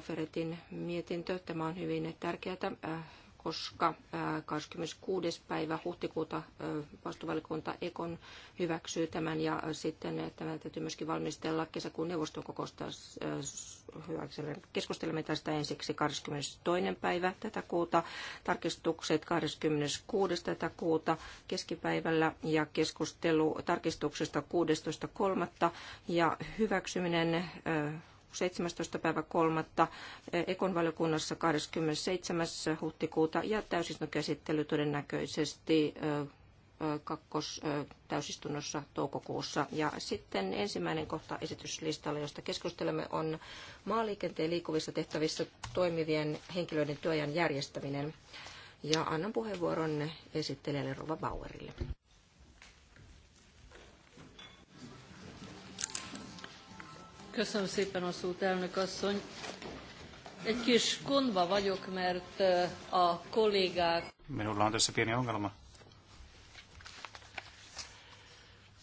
Koferetin mietintö. Tämä on hyvin tärkeää, äh, koska 26. Äh, päivä huhtikuuta äh, vastuvalikunta Ekon hyväksyy tämän ja sitten tämä täytyy myöskin valmistella kesäkuun neuvoston kokousta Keskustelemme tästä ensiksi 22. päivä tätä kuuta, tarkistukset 26. tätä kuuta keskipäivällä ja keskustelu tarkistuksesta 16.3. ja hyväksyminen 17. päivä 3. Eh, Ekon valiokunnassa 27. huhtikuuta ja täysistuntokäsittely todennäköisesti eh, eh, kakkos täysistunnossa toukokuussa. Ja sitten ensimmäinen kohta esityslistalla, josta keskustelemme, on maaliikenteen liikuvissa tehtävissä toimivien henkilöiden työajan järjestäminen. Ja annan puheenvuoron esittelijälle Rova Bauerille. Köszönöm szépen a szót, elnök asszony. Egy kis gondba vagyok, mert eh, a kollégák... Minulla on tässä pieni ongelma,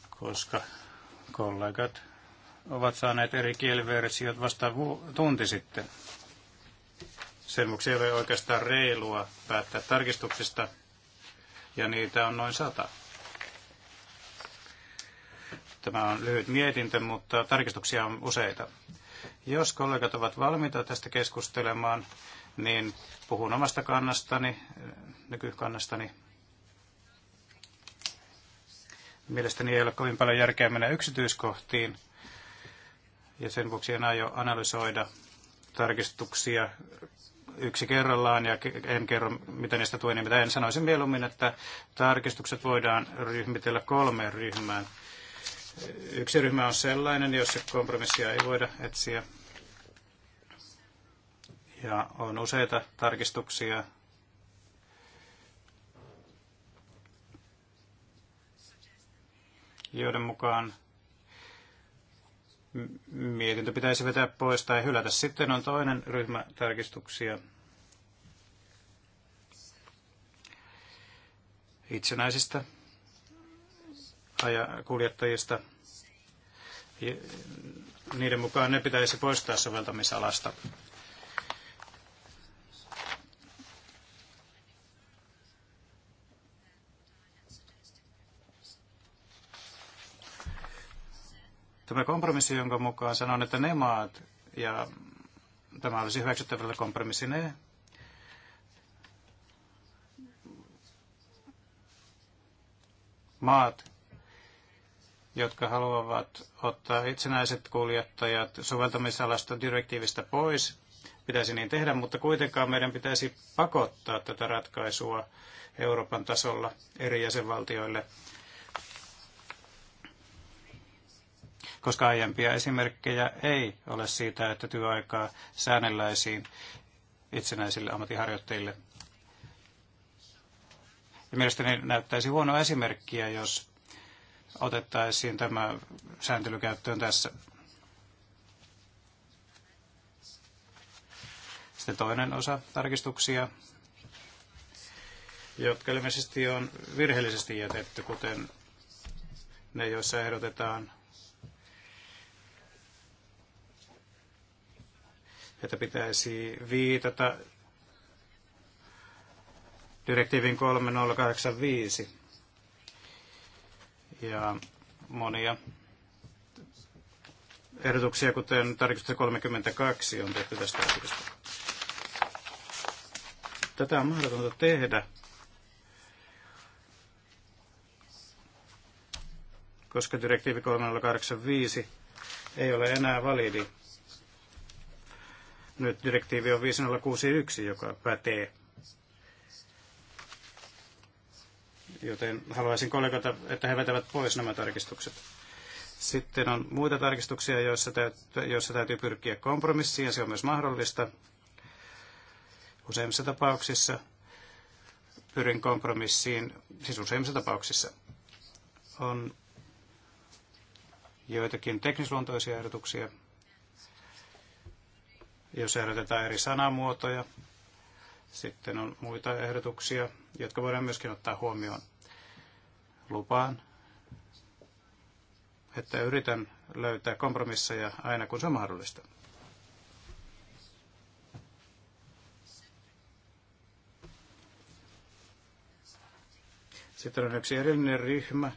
koska kollegat ovat saaneet eri kieliversiot vasta tunti sitten. Sen vuoksi ei ole oikeastaan reilua päättää tarkistuksista, ja niitä on noin sata. Tämä on lyhyt mietintö, mutta tarkistuksia on useita. Jos kollegat ovat valmiita tästä keskustelemaan, niin puhun omasta kannastani, eh, nykykannastani. Mielestäni ei ole kovin paljon järkeä mennä yksityiskohtiin, ja sen vuoksi en aio analysoida tarkistuksia yksi kerrallaan ja en kerro, mitä niistä tuen niin mitä en. Sanoisin mieluummin, että tarkistukset voidaan ryhmitellä kolmeen ryhmään. Yksi ryhmä on sellainen, jossa kompromissia ei voida etsiä. Ja on useita tarkistuksia. joiden mukaan mietintö pitäisi vetää pois tai hylätä. Sitten on toinen ryhmä tarkistuksia itsenäisistä Aja kuljettajista. Niiden mukaan ne pitäisi poistaa soveltamisalasta. Tämä kompromissi, jonka mukaan sanon, että ne maat, ja tämä olisi hyväksyttävällä kompromissi, ne maat, jotka haluavat ottaa itsenäiset kuljettajat soveltamisalasta direktiivistä pois. Pitäisi niin tehdä, mutta kuitenkaan meidän pitäisi pakottaa tätä ratkaisua Euroopan tasolla eri jäsenvaltioille, koska aiempia esimerkkejä ei ole siitä, että työaikaa säännelläisiin itsenäisille ammattiharjoittajille. Ja mielestäni näyttäisi huono esimerkkiä, jos otettaisiin tämä sääntely käyttöön tässä. Sitten toinen osa tarkistuksia, jotka ilmeisesti on virheellisesti jätetty, kuten ne, joissa ehdotetaan, että pitäisi viitata direktiivin 3085 ja monia ehdotuksia, kuten tarkistus 32 on tehty tästä asiasta. Tätä on mahdotonta tehdä, koska direktiivi 3085 ei ole enää validi. Nyt direktiivi on 5061, joka pätee. joten haluaisin kollegoita, että he vetävät pois nämä tarkistukset. Sitten on muita tarkistuksia, joissa, täytyy, joissa täytyy pyrkiä kompromissiin, ja se on myös mahdollista. Useimmissa tapauksissa pyrin kompromissiin, siis useimmissa tapauksissa on joitakin teknisluontoisia ehdotuksia, jos ehdotetaan eri sanamuotoja, sitten on muita ehdotuksia, jotka voidaan myöskin ottaa huomioon. Lupaan, että yritän löytää kompromisseja aina kun se on mahdollista. Sitten on yksi erillinen ryhmä,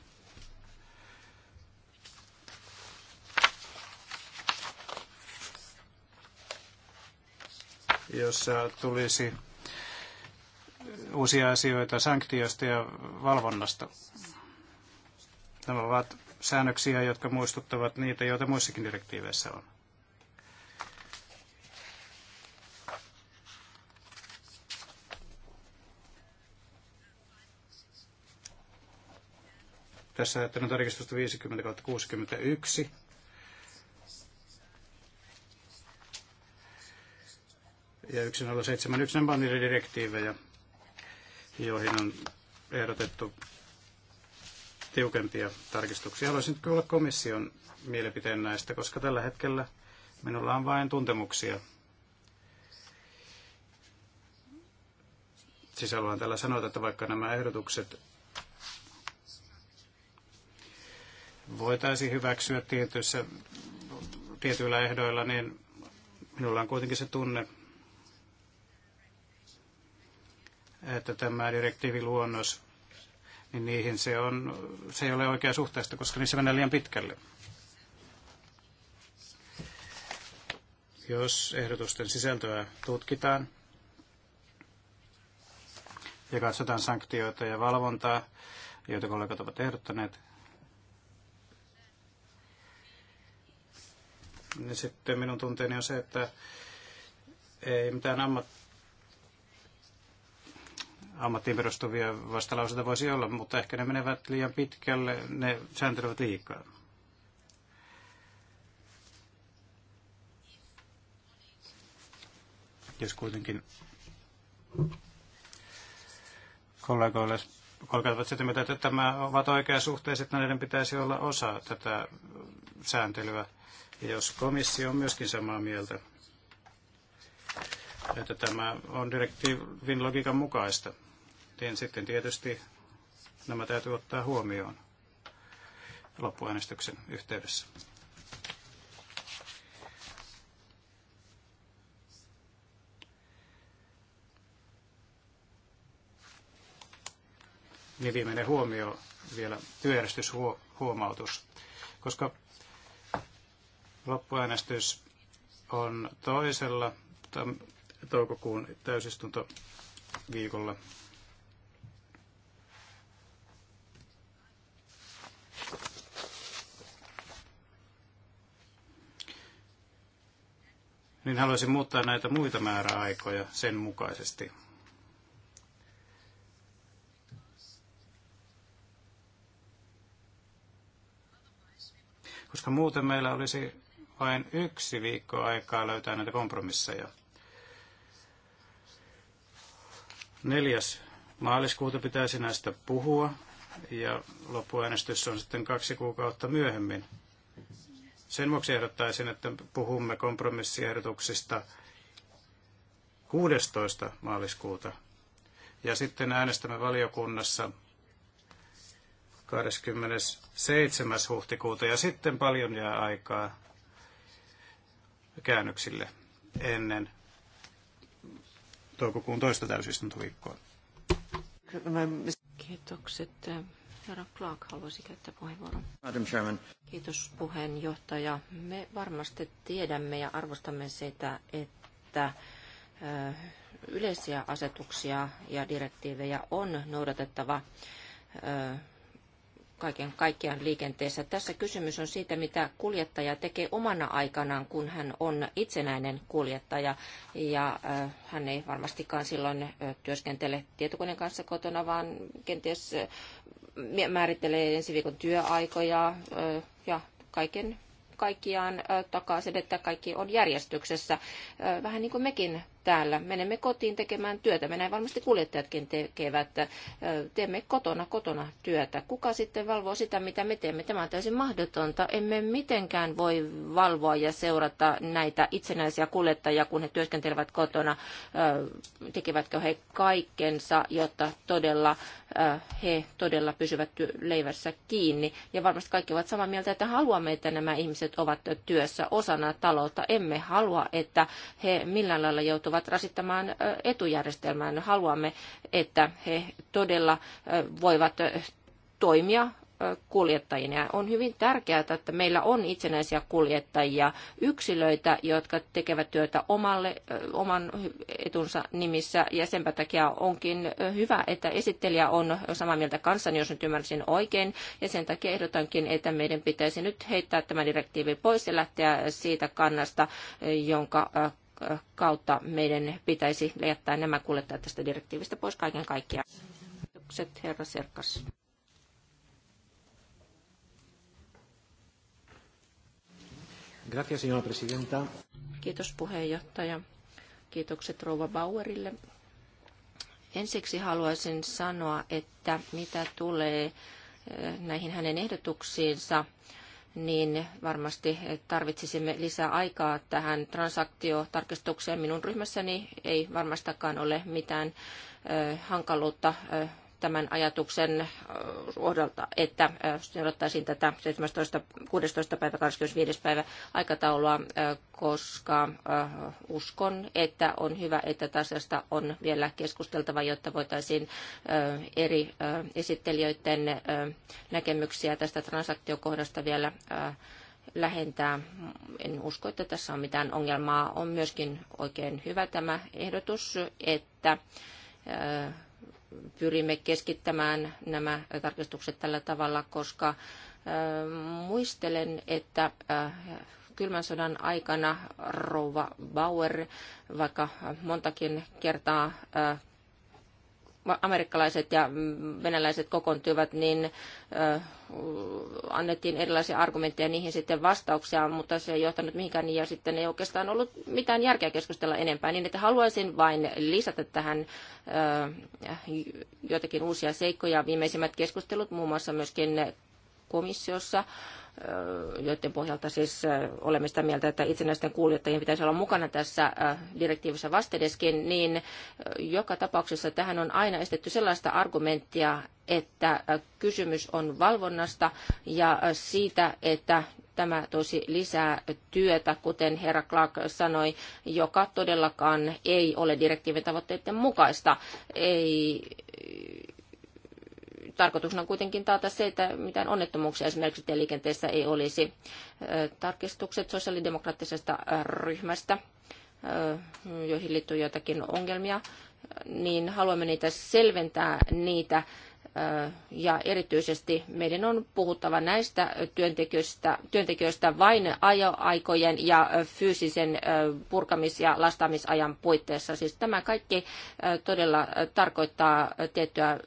jossa tulisi uusia asioita sanktioista ja valvonnasta. Nämä ovat säännöksiä, jotka muistuttavat niitä, joita muissakin direktiiveissä on. Tässä ajattelen tarkistusta 50 61. Ja 1071 on direktiivejä joihin on ehdotettu tiukempia tarkistuksia. Haluaisin kuulla komission mielipiteen näistä, koska tällä hetkellä minulla on vain tuntemuksia. Sisällään tällä sanotaan, että vaikka nämä ehdotukset voitaisiin hyväksyä tietyissä, tietyillä ehdoilla, niin minulla on kuitenkin se tunne, että tämä direktiiviluonnos, niin niihin se, on, se ei ole oikea suhteesta, koska niissä mennään liian pitkälle. Jos ehdotusten sisältöä tutkitaan ja katsotaan sanktioita ja valvontaa, joita kollegat ovat ehdottaneet, niin sitten minun tunteeni on se, että ei mitään ammattia ammattiin perustuvia vastalauseita voisi olla, mutta ehkä ne menevät liian pitkälle, ne sääntelevät liikaa. Jos kuitenkin kollegoille kollegat sitä mitä että tämä ovat oikeasuhteiset, näiden pitäisi olla osa tätä sääntelyä. Ja jos komissio on myöskin samaa mieltä, että tämä on direktiivin logiikan mukaista, niin sitten tietysti nämä täytyy ottaa huomioon loppuäänestyksen yhteydessä. Niin viimeinen huomio vielä työjärjestyshuomautus, koska loppuäänestys on toisella toukokuun täysistuntoviikolla niin haluaisin muuttaa näitä muita määräaikoja sen mukaisesti. Koska muuten meillä olisi vain yksi viikko aikaa löytää näitä kompromisseja. Neljäs maaliskuuta pitäisi näistä puhua ja loppuäänestys on sitten kaksi kuukautta myöhemmin sen vuoksi ehdottaisin, että puhumme kompromissiehdotuksista 16. maaliskuuta ja sitten äänestämme valiokunnassa 27. huhtikuuta ja sitten paljon jää aikaa käännöksille ennen toukokuun toista täysistuntoviikkoa. Kiitokset Herra Clark haluaisi käyttää puheenvuoron. Madam Chairman. Kiitos puheenjohtaja. Me varmasti tiedämme ja arvostamme sitä, että yleisiä asetuksia ja direktiivejä on noudatettava kaiken kaikkiaan liikenteessä. Tässä kysymys on siitä, mitä kuljettaja tekee omana aikanaan, kun hän on itsenäinen kuljettaja. Ja hän ei varmastikaan silloin työskentele tietokoneen kanssa kotona, vaan kenties määrittelee ensi viikon työaikoja ja kaiken kaikkiaan takaa sen, että kaikki on järjestyksessä. Vähän niin kuin mekin täällä. Menemme kotiin tekemään työtä. Me näin varmasti kuljettajatkin tekevät. Teemme kotona, kotona työtä. Kuka sitten valvoo sitä, mitä me teemme? Tämä on täysin mahdotonta. Emme mitenkään voi valvoa ja seurata näitä itsenäisiä kuljettajia, kun he työskentelevät kotona. Tekevätkö he kaikkensa, jotta todella he todella pysyvät leivässä kiinni. Ja varmasti kaikki ovat samaa mieltä, että haluamme, että nämä ihmiset ovat työssä osana taloutta. Emme halua, että he millään lailla joutuvat joutuvat rasittamaan etujärjestelmään. Haluamme, että he todella voivat toimia kuljettajina. On hyvin tärkeää, että meillä on itsenäisiä kuljettajia, yksilöitä, jotka tekevät työtä omalle, oman etunsa nimissä, ja sen takia onkin hyvä, että esittelijä on samaa mieltä kanssani, jos nyt ymmärsin oikein, ja sen takia ehdotankin, että meidän pitäisi nyt heittää tämä direktiivi pois ja lähteä siitä kannasta, jonka kautta meidän pitäisi jättää nämä kuljettajat tästä direktiivistä pois kaiken kaikkiaan. Kiitokset, herra Serkas. Gracias, señora presidenta. Kiitos puheenjohtaja. Kiitokset rouva Bauerille. Ensiksi haluaisin sanoa, että mitä tulee eh, näihin hänen ehdotuksiinsa, niin varmasti tarvitsisimme lisää aikaa tähän transaktiotarkistukseen. Minun ryhmässäni ei varmastakaan ole mitään hankaluutta tämän ajatuksen ohdolta, että seurattaisiin tätä 17, 16. päivä 25. päivä aikataulua, koska uskon, että on hyvä, että tasasta on vielä keskusteltava, jotta voitaisiin eri esittelijöiden näkemyksiä tästä transaktiokohdasta vielä lähentää. En usko, että tässä on mitään ongelmaa. On myöskin oikein hyvä tämä ehdotus, että pyrimme keskittämään nämä tarkistukset tällä tavalla, koska muistelen, että kylmän sodan aikana rouva Bauer, vaikka montakin kertaa amerikkalaiset ja mm, venäläiset kokoontuivat, niin annettiin erilaisia argumentteja niihin sitten vastauksia, mutta se ei johtanut mihinkään niin ja sitten ei oikeastaan ollut mitään järkeä keskustella enempää, niin että haluaisin vain lisätä tähän joitakin uusia seikkoja. Viimeisimmät keskustelut muun muassa myöskin komissiossa joiden pohjalta siis olemme sitä mieltä, että itsenäisten kuljettajien pitäisi olla mukana tässä direktiivissä vastedeskin, niin joka tapauksessa tähän on aina estetty sellaista argumenttia, että kysymys on valvonnasta ja siitä, että tämä tosi lisää työtä, kuten herra Clark sanoi, joka todellakaan ei ole direktiivin tavoitteiden mukaista. Ei, tarkoituksena on kuitenkin taata se, että mitään onnettomuuksia esimerkiksi tieliikenteessä ei olisi. Tarkistukset sosiaalidemokraattisesta ryhmästä, joihin liittyy joitakin ongelmia, niin haluamme niitä selventää niitä ja erityisesti meidän on puhuttava näistä työntekijöistä, työntekijöistä vain ajoaikojen ja fyysisen purkamis- ja lastamisajan puitteissa. Siis tämä kaikki todella tarkoittaa tiettyä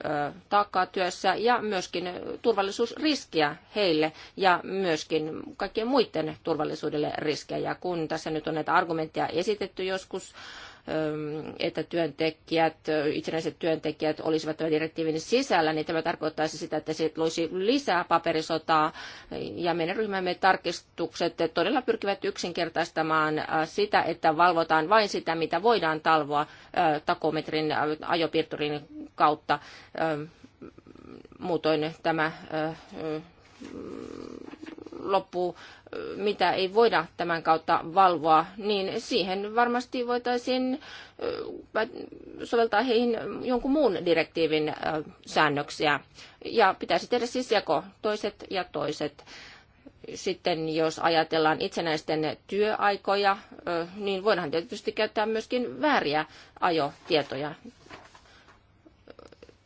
taakkaa työssä ja myöskin turvallisuusriskiä heille ja myöskin kaikkien muiden turvallisuudelle riskejä. Kun tässä nyt on näitä argumentteja esitetty joskus, Ähm, että työntekijät, itsenäiset työntekijät olisivat tämän direktiivin sisällä, niin tämä tarkoittaisi sitä, että se loisi lisää paperisotaa. Ja meidän ryhmämme tarkistukset todella pyrkivät yksinkertaistamaan äh, sitä, että valvotaan vain sitä, mitä voidaan talvoa äh, takometrin äh, ajopiirturin kautta. Ähm, muutoin tämä Mm, loppu, äh, mitä ei voida tämän kautta valvoa, niin siihen varmasti voitaisiin äh, soveltaa heihin jonkun muun direktiivin äh, säännöksiä. Ja pitäisi tehdä siis jako toiset ja toiset. Sitten jos ajatellaan itsenäisten työaikoja, niin voidaan tietysti käyttää myöskin vääriä ajotietoja.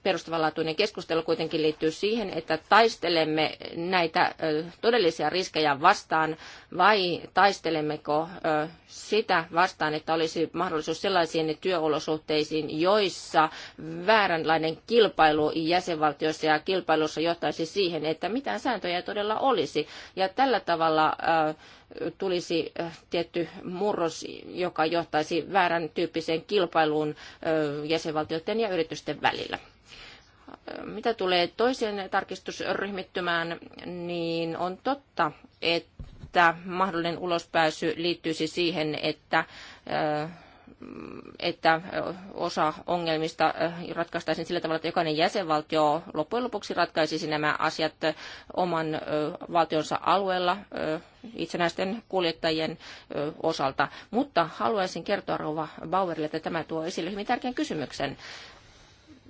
Perustavanlaatuinen keskustelu kuitenkin liittyy siihen, että taistelemme näitä todellisia riskejä vastaan vai taistelemmeko sitä vastaan, että olisi mahdollisuus sellaisiin työolosuhteisiin, joissa vääränlainen kilpailu jäsenvaltioissa ja kilpailussa johtaisi siihen, että mitään sääntöjä todella olisi. Ja tällä tavalla tulisi tietty murros, joka johtaisi väärän tyyppiseen kilpailuun jäsenvaltioiden ja yritysten välillä. Mitä tulee toiseen tarkistusryhmittymään, niin on totta, että mahdollinen ulospääsy liittyisi siihen, että äh, että osa ongelmista äh, ratkaistaisiin sillä tavalla, että jokainen jäsenvaltio loppujen lopuksi ratkaisisi nämä asiat äh, oman valtionsa alueella itsenäisten kuljettajien osalta. Mutta haluaisin kertoa Rova Bauerille, että tämä tuo esille hyvin tärkeän kysymyksen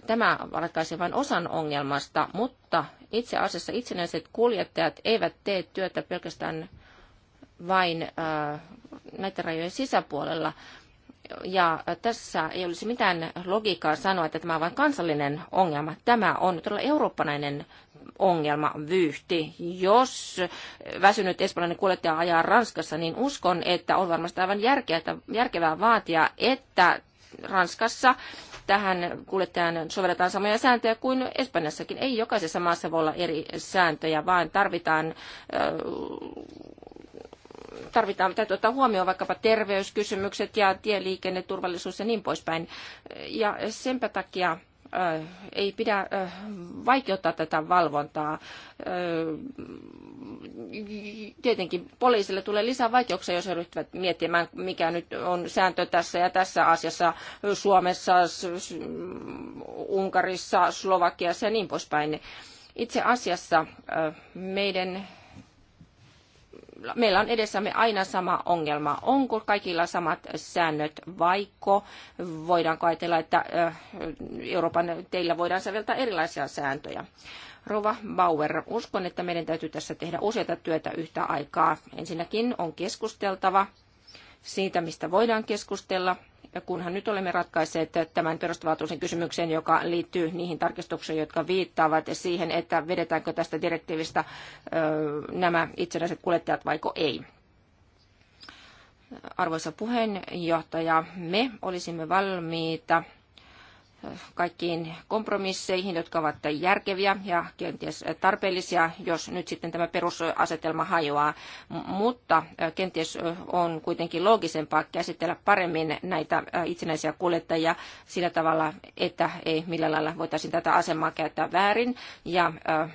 tämä ratkaisi vain osan ongelmasta, mutta itse asiassa itsenäiset kuljettajat eivät tee työtä pelkästään vain äh, näiden rajojen sisäpuolella. Ja äh, tässä ei olisi mitään logiikkaa sanoa, että tämä on vain kansallinen ongelma. Tämä on todella eurooppalainen ongelma vyyhti. Jos väsynyt espanjalainen kuljettaja ajaa Ranskassa, niin uskon, että on varmasti aivan järkeä, järkevää vaatia, että Ranskassa tähän kuljettajan sovelletaan samoja sääntöjä kuin Espanjassakin. Ei jokaisessa maassa voi olla eri sääntöjä, vaan tarvitaan tarvitaan, täytyy ottaa huomioon vaikkapa terveyskysymykset ja tieliikenneturvallisuus ja niin poispäin. Ja senpä takia ei pidä vaikeuttaa tätä valvontaa. Tietenkin poliisille tulee lisää vaikeuksia, jos he ryhtyvät miettimään, mikä nyt on sääntö tässä ja tässä asiassa Suomessa, Unkarissa, Slovakiassa ja niin poispäin. Itse asiassa meidän meillä on edessämme aina sama ongelma. Onko kaikilla samat säännöt, vaiko voidaanko ajatella, että Euroopan teillä voidaan säveltää erilaisia sääntöjä? Rova Bauer, uskon, että meidän täytyy tässä tehdä useita työtä yhtä aikaa. Ensinnäkin on keskusteltava siitä, mistä voidaan keskustella, ja kunhan nyt olemme ratkaisseet tämän perustavanlaatuisen kysymyksen, joka liittyy niihin tarkistuksiin, jotka viittaavat siihen, että vedetäänkö tästä direktiivistä nämä itsenäiset kuljettajat vaiko ei. Arvoisa puheenjohtaja, me olisimme valmiita kaikkiin kompromisseihin, jotka ovat järkeviä ja kenties tarpeellisia, jos nyt sitten tämä perusasetelma hajoaa. Mutta kenties on kuitenkin loogisempaa käsitellä paremmin näitä itsenäisiä kuljettajia sillä tavalla, että ei millään lailla voitaisiin tätä asemaa käyttää väärin. Ja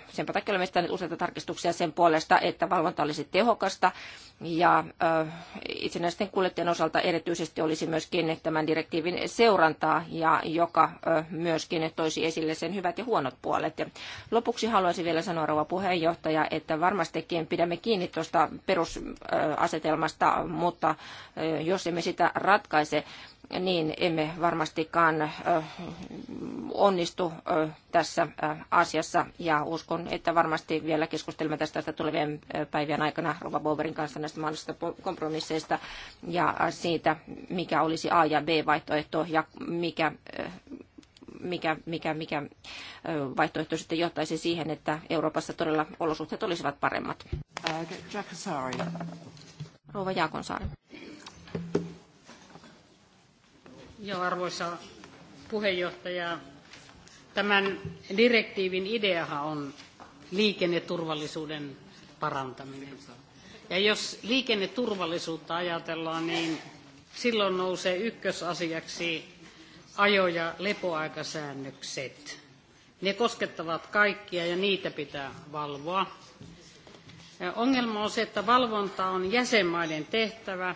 sen takia olemme tehneet useita tarkistuksia sen puolesta, että valvonta olisi tehokasta ja itsenäisten kuljettajien osalta erityisesti olisi myöskin tämän direktiivin seurantaa ja joka myöskin toisi esille sen hyvät ja huonot puolet. Lopuksi haluaisin vielä sanoa, rouva puheenjohtaja, että varmastikin pidämme kiinni tuosta perusasetelmasta, mutta jos emme sitä ratkaise, niin emme varmastikaan onnistu tässä asiassa ja uskon, että varmasti vielä keskustelemme tästä tulevien päivien aikana Rova Boverin kanssa näistä mahdollisista kompromisseista ja siitä, mikä olisi A- ja B-vaihtoehto ja mikä mikä, mikä, mikä vaihtoehto sitten johtaisi siihen, että Euroopassa todella olosuhteet olisivat paremmat. Jaakonsaari. Äh, Rouva Jaakonsaari. Joo, arvoisa puheenjohtaja. Tämän direktiivin ideahan on liikenneturvallisuuden parantaminen. Ja jos liikenneturvallisuutta ajatellaan, niin silloin nousee ykkösasiaksi ajo- ja lepoaikasäännökset. Ne koskettavat kaikkia ja niitä pitää valvoa. Ongelma on se, että valvonta on jäsenmaiden tehtävä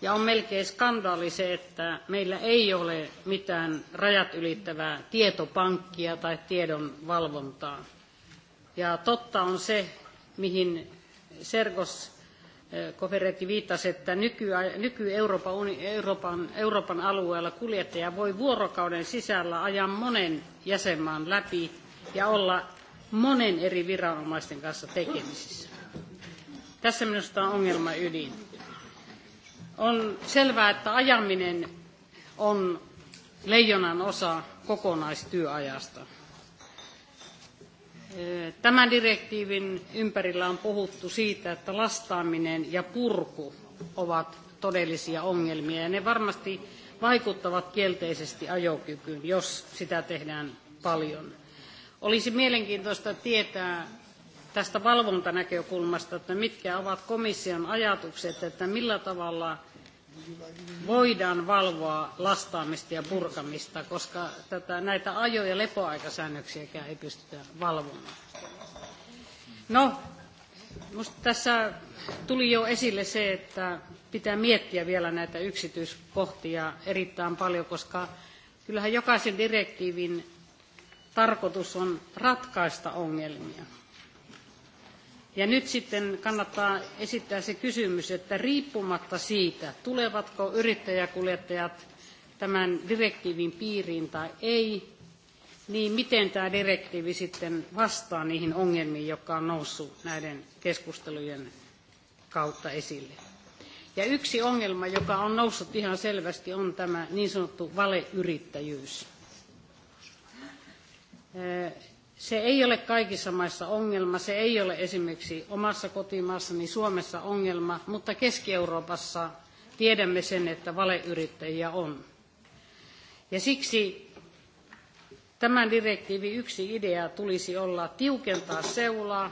ja on melkein skandaali se, että meillä ei ole mitään rajat ylittävää tietopankkia tai tiedon valvontaa. Ja totta on se, mihin Sergos Koferetti viittasi, että nyky, nyky Euroopan, Euroopan, Euroopan alueella kuljettaja voi vuorokauden sisällä ajaa monen jäsenmaan läpi ja olla monen eri viranomaisten kanssa tekemisissä. Tässä minusta on ongelma ydin. On selvää, että ajaminen on leijonan osa kokonaistyöajasta. Tämän direktiivin ympärillä on puhuttu siitä, että lastaaminen ja purku ovat todellisia ongelmia ja ne varmasti vaikuttavat kielteisesti ajokykyyn, jos sitä tehdään paljon. Olisi mielenkiintoista tietää tästä valvontanäkökulmasta, että mitkä ovat komission ajatukset, että millä tavalla voidaan valvoa lastaamista ja purkamista, koska tätä, näitä ajo- ja lepoaikasäännöksiäkään ei pystytä valvomaan. No, minusta tässä tuli jo esille se, että pitää miettiä vielä näitä yksityiskohtia erittäin paljon, koska kyllähän jokaisen direktiivin tarkoitus on ratkaista ongelmia. Ja nyt sitten kannattaa esittää se kysymys, että riippumatta siitä, tulevatko yrittäjäkuljettajat tämän direktiivin piiriin tai ei, niin miten tämä direktiivi sitten vastaa niihin ongelmiin, jotka on noussut näiden keskustelujen kautta esille. Ja yksi ongelma, joka on noussut ihan selvästi, on tämä niin sanottu valeyrittäjyys. Se ei ole kaikissa maissa ongelma, se ei ole esimerkiksi omassa kotimaassani Suomessa ongelma, mutta Keski-Euroopassa tiedämme sen, että valeyrittäjiä on. Ja siksi tämän direktiivin yksi idea tulisi olla tiukentaa seulaa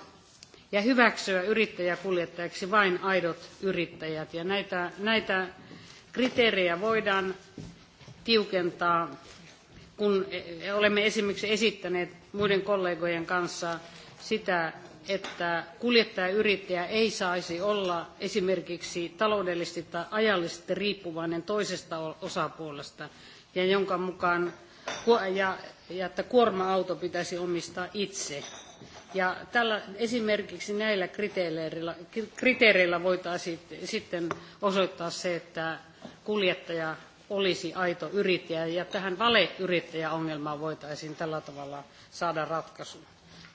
ja hyväksyä yrittäjäkuljettajaksi vain aidot yrittäjät. Ja näitä, näitä kriteerejä voidaan tiukentaa kun e, e, olemme esimerkiksi esittäneet muiden kollegojen kanssa sitä, että kuljettajayrittäjä ei saisi olla esimerkiksi taloudellisesti tai ajallisesti riippuvainen toisesta osapuolesta, ja jonka mukaan ja, ja että kuorma-auto pitäisi omistaa itse. Ja tällä, esimerkiksi näillä kriteereillä, kriteereillä voitaisiin sitten osoittaa se, että kuljettaja olisi aito yrittäjä ja tähän valeyrittäjäongelmaan voitaisiin tällä tavalla saada ratkaisu.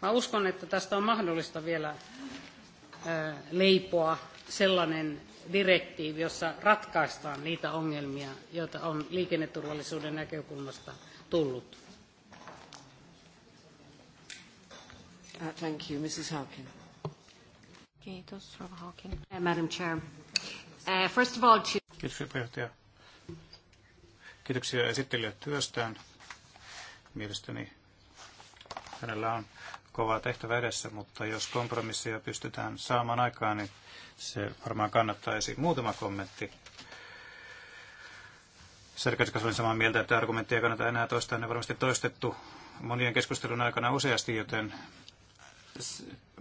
Mä uskon, että tästä on mahdollista vielä leipoa sellainen direktiivi, jossa ratkaistaan niitä ongelmia, joita on liikenneturvallisuuden näkökulmasta tullut. Uh, thank you, Mrs. Hawking. Kiitos, Rova Harkin. Madam Chair. Uh, first of all, to... Kiitos, puheenjohtaja. Kiitoksia esittelijä työstään. Mielestäni hänellä on kova tehtävä edessä, mutta jos kompromissia pystytään saamaan aikaan, niin se varmaan kannattaisi. Muutama kommentti. Serkaskas olen samaa mieltä, että argumenttia kannata enää toistaa. Ne varmasti toistettu monien keskustelun aikana useasti, joten,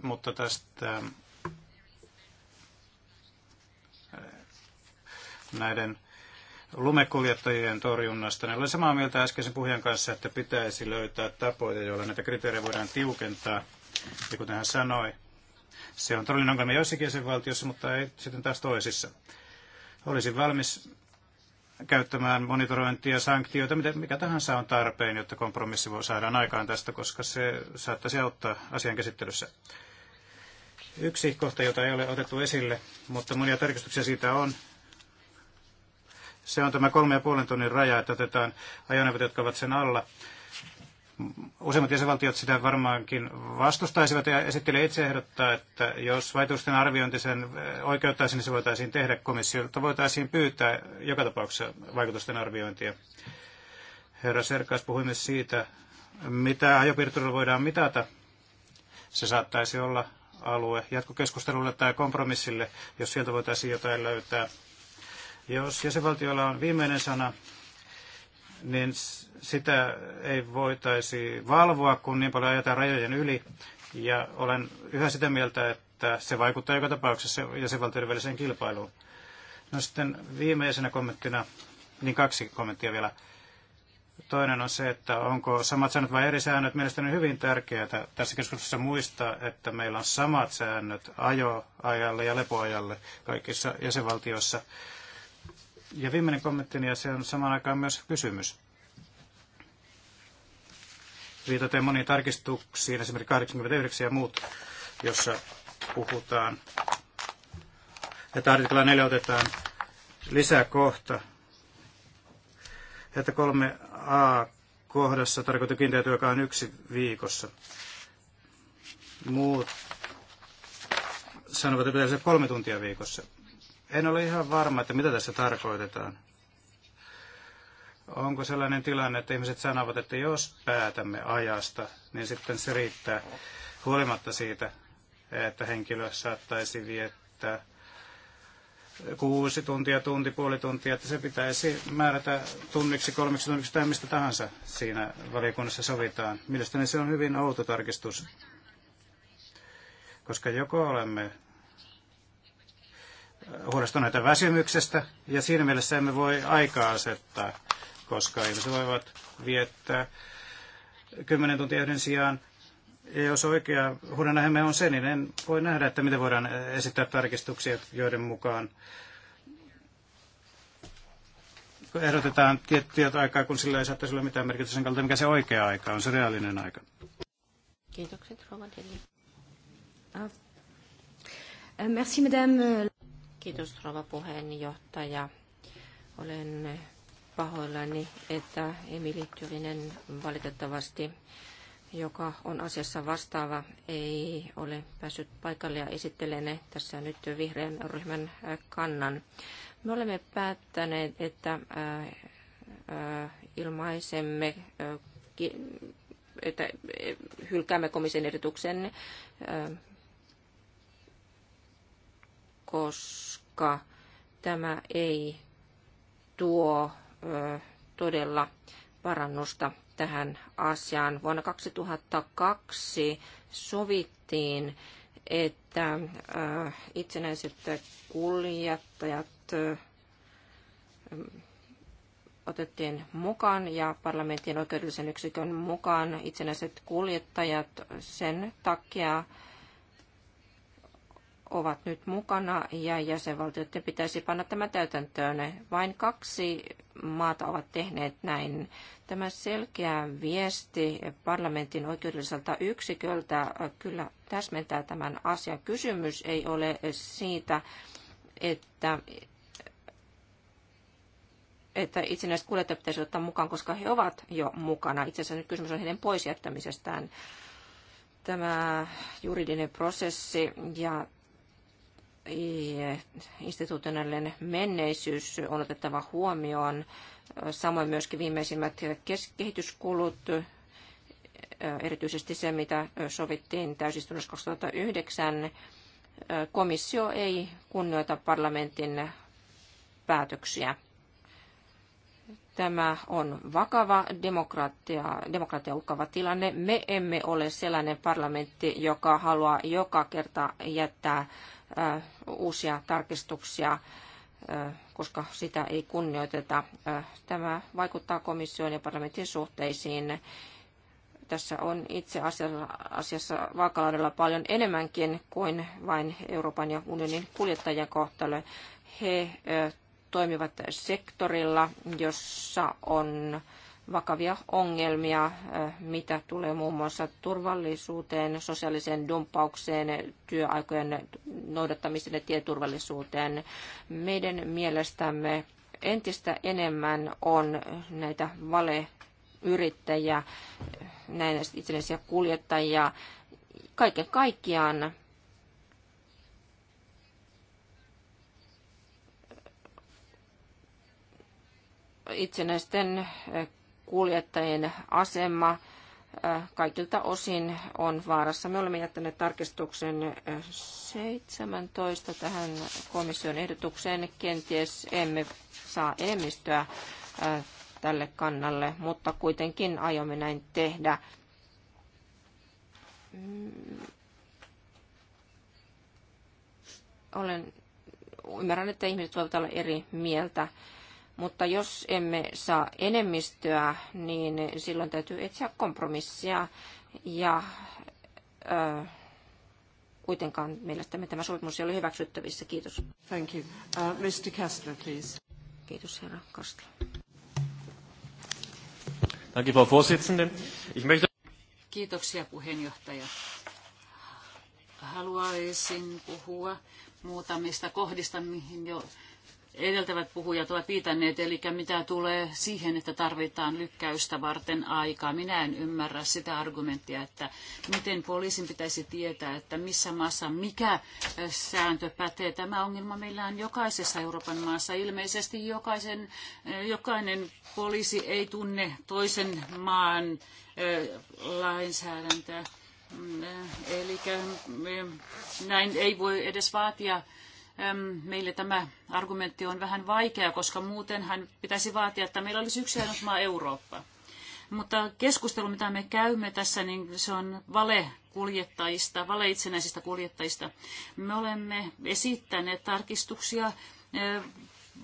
mutta tästä näiden lumekuljettajien torjunnasta. Ne olen samaa mieltä äskeisen puhujan kanssa, että pitäisi löytää tapoja, joilla näitä kriteerejä voidaan tiukentaa. Ja kuten hän sanoi, se on todellinen ongelma joissakin valtiossa, mutta ei sitten taas toisissa. Olisin valmis käyttämään monitorointia, sanktioita, mikä tahansa on tarpeen, jotta kompromissi voi saadaan aikaan tästä, koska se saattaisi auttaa asian käsittelyssä. Yksi kohta, jota ei ole otettu esille, mutta monia tarkistuksia siitä on, se on tämä kolme ja puolen tunnin raja, että otetaan ajoneuvot, jotka ovat sen alla. Useimmat jäsenvaltiot sitä varmaankin vastustaisivat ja esittelee itse ehdottaa, että jos vaikutusten arviointi sen oikeuttaisi, niin se voitaisiin tehdä komissiolta. Voitaisiin pyytää joka tapauksessa vaikutusten arviointia. Herra Serkas puhui myös siitä, mitä ajopiirturilla voidaan mitata. Se saattaisi olla alue jatkokeskustelulle tai kompromissille, jos sieltä voitaisiin jotain löytää. Jos jäsenvaltiolla on viimeinen sana, niin sitä ei voitaisi valvoa, kun niin paljon ajetaan rajojen yli. Ja olen yhä sitä mieltä, että se vaikuttaa joka tapauksessa jäsenvaltioiden väliseen kilpailuun. No sitten viimeisenä kommenttina, niin kaksi kommenttia vielä. Toinen on se, että onko samat säännöt vai eri säännöt. Mielestäni on hyvin tärkeää tässä keskustelussa muistaa, että meillä on samat säännöt ajoajalle ja lepoajalle kaikissa jäsenvaltioissa. Ja viimeinen kommentti, ja se on saman aikaan myös kysymys. Viitaten moniin tarkistuksiin, esimerkiksi 89 ja muut, jossa puhutaan, että artikla 4 otetaan lisää kohta, että 3a kohdassa tarkoitettu kiinteä työka on yksi viikossa. Muut sanovat, että pitäisi olla kolme tuntia viikossa. En ole ihan varma, että mitä tässä tarkoitetaan. Onko sellainen tilanne, että ihmiset sanovat, että jos päätämme ajasta, niin sitten se riittää huolimatta siitä, että henkilö saattaisi viettää kuusi tuntia, tunti, puoli tuntia, että se pitäisi määrätä tunniksi, kolmeksi tunniksi tai mistä tahansa siinä valiokunnassa sovitaan. Mielestäni se on hyvin outo tarkistus, koska joko olemme huolestuneita väsymyksestä, ja siinä mielessä emme voi aikaa asettaa, koska ihmiset voivat viettää 10 tuntia yhden sijaan. Ja jos oikea huononähemme on se, niin en voi nähdä, että miten voidaan esittää tarkistuksia, joiden mukaan ehdotetaan tiettyä aikaa, kun sillä ei saattaisi olla mitään merkitystä sen kautta, mikä se oikea aika on, se reaalinen aika. Kiitokset, ah. euh, Merci, madame. Kiitos rouva puheenjohtaja. Olen pahoillani, että Emili Tyrinen valitettavasti, joka on asiassa vastaava, ei ole päässyt paikalle ja esittelee tässä nyt vihreän ryhmän äh, kannan. Me olemme päättäneet, että äh, äh, ilmaisemme, että hylkäämme komission ehdotuksen koska tämä ei tuo ö, todella parannusta tähän asiaan. Vuonna 2002 sovittiin, että ö, itsenäiset kuljettajat ö, otettiin mukaan ja parlamentin oikeudellisen yksikön mukaan itsenäiset kuljettajat sen takia, ovat nyt mukana ja jäsenvaltioiden pitäisi panna tämä täytäntöön. Vain kaksi maata ovat tehneet näin. Tämä selkeä viesti parlamentin oikeudelliselta yksiköltä kyllä täsmentää tämän asian. Kysymys ei ole siitä, että että itsenäiset kuljettajat pitäisi ottaa mukaan, koska he ovat jo mukana. Itse asiassa nyt kysymys on heidän poisjättämisestään tämä juridinen prosessi ja institutionaalinen menneisyys on otettava huomioon, samoin myöskin viimeisimmät kehityskulut, erityisesti se, mitä sovittiin täysistunnossa 2009. Komissio ei kunnioita parlamentin päätöksiä. Tämä on vakava demokratia, demokratia uhkava tilanne. Me emme ole sellainen parlamentti, joka haluaa joka kerta jättää uusia tarkistuksia, koska sitä ei kunnioiteta. Tämä vaikuttaa komission ja parlamentin suhteisiin. Tässä on itse asiassa, asiassa vaakalaudella paljon enemmänkin kuin vain Euroopan ja unionin kohtalo. He toimivat sektorilla, jossa on vakavia ongelmia, mitä tulee muun muassa turvallisuuteen, sosiaaliseen dumppaukseen, työaikojen noudattamiseen ja tieturvallisuuteen. Meidän mielestämme entistä enemmän on näitä valeyrittäjiä, näin itsenäisiä kuljettajia. Kaiken kaikkiaan itsenäisten kuljettajien asema kaikilta osin on vaarassa. Me olemme jättäneet tarkistuksen 17 tähän komission ehdotukseen. Kenties emme saa enemmistöä tälle kannalle, mutta kuitenkin aiomme näin tehdä. Mm. Olen, ymmärrän, että ihmiset voivat olla eri mieltä mutta jos emme saa enemmistöä, niin silloin täytyy etsiä kompromissia. Ja ö, kuitenkaan mielestämme tämä sopimus ei ole hyväksyttävissä. Kiitos. Thank you. Uh, Mr. Kastler, please. Kiitos, herra Kastler. Danke, Frau Vorsitzende. Ich möchte... Kiitoksia, puheenjohtaja. Haluaisin puhua muutamista kohdista, mihin jo edeltävät puhujat ovat viitanneet, eli mitä tulee siihen, että tarvitaan lykkäystä varten aikaa. Minä en ymmärrä sitä argumenttia, että miten poliisin pitäisi tietää, että missä maassa mikä sääntö pätee. Tämä ongelma meillä on jokaisessa Euroopan maassa. Ilmeisesti jokaisen, jokainen poliisi ei tunne toisen maan lainsäädäntöä. Mm, eli näin ei voi edes vaatia meille tämä argumentti on vähän vaikea, koska muuten hän pitäisi vaatia, että meillä olisi yksi ainut maa Eurooppa. Mutta keskustelu, mitä me käymme tässä, niin se on vale kuljettajista, vale itsenäisistä kuljettajista. Me olemme esittäneet tarkistuksia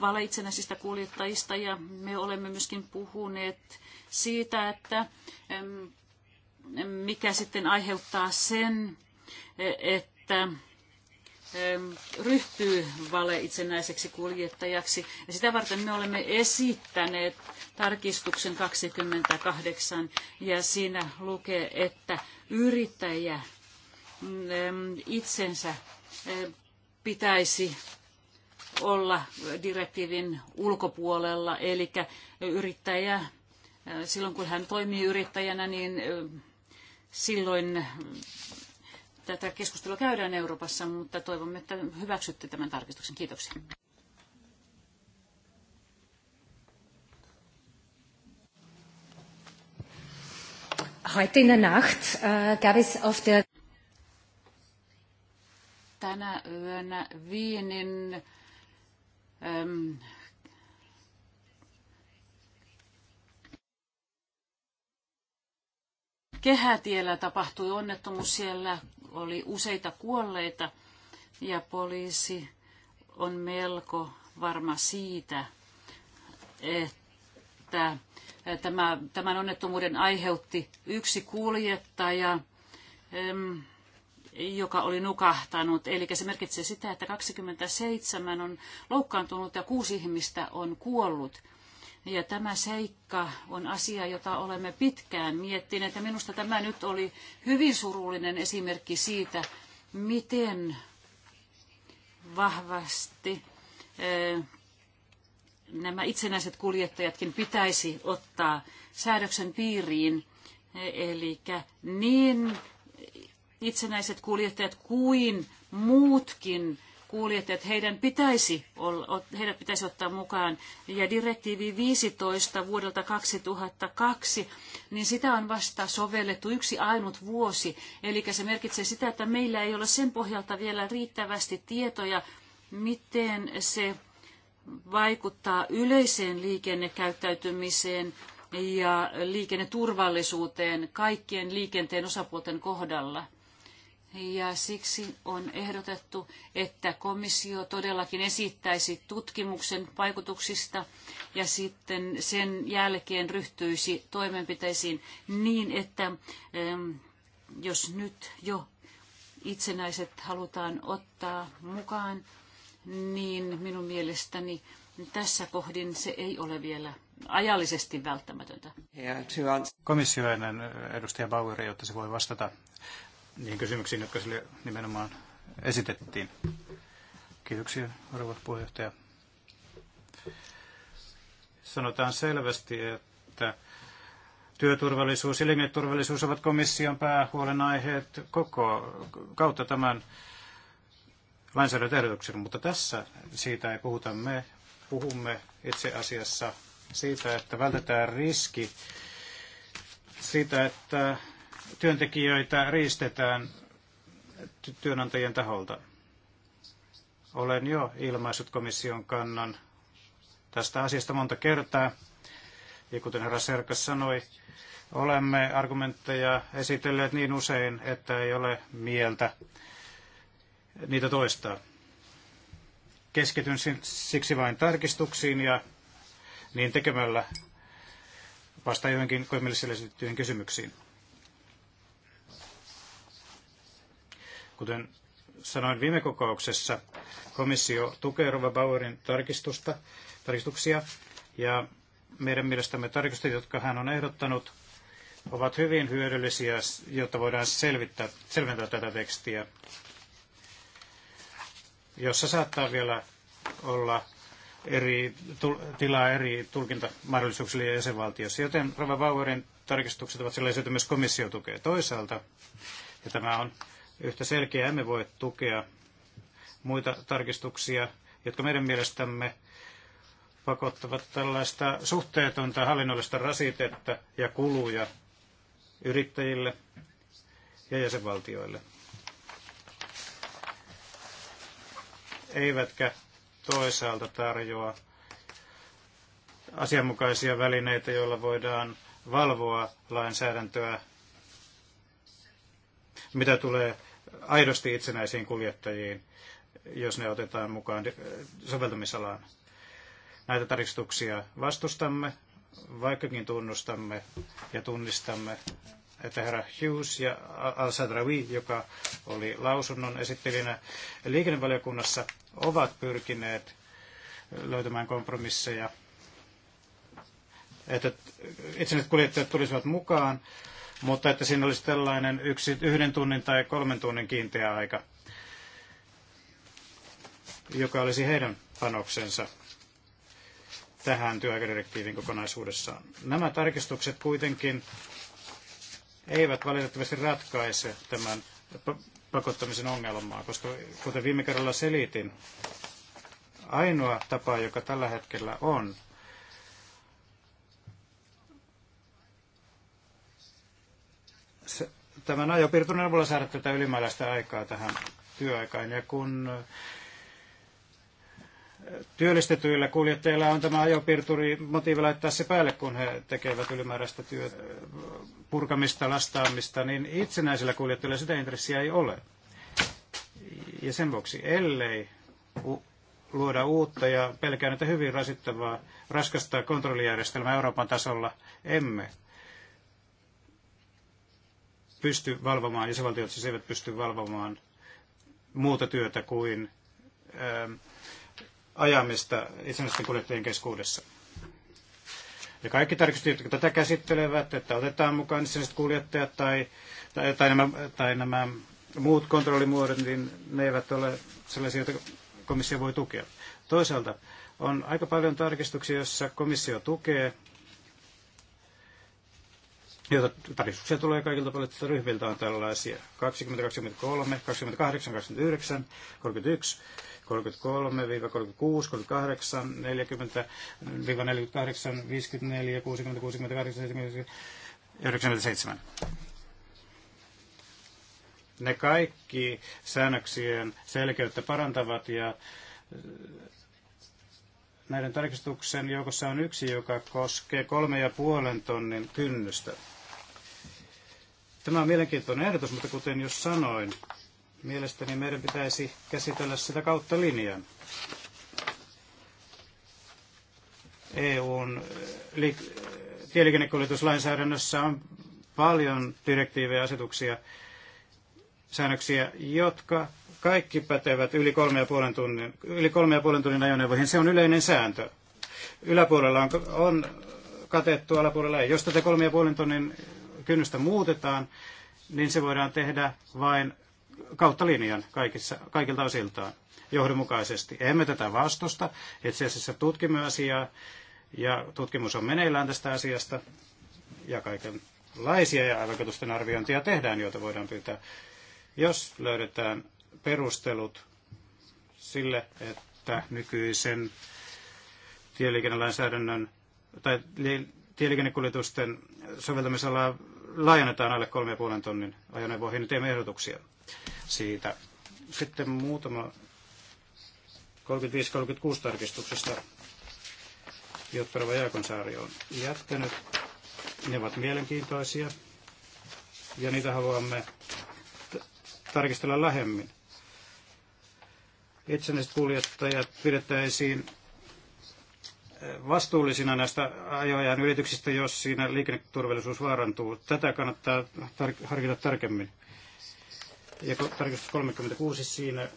vale itsenäisistä kuljettajista ja me olemme myöskin puhuneet siitä, että mikä sitten aiheuttaa sen, että ryhtyy valeitsenäiseksi kuljettajaksi. Ja sitä varten me olemme esittäneet tarkistuksen 28 ja siinä lukee, että yrittäjä itsensä pitäisi olla direktiivin ulkopuolella, eli yrittäjä, silloin kun hän toimii yrittäjänä, niin silloin tätä keskustelua käydään Euroopassa, mutta toivomme, että hyväksytte tämän tarkistuksen. Kiitoksia. Heute in der Nacht äh, gab es auf der tänä yönä Viinin ähm, kehätiellä tapahtui onnettomuus. Siellä oli useita kuolleita ja poliisi on melko varma siitä, että tämä, tämän onnettomuuden aiheutti yksi kuljettaja, joka oli nukahtanut. Eli se merkitsee sitä, että 27 on loukkaantunut ja kuusi ihmistä on kuollut. Ja tämä seikka on asia, jota olemme pitkään miettineet. Ja minusta tämä nyt oli hyvin surullinen esimerkki siitä, miten vahvasti nämä itsenäiset kuljettajatkin pitäisi ottaa säädöksen piiriin. Eli niin itsenäiset kuljettajat kuin muutkin kuljettajat, heidän pitäisi, heidät pitäisi ottaa mukaan. Ja direktiivi 15 vuodelta 2002, niin sitä on vasta sovellettu yksi ainut vuosi. Eli se merkitsee sitä, että meillä ei ole sen pohjalta vielä riittävästi tietoja, miten se vaikuttaa yleiseen liikennekäyttäytymiseen ja liikenneturvallisuuteen kaikkien liikenteen osapuolten kohdalla ja siksi on ehdotettu, että komissio todellakin esittäisi tutkimuksen vaikutuksista ja sitten sen jälkeen ryhtyisi toimenpiteisiin niin, että jos nyt jo itsenäiset halutaan ottaa mukaan, niin minun mielestäni tässä kohdin se ei ole vielä ajallisesti välttämätöntä. Komissio ennen eh, edustaja Bauer, jotta se voi vastata niihin kysymyksiin, jotka sille nimenomaan esitettiin. Kiitoksia, arvoisa puheenjohtaja. Sanotaan selvästi, että työturvallisuus ja liikenneturvallisuus ovat komission päähuolenaiheet koko kautta tämän lainsäädäntöehdotuksen, mutta tässä siitä ei puhuta. Me puhumme itse asiassa siitä, että vältetään riski siitä, että työntekijöitä riistetään työnantajien taholta. Olen jo ilmaissut komission kannan tästä asiasta monta kertaa. Ja kuten herra Serkas sanoi, olemme argumentteja esitelleet niin usein, että ei ole mieltä niitä toistaa. Keskityn siksi vain tarkistuksiin ja niin tekemällä vastaan joihinkin koimillisille esitettyihin kysymyksiin. Kuten sanoin viime kokouksessa, komissio tukee Rova Bauerin tarkistusta, tarkistuksia ja meidän mielestämme tarkistukset, jotka hän on ehdottanut, ovat hyvin hyödyllisiä, jotta voidaan selvittää, selventää tätä tekstiä, jossa saattaa vielä olla eri, tilaa eri tulkintamahdollisuuksille ja jäsenvaltiossa. Joten Rova Bauerin tarkistukset ovat sellaisia, joita myös komissio tukee. Toisaalta, ja tämä on yhtä selkeä. Emme voi tukea muita tarkistuksia, jotka meidän mielestämme pakottavat tällaista suhteetonta hallinnollista rasitetta ja kuluja yrittäjille ja jäsenvaltioille. Eivätkä toisaalta tarjoa asianmukaisia välineitä, joilla voidaan valvoa lainsäädäntöä mitä tulee aidosti itsenäisiin kuljettajiin, jos ne otetaan mukaan soveltamisalaan. Näitä tarkistuksia vastustamme, vaikkakin tunnustamme ja tunnistamme, että herra Hughes ja Al-Sadrawi, joka oli lausunnon esittelijänä liikennevaliokunnassa, ovat pyrkineet löytämään kompromisseja, että itsenäiset kuljettajat tulisivat mukaan mutta että siinä olisi tällainen yksi, yhden tunnin tai kolmen tunnin kiinteä aika, joka olisi heidän panoksensa tähän työaikadirektiivin kokonaisuudessaan. Nämä tarkistukset kuitenkin eivät valitettavasti ratkaise tämän pakottamisen ongelmaa, koska kuten viime kerralla selitin, ainoa tapa, joka tällä hetkellä on, tämän ajopiirtun avulla saada tätä ylimääräistä aikaa tähän työaikaan. Ja kun äh, työllistetyillä kuljettajilla on tämä ajopiirturi motiivi laittaa se päälle, kun he tekevät ylimääräistä työ, äh, purkamista, lastaamista, niin itsenäisillä kuljettajilla sitä intressiä ei ole. Ja sen vuoksi, ellei luoda uutta ja pelkään, että hyvin rasittavaa, raskasta kontrollijärjestelmää Euroopan tasolla emme pysty valvomaan, jäsenvaltiot siis eivät pysty valvomaan muuta työtä kuin ää, ähm, ajamista itsenäisten kuljettajien keskuudessa. Ja kaikki tarkistukset, jotka tätä käsittelevät, että otetaan mukaan itsenäiset kuljettajat tai, tai, tai, nämä, tai nämä muut kontrollimuodot, niin ne eivät ole sellaisia, joita komissio voi tukea. Toisaalta on aika paljon tarkistuksia, joissa komissio tukee Joo, tarkistuksia tulee kaikilta poliittisilta ryhmiltä on tällaisia. 20, 23, 28, 29, 31, 33, 36, 38, 40, 48, 54, 60, 68, 70, 97. Ne kaikki säännöksien selkeyttä parantavat ja äh, näiden tarkistuksen joukossa on yksi, joka koskee kolme ja puolen tonnin kynnystä. Tämä on mielenkiintoinen ehdotus, mutta kuten jo sanoin, mielestäni meidän pitäisi käsitellä sitä kautta linjan. EUn eh, liik- eh, tieliikennekuljetuslainsäädännössä on paljon direktiivejä, asetuksia, säännöksiä, jotka kaikki pätevät yli kolme ja puolen tunnin, yli kolme ja puolen tunnin ajoneuvoihin. Se on yleinen sääntö. Yläpuolella on, on katettu, alapuolella ei. Jos tätä kolme ja puolen tunnin kynnystä muutetaan, niin se voidaan tehdä vain kautta linjan kaikissa, kaikilta osiltaan johdonmukaisesti. Emme tätä vastusta. Itse asiassa tutkimme asiaa ja tutkimus on meneillään tästä asiasta ja kaikenlaisia ja vaikutusten arviointia tehdään, joita voidaan pyytää, jos löydetään perustelut sille, että nykyisen tieliikennelainsäädännön tai tieliikennekuljetusten soveltamisalaa laajennetaan alle 3,5 tonnin ajoneuvoihin, niin teemme ehdotuksia siitä. Sitten muutama 35-36 tarkistuksesta, jotka Rova Jaakonsaari on jättänyt. Ne ovat mielenkiintoisia ja niitä haluamme tarkistella lähemmin. Itsenäiset kuljettajat pidettäisiin vastuullisina näistä ajoajan yrityksistä, jos siinä liikenneturvallisuus vaarantuu. Tätä kannattaa tar- harkita tarkemmin. Ja tarkistus 36 siinä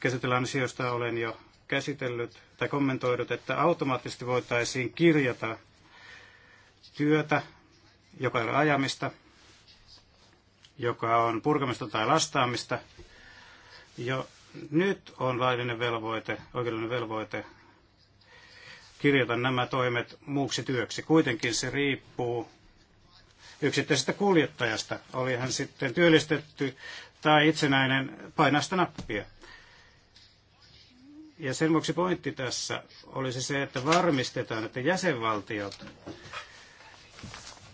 käsitellään asioista, olen jo käsitellyt tai kommentoidut, että automaattisesti voitaisiin kirjata työtä, joka ei ole ajamista, joka on purkamista tai lastaamista. Jo nyt on laillinen velvoite, oikeudellinen velvoite kirjata nämä toimet muuksi työksi. Kuitenkin se riippuu yksittäisestä kuljettajasta, oli hän sitten työllistetty tai itsenäinen painasta nappia. Ja sen vuoksi pointti tässä olisi se, että varmistetaan, että jäsenvaltiot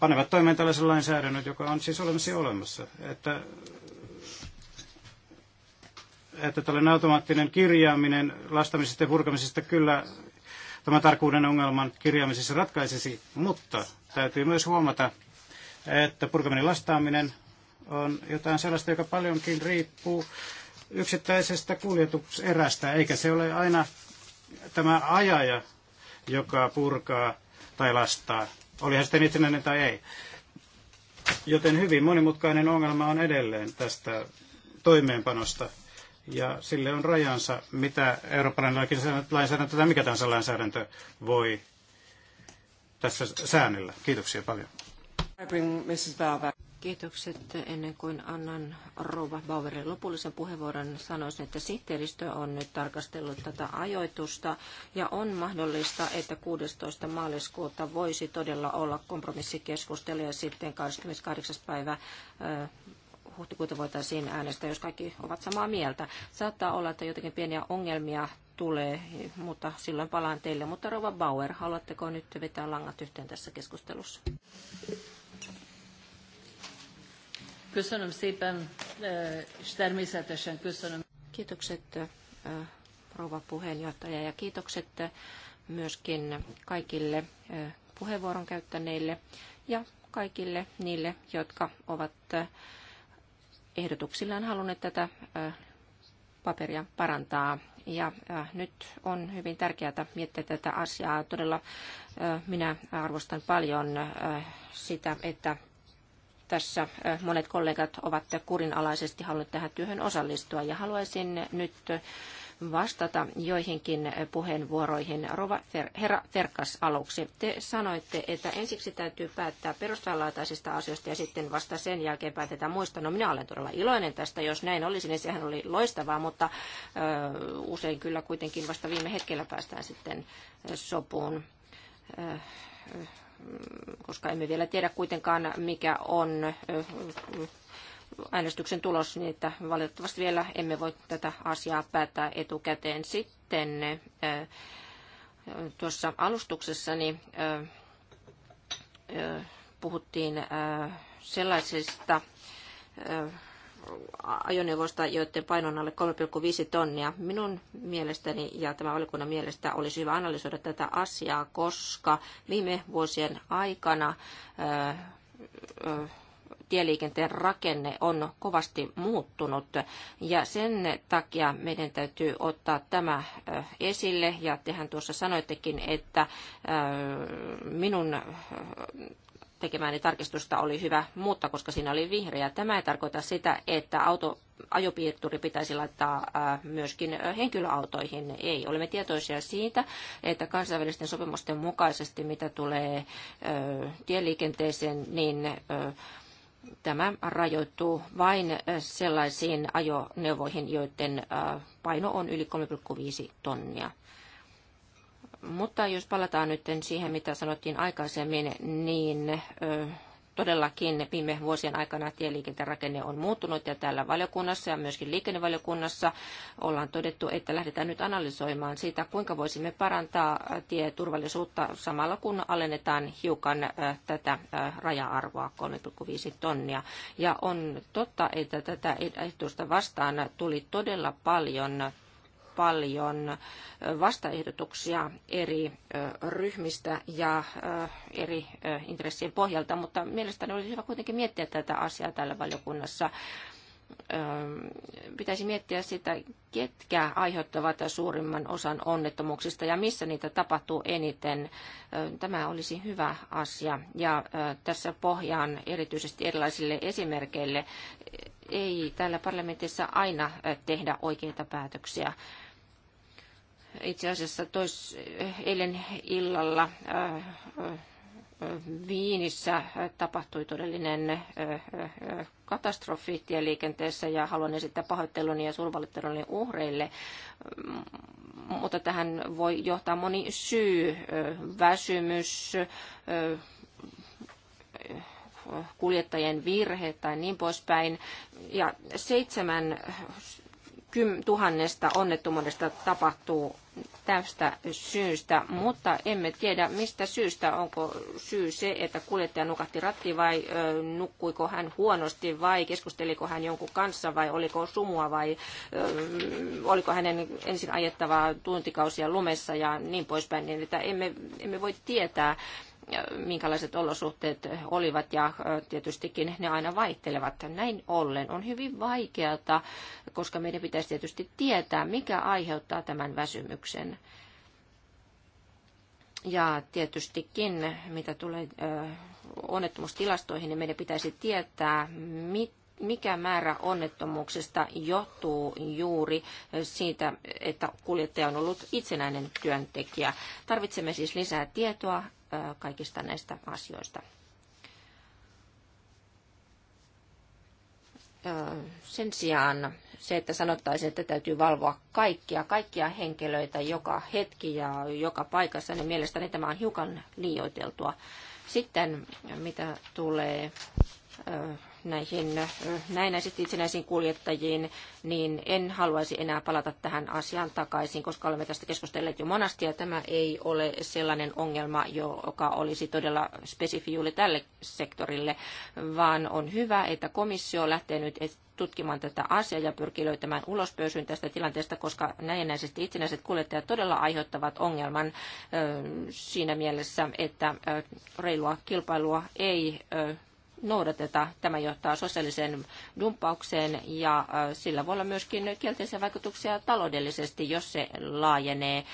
panevat toimeen tällaisen lainsäädännön, joka on siis olemassa olemassa. Että, että tällainen automaattinen kirjaaminen lastamisesta ja purkamisesta kyllä tämän tarkkuuden ongelman kirjaamisessa ratkaisisi, mutta täytyy myös huomata, että purkaminen lastaaminen on jotain sellaista, joka paljonkin riippuu yksittäisestä kuljetuserästä, eikä se ole aina tämä ajaja, joka purkaa tai lastaa, olihan sitten itsenäinen tai ei. Joten hyvin monimutkainen ongelma on edelleen tästä toimeenpanosta ja sille on rajansa, mitä eurooppalainen lainsäädäntö tai mikä tahansa lainsäädäntö voi tässä säännellä. Kiitoksia paljon. Kiitokset. Ennen kuin annan Rouva Bauerin lopullisen puheenvuoron, sanoisin, että sihteeristö on nyt tarkastellut tätä ajoitusta ja on mahdollista, että 16. maaliskuuta voisi todella olla kompromissikeskustelu ja sitten 28. päivä huhtikuuta voitaisiin äänestää, jos kaikki ovat samaa mieltä. Saattaa olla, että jotenkin pieniä ongelmia tulee, mutta silloin palaan teille. Mutta Rova Bauer, haluatteko nyt vetää langat yhteen tässä keskustelussa? Kiitokset rouva puheenjohtaja ja kiitokset myöskin kaikille puheenvuoron käyttäneille ja kaikille niille, jotka ovat ehdotuksillaan halunneet tätä paperia parantaa. Ja nyt on hyvin tärkeää miettiä tätä asiaa. Todella minä arvostan paljon sitä, että tässä monet kollegat ovat kurinalaisesti halunneet tähän työhön osallistua. Ja haluaisin nyt vastata joihinkin puheenvuoroihin. Rova, herra Ferkas aluksi, te sanoitte, että ensiksi täytyy päättää perustavanlaataisista asioista ja sitten vasta sen jälkeen päätetään muista. No minä olen todella iloinen tästä, jos näin olisi, niin sehän oli loistavaa, mutta ö, usein kyllä kuitenkin vasta viime hetkellä päästään sitten sopuun. Ö, koska emme vielä tiedä kuitenkaan, mikä on äänestyksen tulos, niin että valitettavasti vielä emme voi tätä asiaa päättää etukäteen. Sitten äh, tuossa alustuksessa niin, äh, äh, puhuttiin sellaisista ajoneuvoista, joiden paino on alle 3,5 tonnia. Minun mielestäni ja tämä valikunnan mielestä olisi hyvä analysoida tätä asiaa, koska viime vuosien aikana tieliikenteen rakenne on kovasti muuttunut ja sen takia meidän täytyy ottaa tämä esille ja tehän tuossa sanoittekin, että minun tekemääni tarkistusta oli hyvä muuttaa, koska siinä oli vihreä. Tämä ei tarkoita sitä, että auto, ajopiirturi pitäisi laittaa myöskin henkilöautoihin. Ei, olemme tietoisia siitä, että kansainvälisten sopimusten mukaisesti, mitä tulee tieliikenteeseen, niin tämä rajoittuu vain äh, sellaisiin ajoneuvoihin, joiden äh, paino on yli 3,5 tonnia. Mutta jos palataan nyt siihen, mitä sanottiin aikaisemmin, niin todellakin viime vuosien aikana tieliikenteen rakenne on muuttunut ja täällä valiokunnassa ja myöskin liikennevaliokunnassa ollaan todettu, että lähdetään nyt analysoimaan sitä, kuinka voisimme parantaa tieturvallisuutta samalla kun alennetaan hiukan äh, tätä äh, raja-arvoa 3,5 tonnia. Ja on totta, että tätä ehdotusta vastaan tuli todella paljon paljon vastaehdotuksia eri ryhmistä ja eri intressien pohjalta, mutta mielestäni olisi hyvä kuitenkin miettiä tätä asiaa täällä valiokunnassa pitäisi miettiä sitä, ketkä aiheuttavat suurimman osan onnettomuuksista ja missä niitä tapahtuu eniten. Tämä olisi hyvä asia. Ja tässä pohjaan erityisesti erilaisille esimerkkeille ei täällä parlamentissa aina tehdä oikeita päätöksiä itse asiassa tois, eilen illalla Viinissä tapahtui todellinen katastrofi tieliikenteessä ja haluan esittää pahoitteluni ja survalitteluni uhreille, mutta tähän voi johtaa moni syy, väsymys, kuljettajien virhe tai niin poispäin. Ja seitsemän tuhannesta onnettomuudesta tapahtuu tästä syystä, mutta emme tiedä mistä syystä. Onko syy se, että kuljettaja nukahti ratti vai ö, nukkuiko hän huonosti vai keskusteliko hän jonkun kanssa vai oliko sumua vai ö, oliko hänen ensin ajettavaa tuntikausia lumessa ja niin poispäin, niin että emme, emme voi tietää minkälaiset olosuhteet olivat ja tietystikin ne aina vaihtelevat. Näin ollen on hyvin vaikeata, koska meidän pitäisi tietysti tietää, mikä aiheuttaa tämän väsymyksen. Ja tietystikin, mitä tulee onnettomuustilastoihin, niin meidän pitäisi tietää, mikä määrä onnettomuuksista johtuu juuri siitä, että kuljettaja on ollut itsenäinen työntekijä. Tarvitsemme siis lisää tietoa kaikista näistä asioista. sen sijaan se, että sanottaisiin, että täytyy valvoa kaikkia, kaikkia henkilöitä joka hetki ja joka paikassa, niin mielestäni tämä on hiukan liioiteltua. Sitten mitä tulee näihin näinäisesti itsenäisiin kuljettajiin, niin en haluaisi enää palata tähän asiaan takaisin, koska olemme tästä keskustelleet jo monasti ja tämä ei ole sellainen ongelma, joka olisi todella spesifi juuri tälle sektorille, vaan on hyvä, että komissio lähtee nyt tutkimaan tätä asiaa ja pyrkii löytämään ulospöysyn tästä tilanteesta, koska näennäisesti itsenäiset kuljettajat todella aiheuttavat ongelman siinä mielessä, että reilua kilpailua ei noudateta. Tämä johtaa sosiaaliseen dumppaukseen ja äh, sillä voi olla myöskin kielteisiä vaikutuksia taloudellisesti, jos se laajenee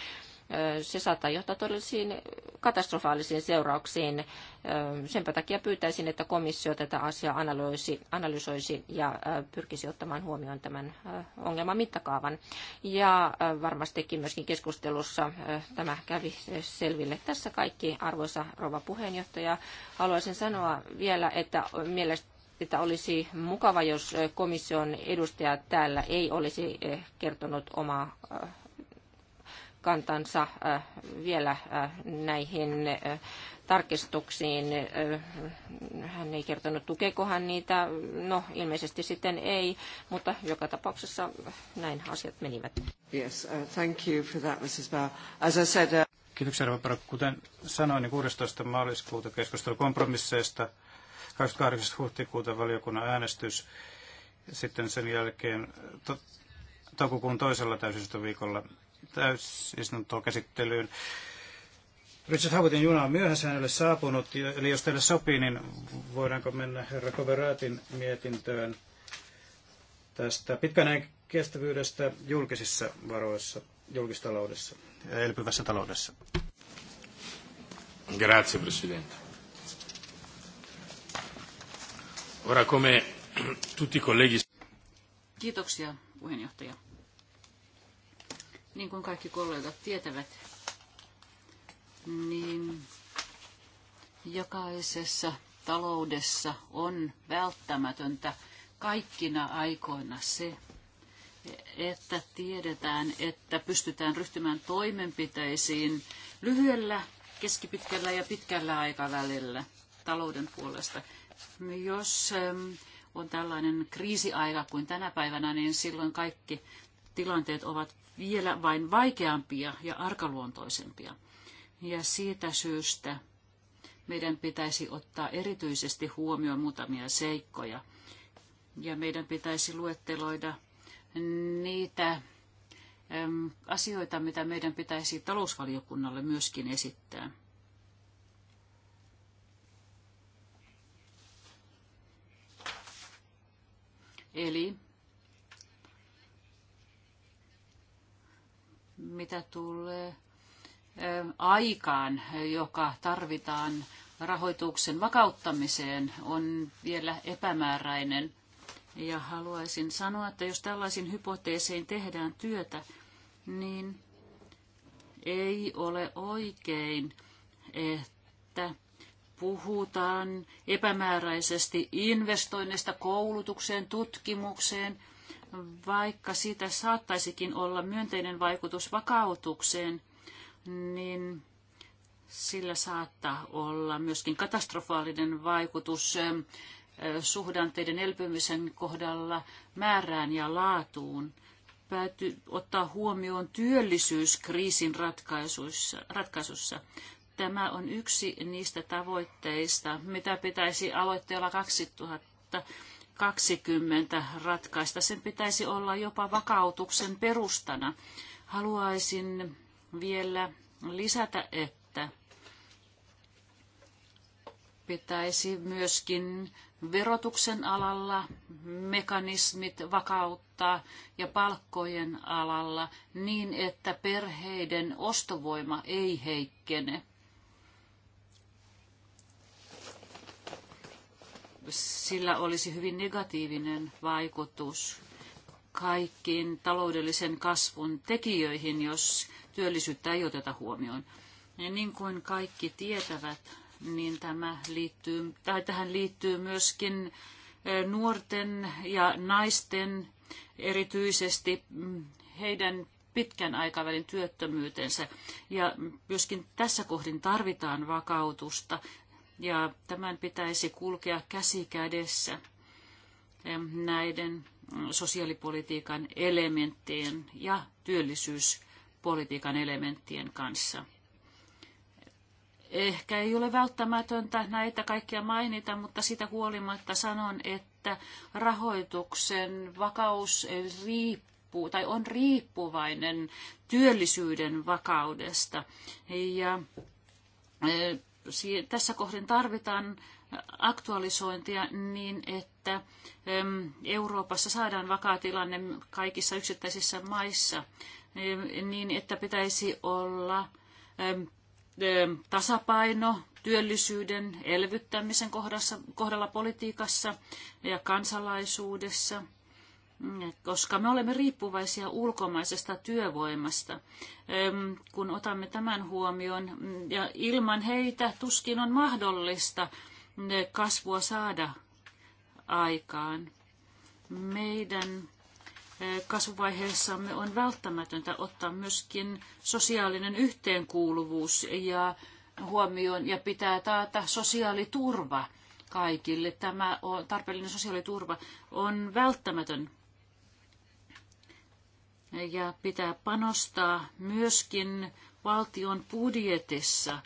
se saattaa johtaa todellisiin katastrofaalisiin seurauksiin. Senpä takia pyytäisin, että komissio tätä asiaa analysoisi, analysoisi ja pyrkisi ottamaan huomioon tämän ongelman mittakaavan. Ja varmastikin myöskin keskustelussa tämä kävi selville. Tässä kaikki, arvoisa rouva puheenjohtaja. Haluaisin sanoa vielä, että mielestäni että olisi mukava, jos komission edustaja täällä ei olisi eh, kertonut omaa kantansa äh, vielä äh, näihin äh, tarkistuksiin. Hän ei kertonut, tukeeko hän niitä. No, ilmeisesti sitten ei, mutta joka tapauksessa näin asiat menivät. Yes, uh, thank you for that, Mrs. Bauer. As I said, uh... Kiitoksia, Rouva Kuten sanoin, niin 16. maaliskuuta keskustelu kompromisseista, 28. huhtikuuta valiokunnan äänestys, sitten sen jälkeen to- toukokuun toisella täysistuntoviikolla käsittelyyn. Richard Havutin juna on myöhässä, hänelle saapunut, eli jos teille sopii, niin voidaanko mennä herra Koveraatin mietintöön tästä pitkän kestävyydestä julkisissa varoissa, julkistaloudessa, elpyvässä taloudessa. Grazie, Presidente. Ora come tutti i colleghi... Kiitoksia, puheenjohtaja. Niin kuin kaikki kollegat tietävät, niin jokaisessa taloudessa on välttämätöntä kaikkina aikoina se, että tiedetään, että pystytään ryhtymään toimenpiteisiin lyhyellä, keskipitkällä ja pitkällä aikavälillä talouden puolesta. Jos ähm, on tällainen kriisiaika kuin tänä päivänä, niin silloin kaikki tilanteet ovat vielä vain vaikeampia ja arkaluontoisempia. Ja siitä syystä meidän pitäisi ottaa erityisesti huomioon muutamia seikkoja. Ja meidän pitäisi luetteloida niitä asioita, mitä meidän pitäisi talousvaliokunnalle myöskin esittää. Eli mitä tulee aikaan, joka tarvitaan rahoituksen vakauttamiseen, on vielä epämääräinen. Ja haluaisin sanoa, että jos tällaisiin hypoteeseihin tehdään työtä, niin ei ole oikein, että puhutaan epämääräisesti investoinneista koulutukseen, tutkimukseen – vaikka siitä saattaisikin olla myönteinen vaikutus vakautukseen, niin sillä saattaa olla myöskin katastrofaalinen vaikutus suhdanteiden elpymisen kohdalla määrään ja laatuun. Pääty ottaa huomioon työllisyyskriisin ratkaisuissa, ratkaisussa. Tämä on yksi niistä tavoitteista, mitä pitäisi aloitteella 2000 2020 ratkaista. Sen pitäisi olla jopa vakautuksen perustana. Haluaisin vielä lisätä, että pitäisi myöskin verotuksen alalla mekanismit vakauttaa ja palkkojen alalla niin, että perheiden ostovoima ei heikkene. sillä olisi hyvin negatiivinen vaikutus kaikkiin taloudellisen kasvun tekijöihin, jos työllisyyttä ei oteta huomioon. Ja niin kuin kaikki tietävät, niin tämä liittyy, tai tähän liittyy myöskin nuorten ja naisten, erityisesti mm, heidän pitkän aikavälin työttömyytensä. Ja myöskin tässä kohdin tarvitaan vakautusta ja tämän pitäisi kulkea käsi kädessä eh, näiden mm, sosiaalipolitiikan elementtien ja työllisyyspolitiikan elementtien kanssa. Ehkä ei ole välttämätöntä näitä kaikkia mainita, mutta sitä huolimatta sanon, että rahoituksen vakaus riippuu tai on riippuvainen työllisyyden vakaudesta. Ja eh, tässä kohdin tarvitaan aktualisointia niin, että Euroopassa saadaan vakaa tilanne kaikissa yksittäisissä maissa, niin että pitäisi olla tasapaino työllisyyden elvyttämisen kohdassa, kohdalla politiikassa ja kansalaisuudessa – koska me olemme riippuvaisia ulkomaisesta työvoimasta. Kun otamme tämän huomioon, mm, ja ilman heitä tuskin on mahdollista mm, kasvua saada aikaan. Meidän e, kasvuvaiheessamme on välttämätöntä ottaa myöskin sosiaalinen yhteenkuuluvuus ja huomioon ja pitää taata sosiaaliturva kaikille. Tämä on, tarpeellinen sosiaaliturva on välttämätön ja pitää panostaa myöskin valtion budjetissa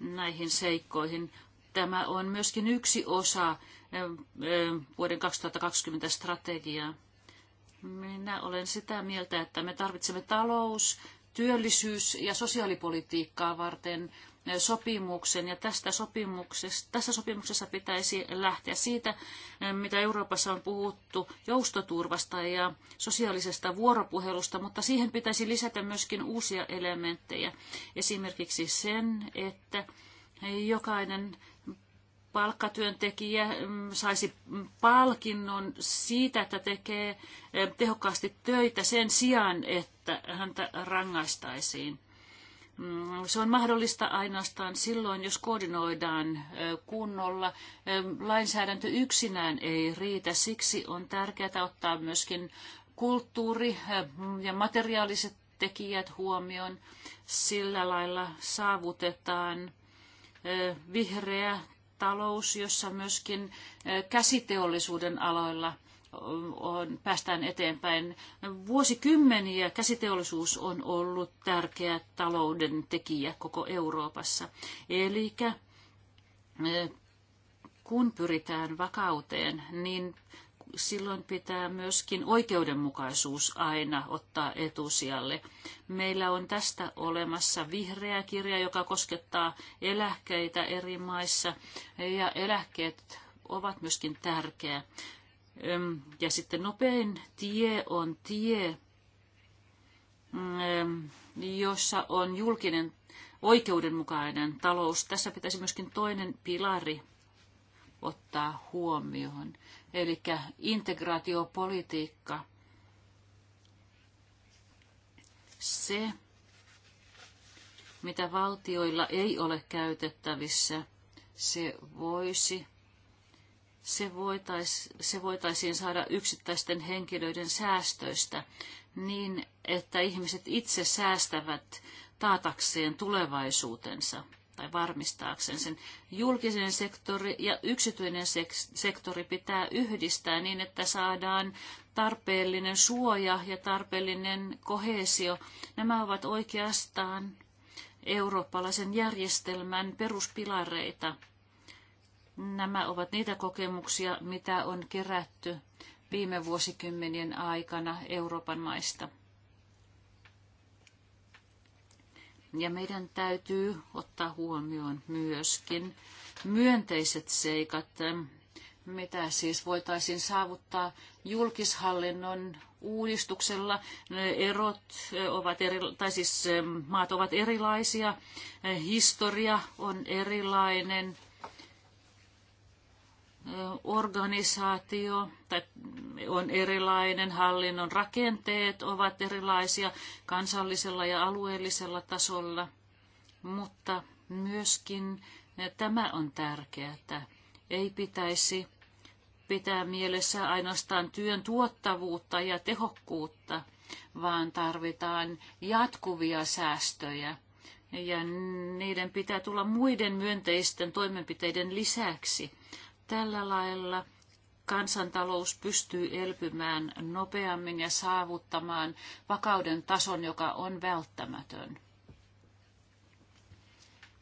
näihin seikkoihin. Tämä on myöskin yksi osa vuoden 2020 strategiaa. Minä olen sitä mieltä, että me tarvitsemme talous, työllisyys- ja sosiaalipolitiikkaa varten sopimuksen ja tästä sopimuksesta, tässä sopimuksessa pitäisi lähteä siitä, eh, mitä Euroopassa on puhuttu joustoturvasta ja sosiaalisesta vuoropuhelusta, mutta siihen pitäisi lisätä myöskin uusia elementtejä. Esimerkiksi sen, että jokainen palkkatyöntekijä mm, saisi palkinnon siitä, että tekee eh, tehokkaasti töitä sen sijaan, että häntä rangaistaisiin. Mm, se on mahdollista ainoastaan silloin, jos koordinoidaan kunnolla. Lainsäädäntö yksinään ei riitä, siksi on tärkeää ottaa myöskin kulttuuri ja materiaaliset tekijät huomioon. Sillä lailla saavutetaan vihreä talous, jossa myöskin käsiteollisuuden aloilla – on, päästään eteenpäin. Vuosikymmeniä käsiteollisuus on ollut tärkeä talouden tekijä koko Euroopassa. Eli eh, kun pyritään vakauteen, niin silloin pitää myöskin oikeudenmukaisuus aina ottaa etusijalle. Meillä on tästä olemassa vihreä kirja, joka koskettaa eläkkeitä eri maissa, ja eläkkeet ovat myöskin tärkeä ja sitten nopein tie on tie, jossa on julkinen oikeudenmukainen talous. Tässä pitäisi myöskin toinen pilari ottaa huomioon, eli integraatiopolitiikka. Se, mitä valtioilla ei ole käytettävissä, se voisi se, voitais, se voitaisiin saada yksittäisten henkilöiden säästöistä niin, että ihmiset itse säästävät taatakseen tulevaisuutensa tai varmistaakseen sen. Julkisen sektori ja yksityinen sektori pitää yhdistää niin, että saadaan tarpeellinen suoja ja tarpeellinen kohesio. Nämä ovat oikeastaan eurooppalaisen järjestelmän peruspilareita – Nämä ovat niitä kokemuksia, mitä on kerätty viime vuosikymmenien aikana Euroopan maista. Ja meidän täytyy ottaa huomioon myöskin myönteiset seikat, mitä siis voitaisiin saavuttaa julkishallinnon uudistuksella. Erot ovat eri, tai siis maat ovat erilaisia, historia on erilainen, organisaatio tai on erilainen, hallinnon rakenteet ovat erilaisia kansallisella ja alueellisella tasolla, mutta myöskin tämä on tärkeää. Ei pitäisi pitää mielessä ainoastaan työn tuottavuutta ja tehokkuutta, vaan tarvitaan jatkuvia säästöjä. Ja niiden pitää tulla muiden myönteisten toimenpiteiden lisäksi Tällä lailla kansantalous pystyy elpymään nopeammin ja saavuttamaan vakauden tason, joka on välttämätön.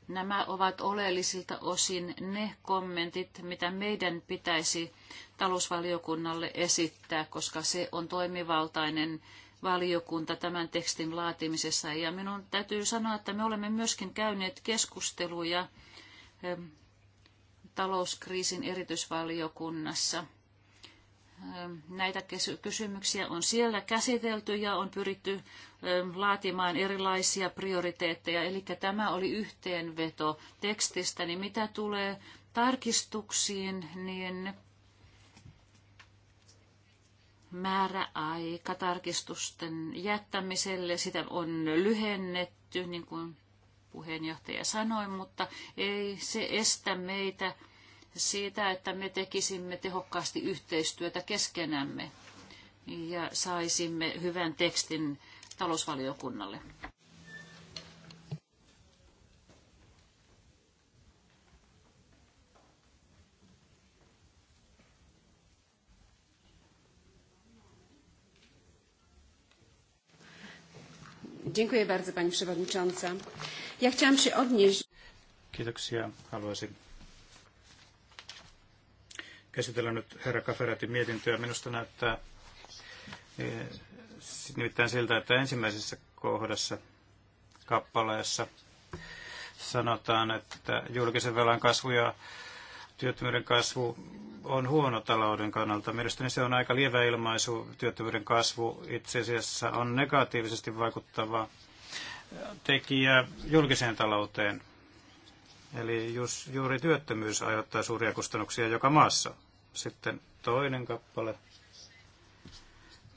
Nämä ovat oleellisilta osin ne kommentit, mitä meidän pitäisi talousvaliokunnalle esittää, koska se on toimivaltainen valiokunta tämän tekstin laatimisessa. Ja minun täytyy sanoa, että me olemme myöskin käyneet keskusteluja talouskriisin erityisvaliokunnassa. Ähm, näitä kysymyksiä on siellä käsitelty ja on pyritty ähm, laatimaan erilaisia prioriteetteja. Eli tämä oli yhteenveto tekstistä. Niin mitä tulee tarkistuksiin, niin määräaika tarkistusten jättämiselle, sitä on lyhennetty, niin kuin puheenjohtaja sanoi, mutta ei se estä meitä siitä, että me tekisimme tehokkaasti yhteistyötä keskenämme ja saisimme hyvän tekstin talousvaliokunnalle. Dziękuję bardzo Pani Przewodnicząca. Ja chciałam się odnieść. Kiitoksia. Haluaisin käsitellä nyt herra Kaferatin mietintöä. Minusta näyttää eh, nimittäin siltä, että ensimmäisessä kohdassa kappaleessa sanotaan, että julkisen velan kasvu ja työttömyyden kasvu on huono talouden kannalta. Mielestäni se on aika lievä ilmaisu. Työttömyyden kasvu itse asiassa on negatiivisesti vaikuttava tekijä julkiseen talouteen. Eli jos juuri työttömyys aiheuttaa suuria kustannuksia joka maassa. Sitten toinen kappale.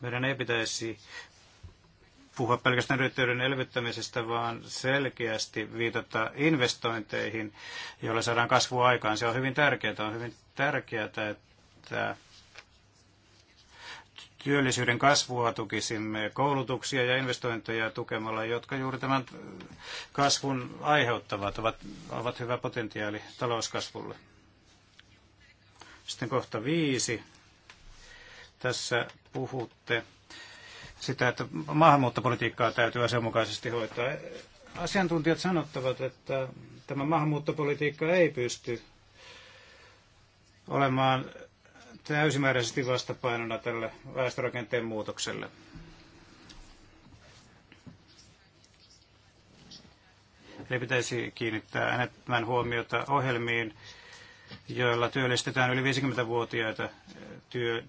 Meidän ei pitäisi puhua pelkästään yrittäjyyden elvyttämisestä, vaan selkeästi viitata investointeihin, joilla saadaan kasvua aikaan. Se on hyvin tärkeää. On hyvin tärkeää, että työllisyyden kasvua tukisimme koulutuksia ja investointeja tukemalla, jotka juuri tämän kasvun aiheuttavat, ovat, ovat hyvä potentiaali talouskasvulle. Sitten kohta viisi. Tässä puhutte sitä, että maahanmuuttopolitiikkaa täytyy asianmukaisesti hoitaa. Asiantuntijat sanottavat, että tämä maahanmuuttopolitiikka ei pysty olemaan täysimääräisesti vastapainona tälle väestörakenteen muutokselle. Eli pitäisi kiinnittää enemmän huomiota ohjelmiin, joilla työllistetään yli 50-vuotiaita työ,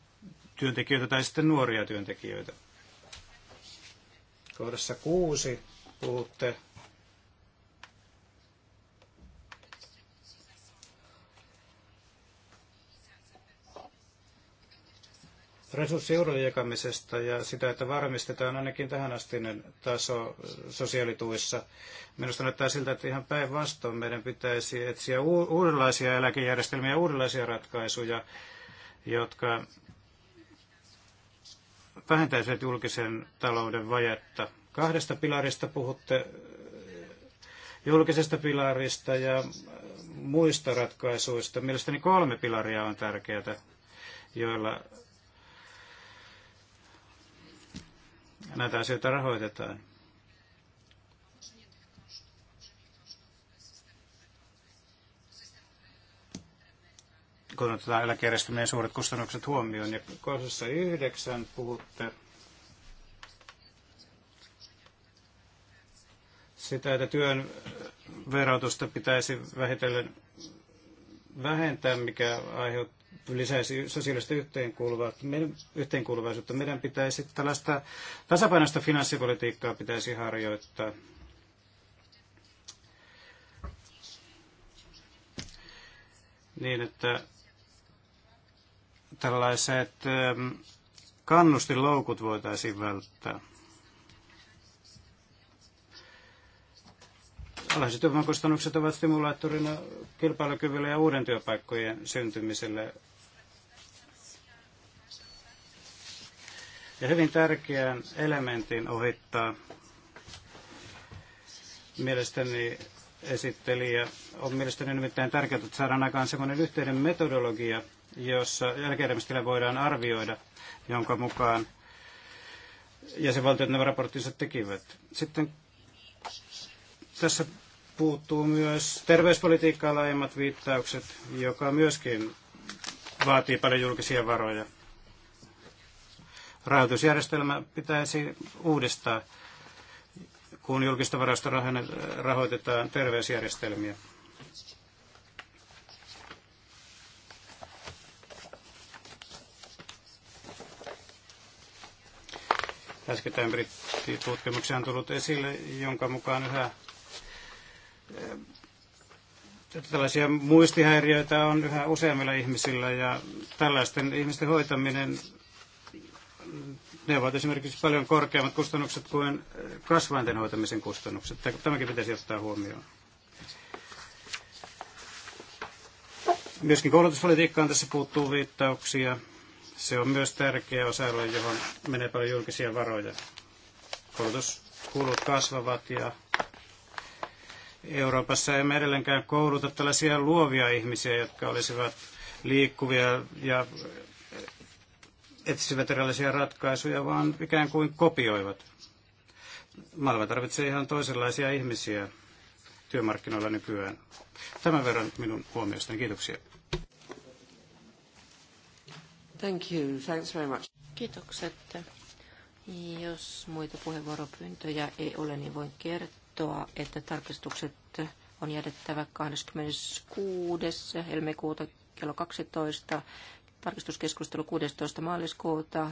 työntekijöitä tai sitten nuoria työntekijöitä. Kohdassa kuusi puhutte resurssiurojen jakamisesta ja sitä, että varmistetaan ainakin tähän astinen taso sosiaalituissa. Minusta näyttää siltä, että ihan päinvastoin meidän pitäisi etsiä uudenlaisia eläkejärjestelmiä, uudenlaisia ratkaisuja, jotka vähentäisivät julkisen talouden vajetta. Kahdesta pilarista puhutte julkisesta pilarista ja muista ratkaisuista. Mielestäni kolme pilaria on tärkeää, joilla näitä asioita rahoitetaan. kun otetaan eläkejärjestelmien suuret kustannukset huomioon. Ja niin kohdassa yhdeksän puhutte sitä, että työn verotusta pitäisi vähitellen vähentää, mikä aiheuttaa lisäisi sosiaalista yhteenkuuluvaisuutta. Meidän pitäisi tällaista tasapainoista finanssipolitiikkaa pitäisi harjoittaa. Niin, että tällaiset ähm, kannustinloukut voitaisiin välttää. Alhaiset työvoimakustannukset ovat stimulaattorina kilpailukyvylle ja uuden työpaikkojen syntymiselle. Ja hyvin tärkeän elementin ohittaa mielestäni esittelijä. On mielestäni nimittäin tärkeää, että saadaan aikaan sellainen yhteinen metodologia, jossa jälkeenjärjestelmä voidaan arvioida, jonka mukaan jäsenvaltiot nämä raporttinsa tekivät. Sitten tässä puuttuu myös terveyspolitiikkaa laajemmat viittaukset, joka myöskin vaatii paljon julkisia varoja. Rahoitusjärjestelmä pitäisi uudistaa, kun julkista varasta rahoitetaan terveysjärjestelmiä. Äskettäin brittitutkimuksia on tullut esille, jonka mukaan yhä tällaisia muistihäiriöitä on yhä useammilla ihmisillä ja tällaisten ihmisten hoitaminen, ne ovat esimerkiksi paljon korkeammat kustannukset kuin eh, kasvainten hoitamisen kustannukset. Tämäkin pitäisi ottaa huomioon. Myöskin koulutuspolitiikkaan tässä puuttuu viittauksia. Se on myös tärkeä osa johon menee paljon julkisia varoja. Koulutuskulut kasvavat ja Euroopassa emme edelleenkään kouluta tällaisia luovia ihmisiä, jotka olisivat liikkuvia ja etsivät erilaisia ratkaisuja, vaan ikään kuin kopioivat. Maailma tarvitsee ihan toisenlaisia ihmisiä työmarkkinoilla nykyään. Tämän verran minun huomiostani. Kiitoksia. Thank you. Thanks very much. Kiitokset. Jos muita puheenvuoropyyntöjä ei ole, niin voin kertoa kertoa, että tarkistukset on jätettävä 26. helmikuuta kello 12 tarkistuskeskustelu 16. maaliskuuta,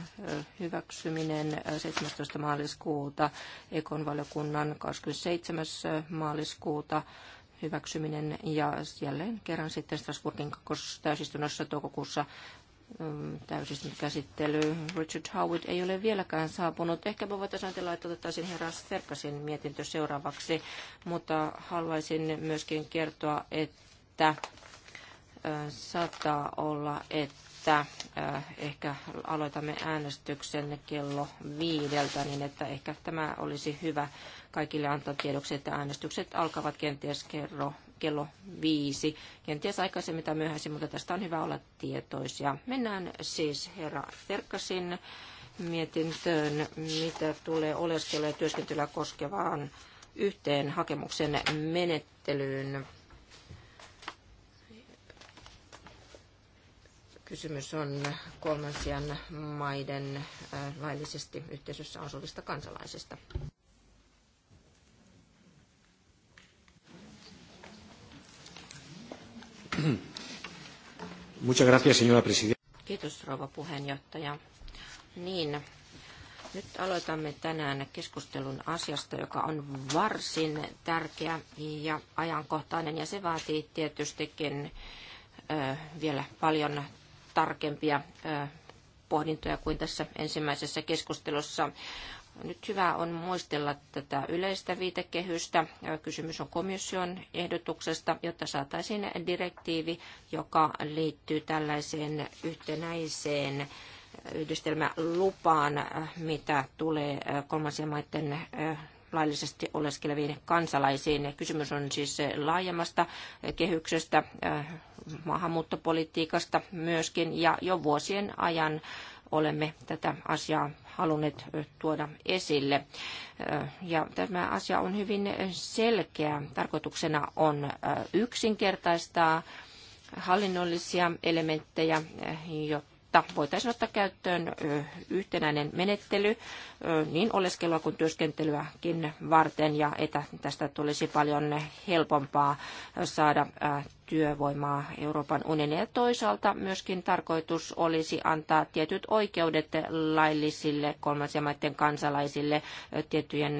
hyväksyminen 17. maaliskuuta, Ekon valiokunnan 27. maaliskuuta, hyväksyminen ja jälleen kerran sitten Strasbourgin täysistunnossa toukokuussa käsittely. Richard Howard ei ole vieläkään saapunut. Ehkä me voitaisiin ajatella, että otettaisiin herra Sterkasin mietintö seuraavaksi, mutta haluaisin myöskin kertoa, että saattaa olla, että ehkä aloitamme äänestyksen kello viideltä, niin että ehkä tämä olisi hyvä kaikille antaa tiedoksi, että äänestykset alkavat kenties kerro kello viisi. Kenties aikaisemmin tai myöhäisin, mutta tästä on hyvä olla tietoisia. Mennään siis herra Terkkasin mietintöön, mitä tulee oleskella ja työskentelyä koskevaan yhteen hakemuksen menettelyyn. Kysymys on kolmansien maiden äh, laillisesti yhteisössä asuvista kansalaisista. Muchas gracias, señora presidenta. Kiitos, rouva puheenjohtaja. Niin, nyt aloitamme tänään keskustelun asiasta, joka on varsin tärkeä ja ajankohtainen, ja se vaatii tietystikin vielä paljon tarkempia pohdintoja kuin tässä ensimmäisessä keskustelussa. Nyt hyvä on muistella tätä yleistä viitekehystä. Kysymys on komission ehdotuksesta, jotta saataisiin direktiivi, joka liittyy tällaiseen yhtenäiseen yhdistelmälupaan, mitä tulee kolmansien maiden laillisesti oleskeleviin kansalaisiin. Kysymys on siis laajemmasta kehyksestä, maahanmuuttopolitiikasta myöskin, ja jo vuosien ajan olemme tätä asiaa halunneet tuoda esille. Ja tämä asia on hyvin selkeä. Tarkoituksena on yksinkertaistaa hallinnollisia elementtejä, jotta voitaisiin ottaa käyttöön yhtenäinen menettely niin oleskelua kuin työskentelyäkin varten ja että tästä tulisi paljon helpompaa saada työvoimaa Euroopan unionin. Ja toisaalta myöskin tarkoitus olisi antaa tietyt oikeudet laillisille kolmansien maiden kansalaisille tiettyjen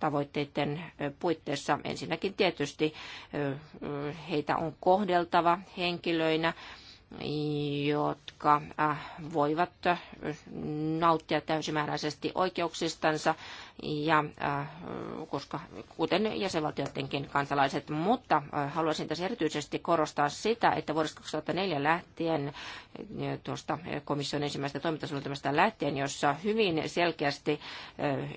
tavoitteiden puitteissa. Ensinnäkin tietysti heitä on kohdeltava henkilöinä jotka äh, voivat äh, nauttia täysimääräisesti oikeuksistansa, ja, äh, koska, kuten jäsenvaltioidenkin kansalaiset. Mutta haluaisin tässä erityisesti korostaa sitä, että vuodesta 2004 lähtien, tuosta komission ensimmäisestä toimintasuunnitelmasta lähtien, jossa hyvin selkeästi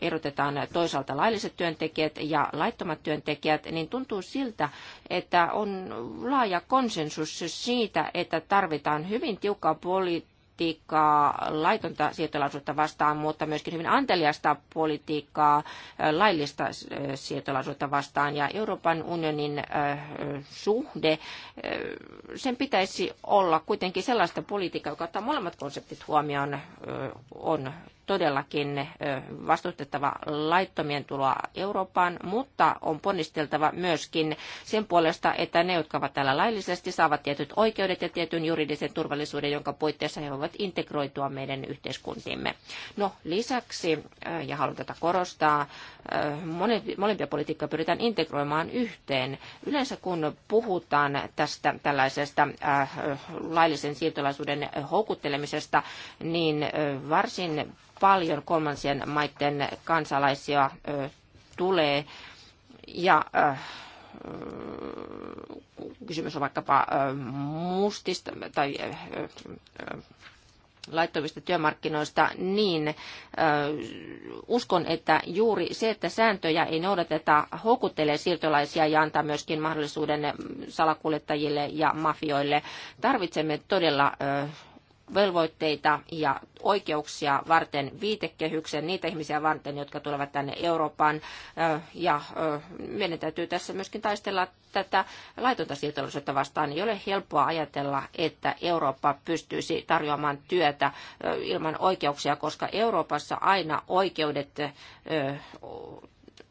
erotetaan toisaalta lailliset työntekijät ja laittomat työntekijät, niin tuntuu siltä, että on laaja konsensus siitä, että tar- tarvitaan hyvin tiukkaa politiikkaa laitonta siirtolaisuutta vastaan, mutta myöskin hyvin anteliasta politiikkaa laillista siirtolaisuutta vastaan. Ja Euroopan unionin suhde, sen pitäisi olla kuitenkin sellaista politiikkaa, joka ottaa molemmat konseptit huomioon, on todellakin vastustettava laittomien tuloa Eurooppaan, mutta on ponnisteltava myöskin sen puolesta, että ne, jotka ovat täällä laillisesti, saavat tietyt oikeudet ja tietyn juridisen turvallisuuden, jonka puitteissa he voivat integroitua meidän yhteiskuntiimme. No lisäksi, ja haluan tätä korostaa, molempia politiikkaa pyritään integroimaan yhteen. Yleensä kun puhutaan tästä tällaisesta laillisen siirtolaisuuden houkuttelemisesta, niin varsin paljon kolmansien maiden kansalaisia tulee. Ja kysymys on vaikkapa mustista tai laittomista työmarkkinoista, niin ö, uskon, että juuri se, että sääntöjä ei noudateta, houkuttelee siirtolaisia ja antaa myöskin mahdollisuuden salakuljettajille ja mafioille. Tarvitsemme todella ö, velvoitteita ja oikeuksia varten viitekehyksen, niitä ihmisiä varten, jotka tulevat tänne Eurooppaan. Ja meidän täytyy tässä myöskin taistella tätä laitonta siirtolaisuutta vastaan. Ei ole helppoa ajatella, että Eurooppa pystyisi tarjoamaan työtä ilman oikeuksia, koska Euroopassa aina oikeudet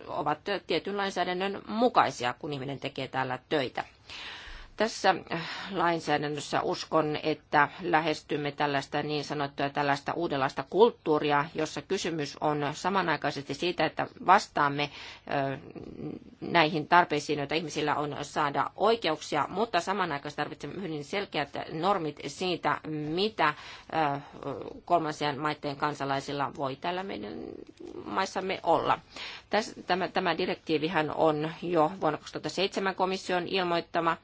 ovat tietyn lainsäädännön mukaisia, kun ihminen tekee täällä töitä. Tässä äh, lainsäädännössä uskon, että lähestymme tällaista niin sanottua tällaista uudenlaista kulttuuria, jossa kysymys on samanaikaisesti siitä, että vastaamme äh, näihin tarpeisiin, joita ihmisillä on saada oikeuksia, mutta samanaikaisesti tarvitsemme hyvin selkeät normit siitä, mitä äh, kolmansien maiden kansalaisilla voi tällä meidän maissamme olla. Tämä direktiivihän on jo vuonna 2007 komission ilmoittama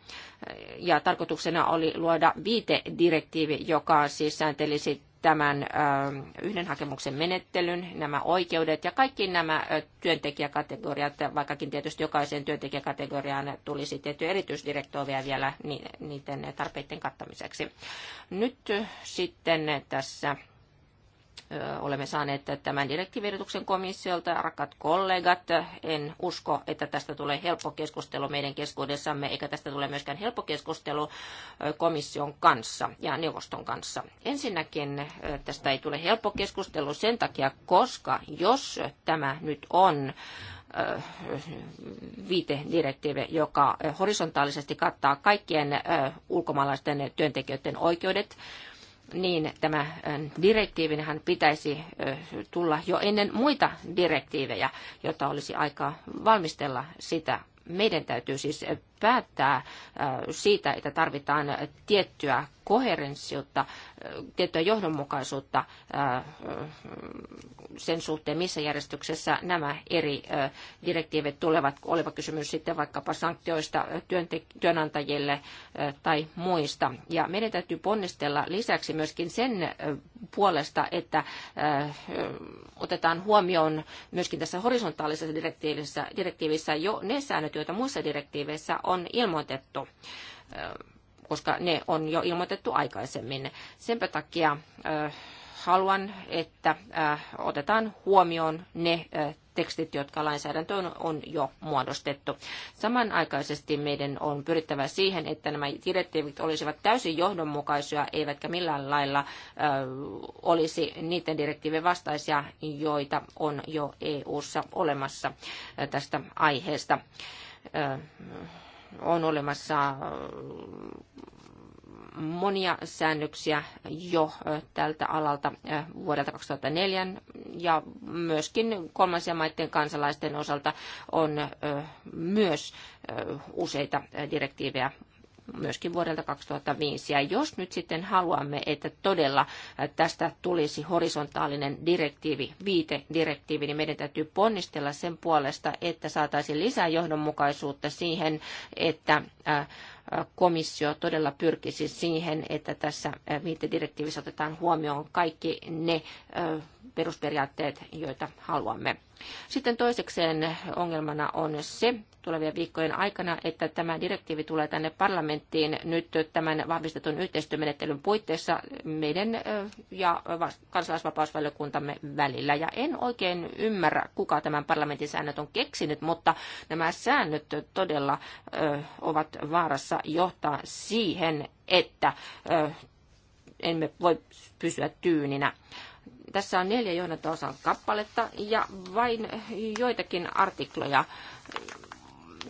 ja tarkoituksena oli luoda viitedirektiivi, joka siis sääntelisi tämän ähm, yhden hakemuksen menettelyn, nämä oikeudet ja kaikki nämä työntekijäkategoriat, vaikkakin tietysti jokaiseen työntekijäkategoriaan tulisi tiettyjä erityisdirektoivia vielä niiden tarpeiden kattamiseksi. Nyt sitten tässä olemme saaneet tämän direktiivirjoituksen komissiolta. Rakkaat kollegat, en usko, että tästä tulee helppo keskustelu meidän keskuudessamme, eikä tästä tule myöskään helppo keskustelu komission kanssa ja neuvoston kanssa. Ensinnäkin tästä ei tule helppo keskustelu sen takia, koska jos tämä nyt on viitedirektiivi, joka horisontaalisesti kattaa kaikkien ulkomaalaisten työntekijöiden oikeudet, niin tämä direktiivinhän pitäisi tulla jo ennen muita direktiivejä, jotta olisi aikaa valmistella sitä. Meidän täytyy siis päättää äh, siitä, että tarvitaan tiettyä koherenssiutta, äh, tiettyä johdonmukaisuutta äh, sen suhteen, missä järjestyksessä nämä eri direktiivit tulevat, olipa kysymys sitten vaikkapa sanktioista työnantajille tai muista. Ja meidän täytyy ponnistella lisäksi myöskin sen puolesta, että otetaan huomioon myöskin tässä horisontaalisessa direktiivissä, direktiivissä jo ne säännöt, joita muissa direktiiveissä on ilmoitettu koska ne on jo ilmoitettu aikaisemmin. Senpä takia haluan, että otetaan huomioon ne tekstit, jotka lainsäädäntöön on jo muodostettu. Samanaikaisesti meidän on pyrittävä siihen, että nämä direktiivit olisivat täysin johdonmukaisia, eivätkä millään lailla olisi niiden direktiivien vastaisia, joita on jo EU-ssa olemassa tästä aiheesta on olemassa äh, monia säännöksiä jo äh, tältä alalta äh, vuodelta 2004 ja myöskin kolmansien maiden kansalaisten osalta on myös useita direktiivejä myöskin vuodelta 2005. Ja jos nyt sitten haluamme, että todella tästä tulisi horisontaalinen direktiivi, viitedirektiivi, niin meidän täytyy ponnistella sen puolesta, että saataisiin lisää johdonmukaisuutta siihen, että komissio todella pyrkisi siihen, että tässä viitedirektiivissä otetaan huomioon kaikki ne perusperiaatteet, joita haluamme. Sitten toisekseen ongelmana on se tulevien viikkojen aikana, että tämä direktiivi tulee tänne parlamenttiin nyt tämän vahvistetun yhteistyömenettelyn puitteissa meidän ja kansalaisvapausvaliokuntamme välillä. Ja en oikein ymmärrä, kuka tämän parlamentin säännöt on keksinyt, mutta nämä säännöt todella ovat vaarassa johtaa siihen, että emme voi pysyä tyyninä. Tässä on neljä johdanto-osan kappaletta ja vain joitakin artikloja.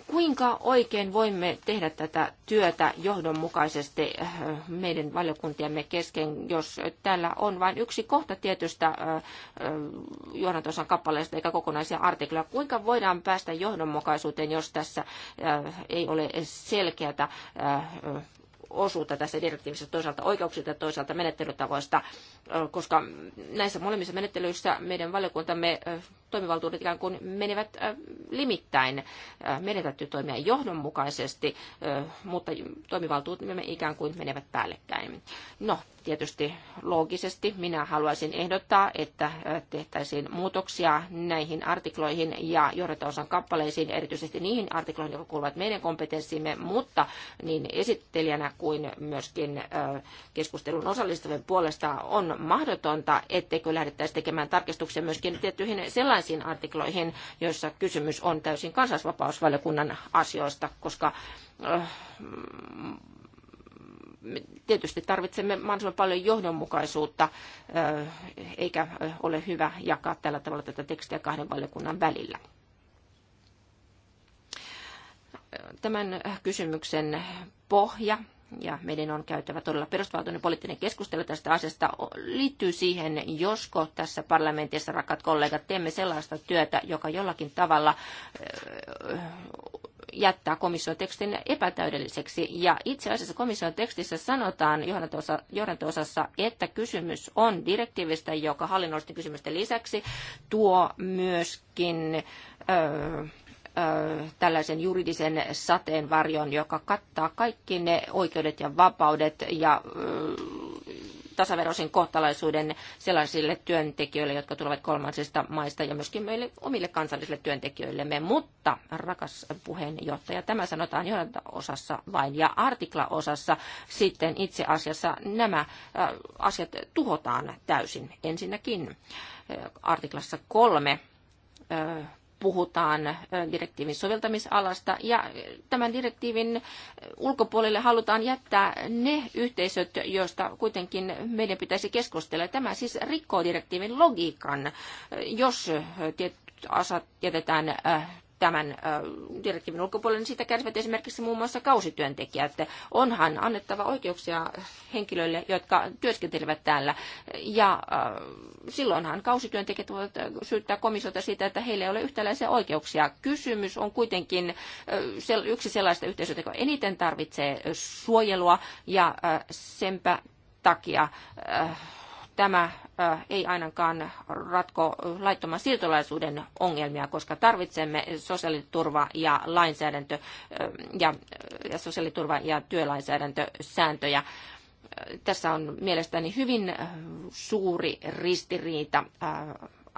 Kuinka oikein voimme tehdä tätä työtä johdonmukaisesti eh, meidän valiokuntiemme kesken, jos täällä on vain yksi kohta tietystä eh, eh, johdantosan kappaleesta eikä kokonaisia artikloja? Kuinka voidaan päästä johdonmukaisuuteen, jos tässä ei ole selkeätä osuutta tässä direktiivissä toisaalta oikeuksilta ja toisaalta menettelytavoista, koska näissä molemmissa menettelyissä meidän valiokuntamme toimivaltuudet ikään kuin menevät äh, limittäin. Äh, meidän täytyy toimia johdonmukaisesti, äh, mutta toimivaltuudet ikään kuin menevät päällekkäin. No, tietysti loogisesti minä haluaisin ehdottaa, että tehtäisiin muutoksia näihin artikloihin ja osan kappaleisiin, erityisesti niihin artikloihin, jotka kuuluvat meidän kompetenssiimme, mutta niin esittelijänä kuin myöskin keskustelun osallistuvien puolesta on mahdotonta, etteikö lähdettäisiin tekemään tarkistuksia myöskin tiettyihin sellaisiin sellaisiin artikloihin, joissa kysymys on täysin kansallisvapausvaliokunnan asioista, koska äh, mm, tietysti tarvitsemme mahdollisimman paljon johdonmukaisuutta, äh, eikä äh, ole hyvä jakaa tällä tavalla tätä tekstiä kahden valiokunnan välillä. Tämän kysymyksen pohja ja meidän on käytävä todella perustavaltoinen poliittinen keskustelu tästä asiasta, liittyy siihen, josko tässä parlamentissa, rakkaat kollegat, teemme sellaista työtä, joka jollakin tavalla jättää komission tekstin epätäydelliseksi. Ja itse asiassa komission tekstissä sanotaan johdanto-osassa, että kysymys on direktiivistä, joka hallinnollisten kysymysten lisäksi tuo myöskin... Öö, tällaisen juridisen sateenvarjon, joka kattaa kaikki ne oikeudet ja vapaudet ja tasaveroisen kohtalaisuuden sellaisille työntekijöille, jotka tulevat kolmansista maista ja myöskin meille omille kansallisille työntekijöillemme. Mutta, rakas puheenjohtaja, tämä sanotaan osassa vain ja artiklaosassa sitten itse asiassa nämä asiat tuhotaan täysin ensinnäkin. Artiklassa kolme puhutaan direktiivin soveltamisalasta ja tämän direktiivin ulkopuolelle halutaan jättää ne yhteisöt, joista kuitenkin meidän pitäisi keskustella. Tämä siis rikkoo direktiivin logiikan, jos tietyt asat jätetään tämän direktiivin ulkopuolelle, niin siitä kärsivät esimerkiksi muun muassa kausityöntekijät. Onhan annettava oikeuksia henkilöille, jotka työskentelevät täällä. Ja silloinhan kausityöntekijät voivat syyttää komissiota siitä, että heillä ei ole yhtäläisiä oikeuksia. Kysymys on kuitenkin yksi sellaista yhteisöä, joka eniten tarvitsee suojelua ja senpä takia äh, tämä ei ainakaan ratko laittoman siirtolaisuuden ongelmia, koska tarvitsemme sosiaaliturva- ja lainsäädäntö ja, ja sosiaaliturva- ja työlainsäädäntösääntöjä. Tässä on mielestäni hyvin suuri ristiriita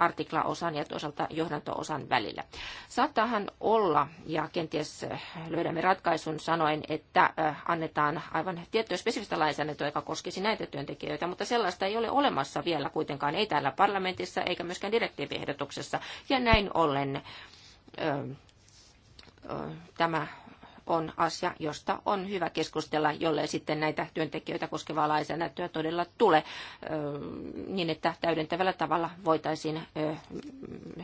artiklaosan ja toisaalta johdantoosan välillä. Saattaahan olla, ja kenties löydämme ratkaisun sanoen, että annetaan aivan tiettyä spesifistä lainsäädäntöä, joka koskisi näitä työntekijöitä, mutta sellaista ei ole olemassa vielä kuitenkaan, ei täällä parlamentissa eikä myöskään direktiiviehdotuksessa. Ja näin ollen ö, ö, tämä on asia, josta on hyvä keskustella, jollei sitten näitä työntekijöitä koskevaa lainsäädäntöä todella tule niin, että täydentävällä tavalla voitaisiin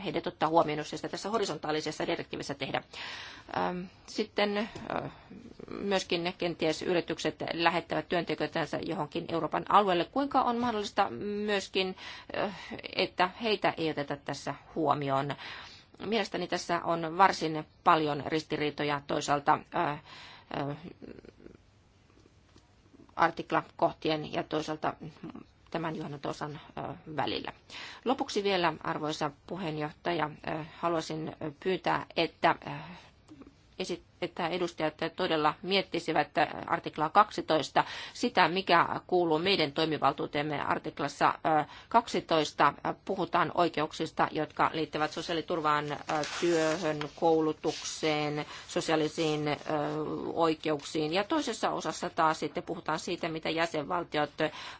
heidät ottaa huomioon, jos sitä tässä horisontaalisessa direktiivissä tehdä. Sitten myöskin ne kenties yritykset lähettävät työntekijöitänsä johonkin Euroopan alueelle. Kuinka on mahdollista myöskin, että heitä ei oteta tässä huomioon? Mielestäni tässä on varsin paljon ristiriitoja toisaalta artiklakohtien ja toisaalta tämän johdantosan välillä. Lopuksi vielä, arvoisa puheenjohtaja, haluaisin pyytää, että että edustajat todella miettisivät äh, artiklaa 12, sitä mikä kuuluu meidän toimivaltuuteemme artiklassa 12. Äh, puhutaan oikeuksista, jotka liittyvät sosiaaliturvaan, äh, työhön, koulutukseen, sosiaalisiin oikeuksiin. Ja toisessa osassa taas sitten puhutaan siitä, mitä jäsenvaltiot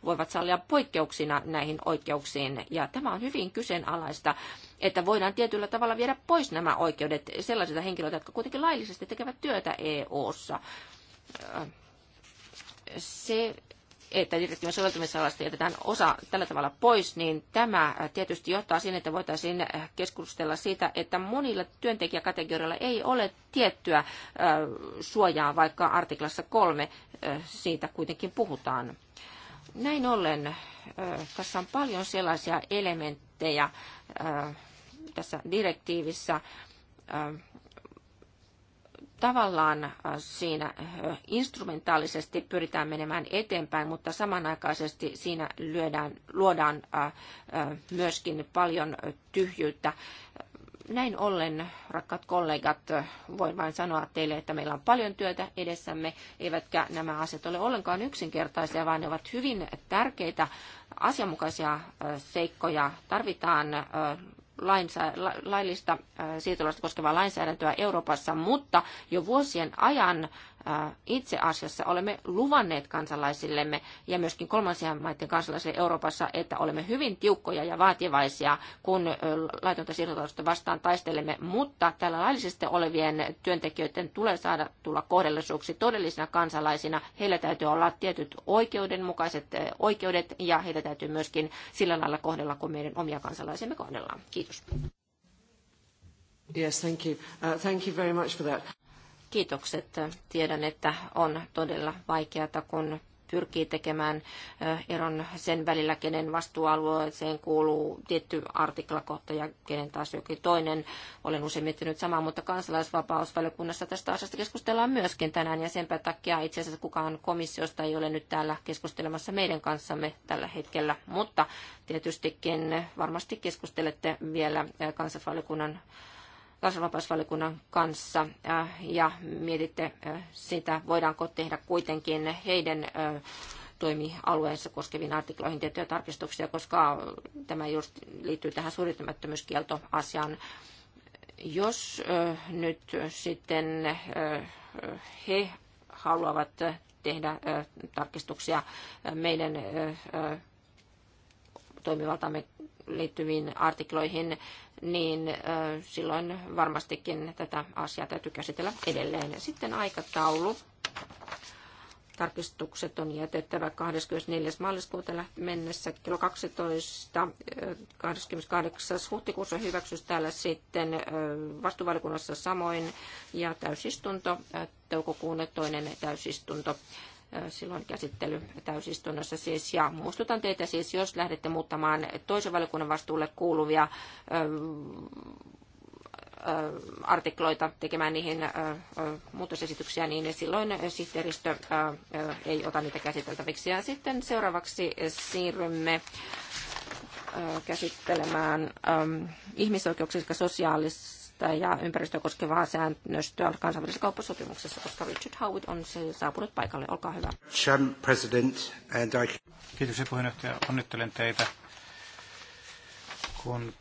voivat sallia poikkeuksina näihin oikeuksiin. Ja tämä on hyvin kyseenalaista että voidaan tietyllä tavalla viedä pois nämä oikeudet sellaisilta henkilöiltä, jotka kuitenkin laillisesti tekevät työtä EU-ssa. Se, että direktiivin soveltamisalasta jätetään osa tällä tavalla pois, niin tämä tietysti johtaa siihen, että voitaisiin keskustella siitä, että monilla työntekijäkategorioilla ei ole tiettyä suojaa, vaikka artiklassa kolme siitä kuitenkin puhutaan. Näin ollen tässä on paljon sellaisia elementtejä, tässä direktiivissä tavallaan siinä instrumentaalisesti pyritään menemään eteenpäin, mutta samanaikaisesti siinä lyödään, luodaan myöskin paljon tyhjyyttä. Näin ollen, rakkaat kollegat, voin vain sanoa teille, että meillä on paljon työtä edessämme, eivätkä nämä asiat ole ollenkaan yksinkertaisia, vaan ne ovat hyvin tärkeitä asianmukaisia seikkoja. Tarvitaan lainsä, la, laillista siirtolaista koskevaa lainsäädäntöä Euroopassa, mutta jo vuosien ajan itse asiassa olemme luvanneet kansalaisillemme ja myöskin kolmansien maiden kansalaisille Euroopassa, että olemme hyvin tiukkoja ja vaativaisia, kun laitonta siirtolaisuutta vastaan taistelemme, mutta tällä laillisesti olevien työntekijöiden tulee saada tulla kohdellisuuksi todellisina kansalaisina. Heillä täytyy olla tietyt oikeudenmukaiset oikeudet ja heitä täytyy myöskin sillä lailla kohdella, kun meidän omia kansalaisemme kohdellaan. Kiitos. Yes, thank you. Uh, thank you very much for that kiitokset. Tiedän, että on todella vaikeata, kun pyrkii tekemään eron sen välillä, kenen vastuualueeseen kuuluu tietty artiklakohta ja kenen taas jokin toinen. Olen usein miettinyt samaa, mutta kansalaisvapausvaliokunnassa tästä asiasta keskustellaan myöskin tänään ja sen takia itse asiassa kukaan komissiosta ei ole nyt täällä keskustelemassa meidän kanssamme tällä hetkellä, mutta tietystikin varmasti keskustelette vielä kansalaisvaliokunnan kansanvapausvalikunnan kanssa äh, ja mietitte äh, sitä, voidaanko tehdä kuitenkin heidän äh, toimialueensa koskeviin artikloihin tiettyjä tarkistuksia, koska tämä just liittyy tähän syrjimättömyyskieltoasiaan. Jos nyt sitten he haluavat tehdä tarkistuksia meidän toimivaltamme liittyviin artikloihin, niin silloin varmastikin tätä asiaa täytyy käsitellä edelleen. Sitten aikataulu. Tarkistukset on jätettävä 24. maaliskuuta mennessä kello 12. 28. huhtikuussa hyväksys täällä sitten vastuvalikunnassa samoin ja täysistunto toukokuun toinen täysistunto silloin käsittely täysistunnossa siis. Ja muistutan teitä siis, jos lähdette muuttamaan toisen valiokunnan vastuulle kuuluvia artikloita tekemään niihin muutosesityksiä, niin silloin sihteeristö ei ota niitä käsiteltäviksi. Ja sitten seuraavaksi siirrymme käsittelemään ihmisoikeuksia, sosiaalis ja ympäristöä koskevaa säännöstöä kansainvälisessä kauppasopimuksessa, koska Richard Howitt on se saapunut paikalle. Olkaa hyvä. President, and I... Kiitoksia puheenjohtaja. Onnittelen teitä. Kun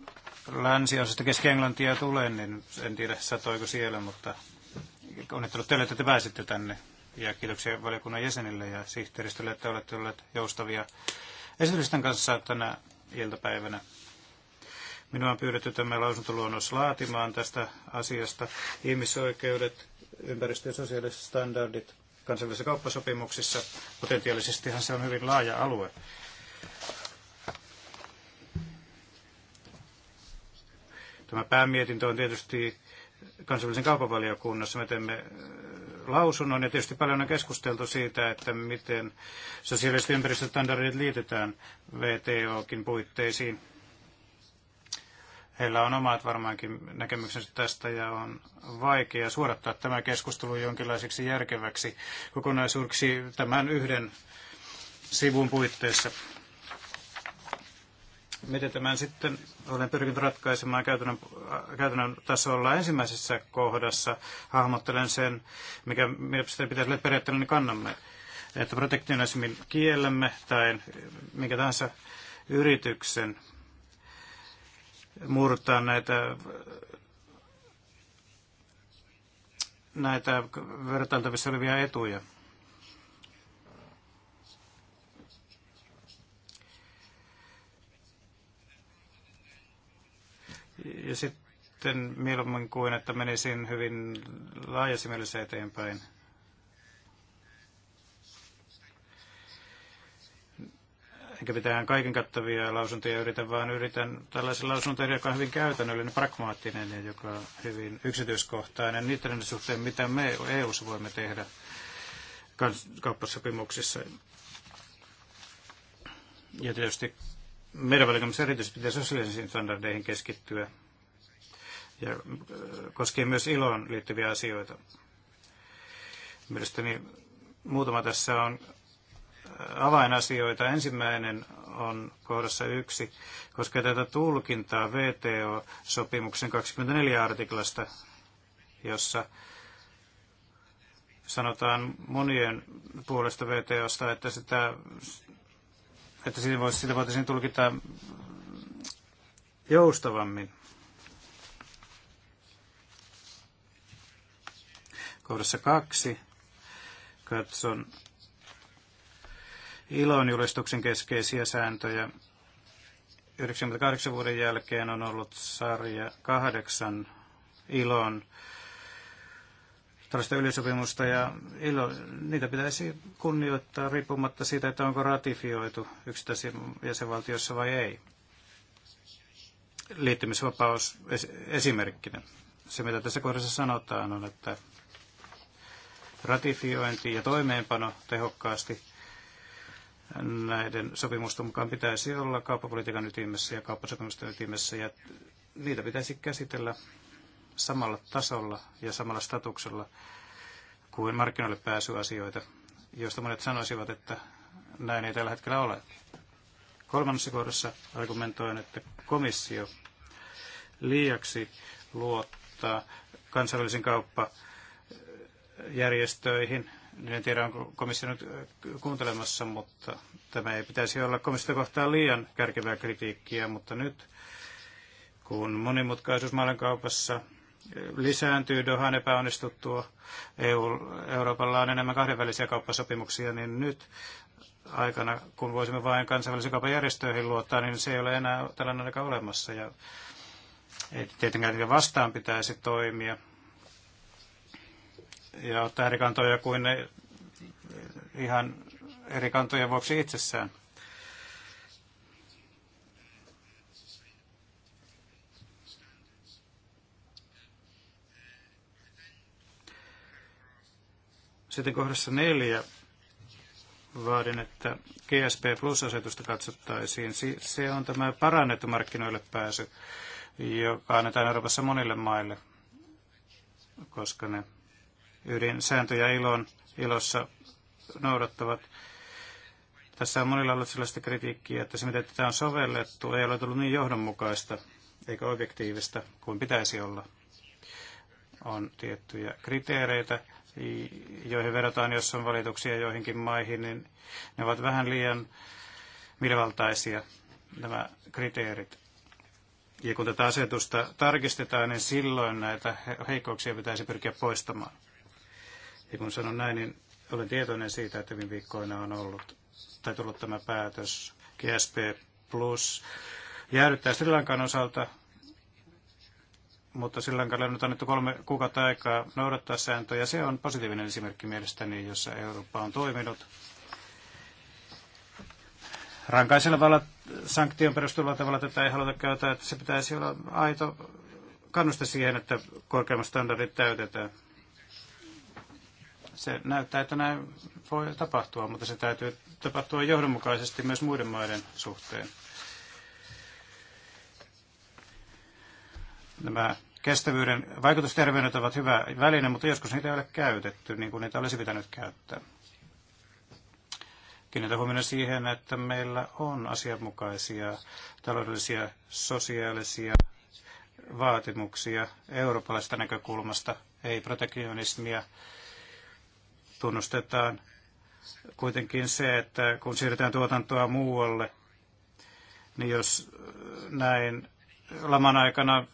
länsiosasta Keski-Englantia tulee niin en tiedä satoiko siellä, mutta onnittelut teille, että te pääsitte tänne. Ja kiitoksia valiokunnan jäsenille ja sihteeristölle, että olette olleet joustavia esitysten kanssa tänä iltapäivänä. Minua on pyydetty tämä lausuntoluonnos laatimaan tästä asiasta. Ihmisoikeudet, ympäristö- ja sosiaaliset standardit kansainvälisissä kauppasopimuksissa. Potentiaalisestihan se on hyvin laaja alue. Tämä päämietintö on tietysti kansainvälisen kaupavaliokunnassa. Me teemme äh, lausunnon ja tietysti paljon on keskusteltu siitä, että miten sosiaaliset ympäristöstandardit liitetään VTOkin puitteisiin. Heillä on omat varmaankin näkemyksensä tästä ja on vaikea suorattaa tämä keskustelu jonkinlaiseksi järkeväksi kokonaisuudeksi tämän yhden sivun puitteissa. Miten tämän sitten olen pyrkinyt ratkaisemaan käytännön, käytännön tasolla ensimmäisessä kohdassa, hahmottelen sen, mikä mielestäni pitäisi olla periaatteellinen kannamme, että protektionismin kiellämme tai minkä tahansa yrityksen murtaa näitä näitä vertailtavissa olevia etuja. Ja sitten mieluummin kuin, että menisin hyvin laajasimellisen eteenpäin. enkä pitää kaiken kattavia lausuntoja yritä, vaan yritän tällaisen lausuntoja, joka on hyvin käytännöllinen, niin pragmaattinen ja joka on hyvin yksityiskohtainen niiden suhteen, mitä me EU-ssa voimme tehdä kauppasopimuksissa. Ja tietysti meidän valikoimassa erityisesti pitää sosiaalisiin standardeihin keskittyä ja äh, koskien myös iloon liittyviä asioita. Mielestäni muutama tässä on avainasioita. Ensimmäinen on kohdassa yksi, koska tätä tulkintaa VTO-sopimuksen 24 artiklasta, jossa sanotaan monien puolesta VTOsta, että sitä, että sitä, voisi, sitä voitaisiin tulkita joustavammin. Kohdassa kaksi katson Ilon julistuksen keskeisiä sääntöjä. 98 vuoden jälkeen on ollut sarja kahdeksan Ilon tällaista ylisopimusta ja ilo, niitä pitäisi kunnioittaa riippumatta siitä, että onko ratifioitu yksittäisiin jäsenvaltiossa vai ei. Liittymisvapaus esimerkkinä. Se, mitä tässä kohdassa sanotaan, on, että ratifiointi ja toimeenpano tehokkaasti näiden sopimusten mukaan pitäisi olla kauppapolitiikan ytimessä ja kauppasopimusten ytimessä, ja niitä pitäisi käsitellä samalla tasolla ja samalla statuksella kuin markkinoille pääsyasioita, joista monet sanoisivat, että näin ei tällä hetkellä ole. Kolmannessa kohdassa argumentoin, että komissio liiaksi luottaa kansainvälisiin kauppajärjestöihin, en tiedä, onko komissio nyt äh, kuuntelemassa, mutta tämä ei pitäisi olla komissio kohtaan liian kärkevää kritiikkiä, mutta nyt kun monimutkaisuus maailmankaupassa äh, lisääntyy, Dohan epäonnistuttua, EU, Euroopalla on enemmän kahdenvälisiä kauppasopimuksia, niin nyt aikana, kun voisimme vain kansainvälisiin kaupan järjestöihin luottaa, niin se ei ole enää tällainen aika olemassa. Ja ei tietenkään niitä vastaan pitäisi toimia, ja ottaa eri kantoja kuin ne ihan eri kantoja vuoksi itsessään. Sitten kohdassa neljä vaadin, että GSP Plus-asetusta katsottaisiin. Se on tämä parannettu markkinoille pääsy, joka annetaan Euroopassa monille maille, koska ne Ydin ydinsääntöjä ilon, ilossa noudattavat. Tässä on monilla ollut sellaista kritiikkiä, että se miten tätä on sovellettu ei ole tullut niin johdonmukaista eikä objektiivista kuin pitäisi olla. On tiettyjä kriteereitä, joihin verrataan, jos on valituksia joihinkin maihin, niin ne ovat vähän liian milvaltaisia. nämä kriteerit. Ja kun tätä asetusta tarkistetaan, niin silloin näitä heikkouksia pitäisi pyrkiä poistamaan. Ja kun sanon näin, niin olen tietoinen siitä, että hyvin viikkoina on ollut tai tullut tämä päätös GSP Plus jäädyttää Sri Lankan osalta, mutta Sri Lankalle on nyt annettu kolme kuukautta aikaa noudattaa sääntöjä. Se on positiivinen esimerkki mielestäni, jossa Eurooppa on toiminut. Rankaisella sanktion perustuvalla tavalla tätä ei haluta käyttää, että se pitäisi olla aito kannuste siihen, että korkeimmat standardit täytetään se näyttää, että näin voi tapahtua, mutta se täytyy tapahtua johdonmukaisesti myös muiden maiden suhteen. Nämä kestävyyden vaikutusterveydet ovat hyvä väline, mutta joskus niitä ei ole käytetty niin kuin niitä olisi pitänyt käyttää. Kiinnitän huomioon siihen, että meillä on asianmukaisia taloudellisia, sosiaalisia vaatimuksia eurooppalaisesta näkökulmasta, ei protektionismia, tunnustetaan kuitenkin se, että kun siirretään tuotantoa muualle, niin jos äh, näin laman aikana äh,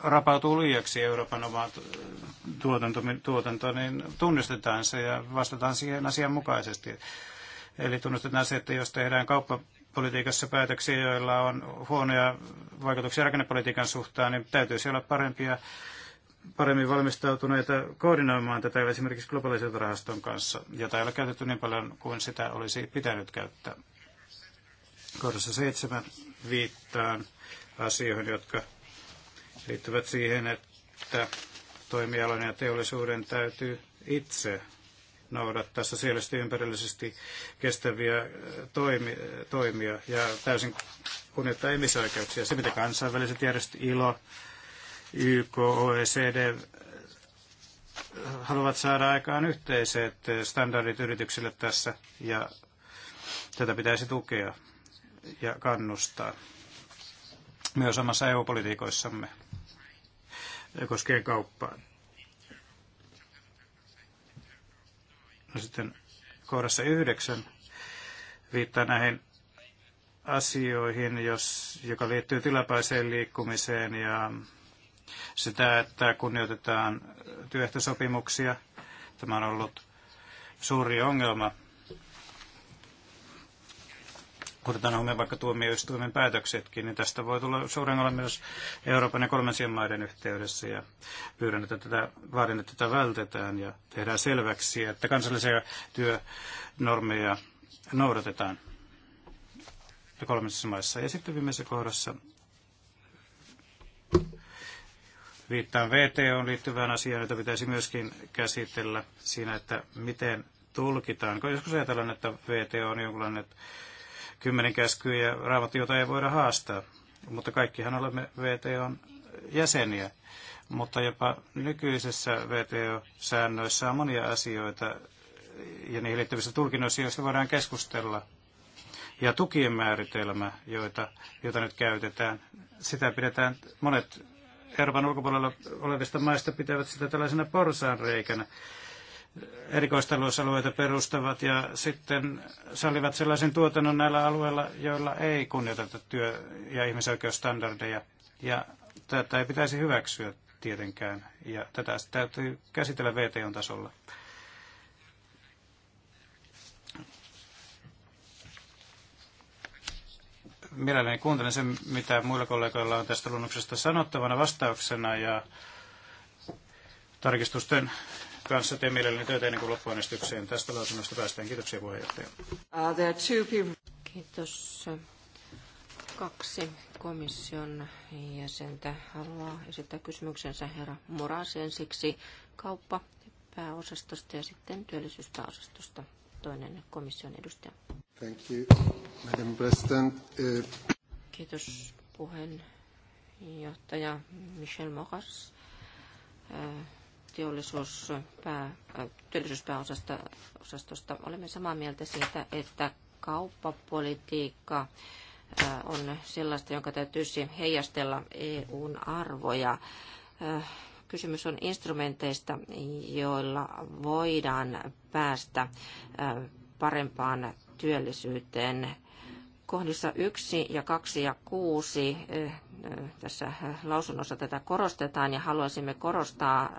rapautuu liiaksi Euroopan oma tuotanto, tuotanto, niin tunnistetaan se ja vastataan siihen asianmukaisesti. Eli tunnustetaan se, että jos tehdään kauppapolitiikassa päätöksiä, joilla on huonoja vaikutuksia rakennepolitiikan suhtaan, niin täytyisi olla parempia paremmin valmistautuneita koordinoimaan tätä esimerkiksi globaalisen rahaston kanssa, jota ei ole käytetty niin paljon kuin sitä olisi pitänyt käyttää. Kohdassa seitsemän viittaan asioihin, jotka liittyvät siihen, että toimialan ja teollisuuden täytyy itse noudattaa sosiaalisesti ympärillisesti kestäviä äh, toimi, toimia ja täysin kunnioittaa ihmisoikeuksia. Se, mitä kansainväliset järjestöt, ILO, YK, OECD haluavat saada aikaan yhteiset standardit yrityksille tässä ja tätä pitäisi tukea ja kannustaa myös omassa EU-politiikoissamme koskien kauppaa. No sitten kohdassa yhdeksän viittaa näihin asioihin, jos, joka liittyy tilapäiseen liikkumiseen ja sitä, että kunnioitetaan työehtosopimuksia. Tämä on ollut suuri ongelma. Otetaan huomioon vaikka tuomioistuimen päätöksetkin, niin tästä voi tulla suuren olla myös Euroopan ja kolmansien maiden yhteydessä. Ja pyydän, että tätä, vaadin, että tätä vältetään ja tehdään selväksi, että kansallisia työnormeja noudatetaan kolmansissa maissa. Ja sitten viimeisessä kohdassa Viittaan VTOon liittyvään asiaan, jota pitäisi myöskin käsitellä siinä, että miten tulkitaan. Joskus ajatellaan, että VTO on jonkinlainen kymmenen käskyä ja raamattu, jota ei voida haastaa. Mutta kaikkihan olemme VTOn jäseniä. Mutta jopa nykyisessä VTO-säännöissä on monia asioita ja niihin liittyvissä tulkinnoissa, joista voidaan keskustella. Ja tukien määritelmä, joita, jota nyt käytetään, sitä pidetään monet Euroopan ulkopuolella olevista maista pitävät sitä tällaisena porsaanreikänä. Erikoistalousalueita perustavat ja sitten sallivat sellaisen tuotannon näillä alueilla, joilla ei kunnioiteta työ- ja ihmisoikeusstandardeja. Ja tätä ei pitäisi hyväksyä tietenkään, ja tätä täytyy käsitellä VTOn tasolla. mielelläni kuuntelen sen, mitä muilla kollegoilla on tästä luonnoksesta sanottavana vastauksena ja tarkistusten kanssa teen mielelläni töitä ennen kuin loppuainestykseen. Tästä lausunnosta päästään. Kiitoksia puheenjohtaja. Uh, Kiitos. Kaksi komission jäsentä haluaa esittää kysymyksensä herra Moras ensiksi kauppa pääosastosta ja sitten työllisyyspääosastosta toinen komission edustaja. Thank you, Madam President. Uh, Kiitos puheenjohtaja Michel Mokas uh, työllisyyspääosastosta äh, olemme samaa mieltä siitä, että kauppapolitiikka äh, on sellaista, jonka täytyisi heijastella EUn arvoja. Äh, kysymys on instrumenteista, joilla voidaan päästä parempaan työllisyyteen. Kohdissa 1 ja 2 ja 6 eh, eh, tässä eh, lausunnossa tätä korostetaan ja haluaisimme korostaa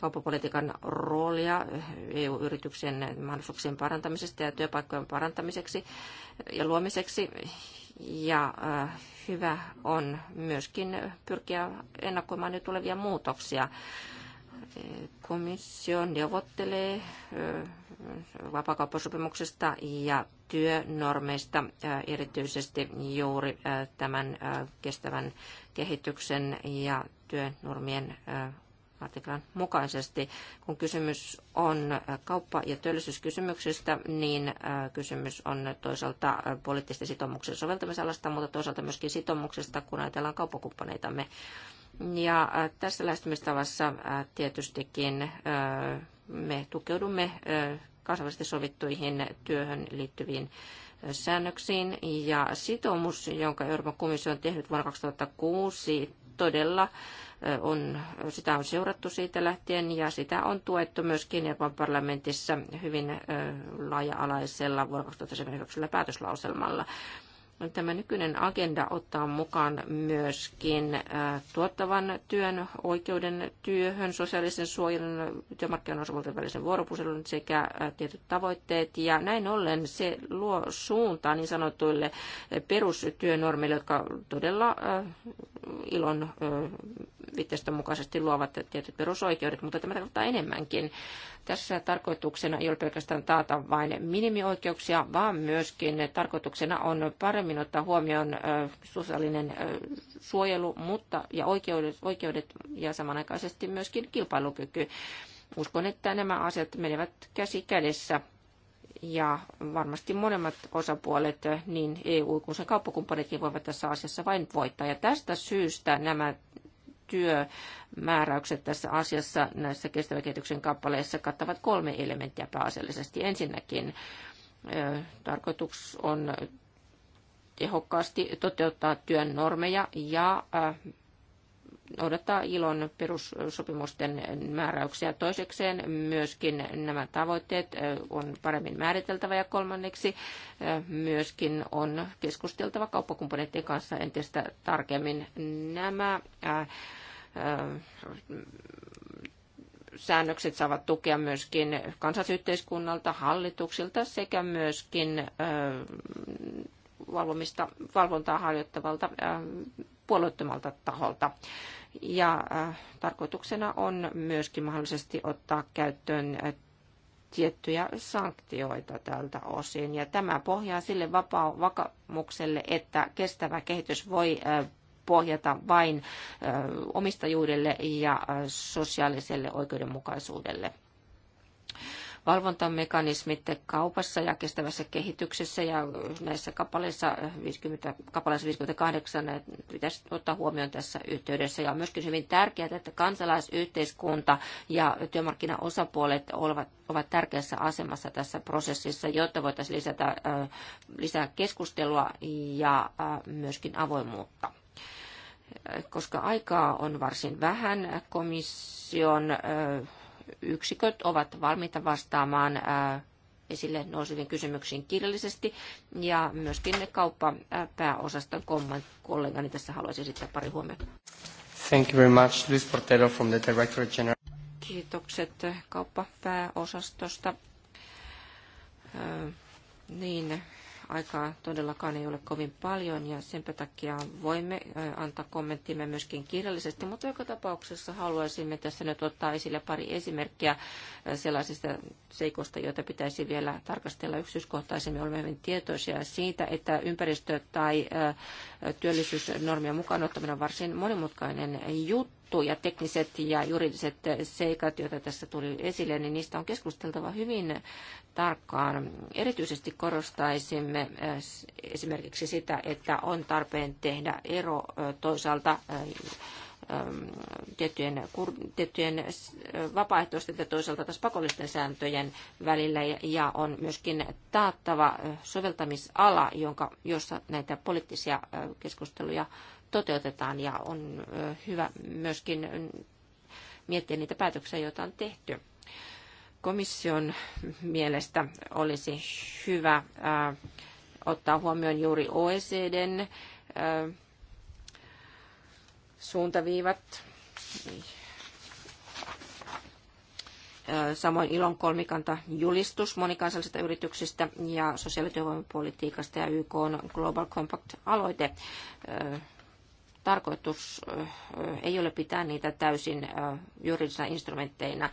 kauppapolitiikan roolia EU-yrityksen mahdollisuuksien parantamisesta ja työpaikkojen parantamiseksi ja luomiseksi. Ja hyvä on myöskin pyrkiä ennakoimaan nyt tulevia muutoksia komissio neuvottelee vapakauppasopimuksesta ja työnormeista erityisesti juuri tämän kestävän kehityksen ja työnormien artiklan mukaisesti. Kun kysymys on kauppa- ja työllisyyskysymyksistä, niin äh, kysymys on toisaalta äh, poliittisten sitoumuksen soveltamisalasta, mutta toisaalta myöskin sitoumuksesta, kun ajatellaan kauppakumppaneitamme. Ja äh, tässä lähestymistavassa tietystikin me tukeudumme kansainvälisesti sovittuihin työhön liittyviin säännöksiin ja sitoumus, jonka Euroopan komissio on tehnyt vuonna 2006, todella on, sitä on seurattu siitä lähtien ja sitä on tuettu myöskin Euroopan parlamentissa hyvin laaja-alaisella vuonna 2019 päätöslauselmalla. Tämä nykyinen agenda ottaa mukaan myöskin äh, tuottavan työn, oikeuden työhön, sosiaalisen suojelun, työmarkkinoiden välisen vuoropuhelun sekä äh, tietyt tavoitteet. Ja näin ollen se luo suuntaa niin sanotuille perustyönormeille, jotka todella äh, ilon viitteistä mukaisesti luovat tietyt perusoikeudet, mutta tämä tarkoittaa enemmänkin. Tässä tarkoituksena ei ole pelkästään taata vain minimioikeuksia, vaan myöskin tarkoituksena on paremmin ottaa huomioon sosiaalinen suojelu mutta, ja oikeudet, oikeudet ja samanaikaisesti myöskin kilpailukyky. Uskon, että nämä asiat menevät käsi kädessä ja varmasti molemmat osapuolet, niin EU kuin sen kauppakumppanitkin voivat tässä asiassa vain voittaa. Ja tästä syystä nämä työmääräykset tässä asiassa näissä kestävän kehityksen kappaleissa kattavat kolme elementtiä pääasiallisesti. Ensinnäkin tarkoitus on tehokkaasti toteuttaa työn normeja ja noudattaa ilon perussopimusten määräyksiä. Toisekseen myöskin nämä tavoitteet on paremmin määriteltävä ja kolmanneksi myöskin on keskusteltava kauppakumppaneiden kanssa entistä tarkemmin. Nämä ää, ää, säännökset saavat tukea myöskin kansallisyhteiskunnalta, hallituksilta sekä myöskin valvontaa harjoittavalta puolueettomalta taholta ja äh, tarkoituksena on myöskin mahdollisesti ottaa käyttöön äh, tiettyjä sanktioita tältä osin. Ja tämä pohjaa sille vapaa vakamukselle, että kestävä kehitys voi äh, pohjata vain omistajuudelle ja sosiaaliselle oikeudenmukaisuudelle valvontamekanismit kaupassa ja kestävässä kehityksessä ja näissä kapaleissa 50, kapaleissa 58 pitäisi ottaa huomioon tässä yhteydessä. Ja on myöskin hyvin tärkeää, että kansalaisyhteiskunta ja työmarkkinaosapuolet ovat, ovat tärkeässä asemassa tässä prosessissa, jotta voitaisiin lisätä lisää keskustelua ja myöskin avoimuutta koska aikaa on varsin vähän komission yksiköt ovat valmiita vastaamaan esille nouseviin kysymyksiin kirjallisesti. Ja myöskin kauppapääosaston kollegani tässä haluaisi esittää pari huomiota. Thank you very much, Luis Portero from the Director General. Kiitokset kauppapääosastosta. Niin, aikaa todellakaan ei ole kovin paljon ja sen takia voimme antaa kommenttimme myöskin kirjallisesti, mutta joka tapauksessa haluaisimme tässä nyt ottaa esille pari esimerkkiä sellaisista seikoista, joita pitäisi vielä tarkastella yksityiskohtaisemmin. Olemme hyvin tietoisia siitä, että ympäristö- tai työllisyysnormien mukaan ottaminen on varsin monimutkainen juttu juttu ja tekniset ja juridiset seikat, joita tässä tuli esille, niin niistä on keskusteltava hyvin tarkkaan. Erityisesti korostaisimme äh, esimerkiksi sitä, että on tarpeen tehdä ero äh, toisaalta äh, Ähm, tiettyjen, tiettyjen äh, vapaaehtoisten ja toisaalta taas pakollisten sääntöjen välillä ja on myöskin taattava äh, soveltamisala, jonka, jossa näitä poliittisia äh, keskusteluja toteutetaan ja on hyvä myöskin miettiä niitä päätöksiä, joita on tehty. Komission mielestä olisi hyvä ottaa huomioon juuri OECDn suuntaviivat. Samoin ilon kolmikanta julistus monikansallisista yrityksistä ja sosiaalityövoimapolitiikasta ja YK on Global Compact-aloite. Tarkoitus ei ole pitää niitä täysin juridisina instrumentteina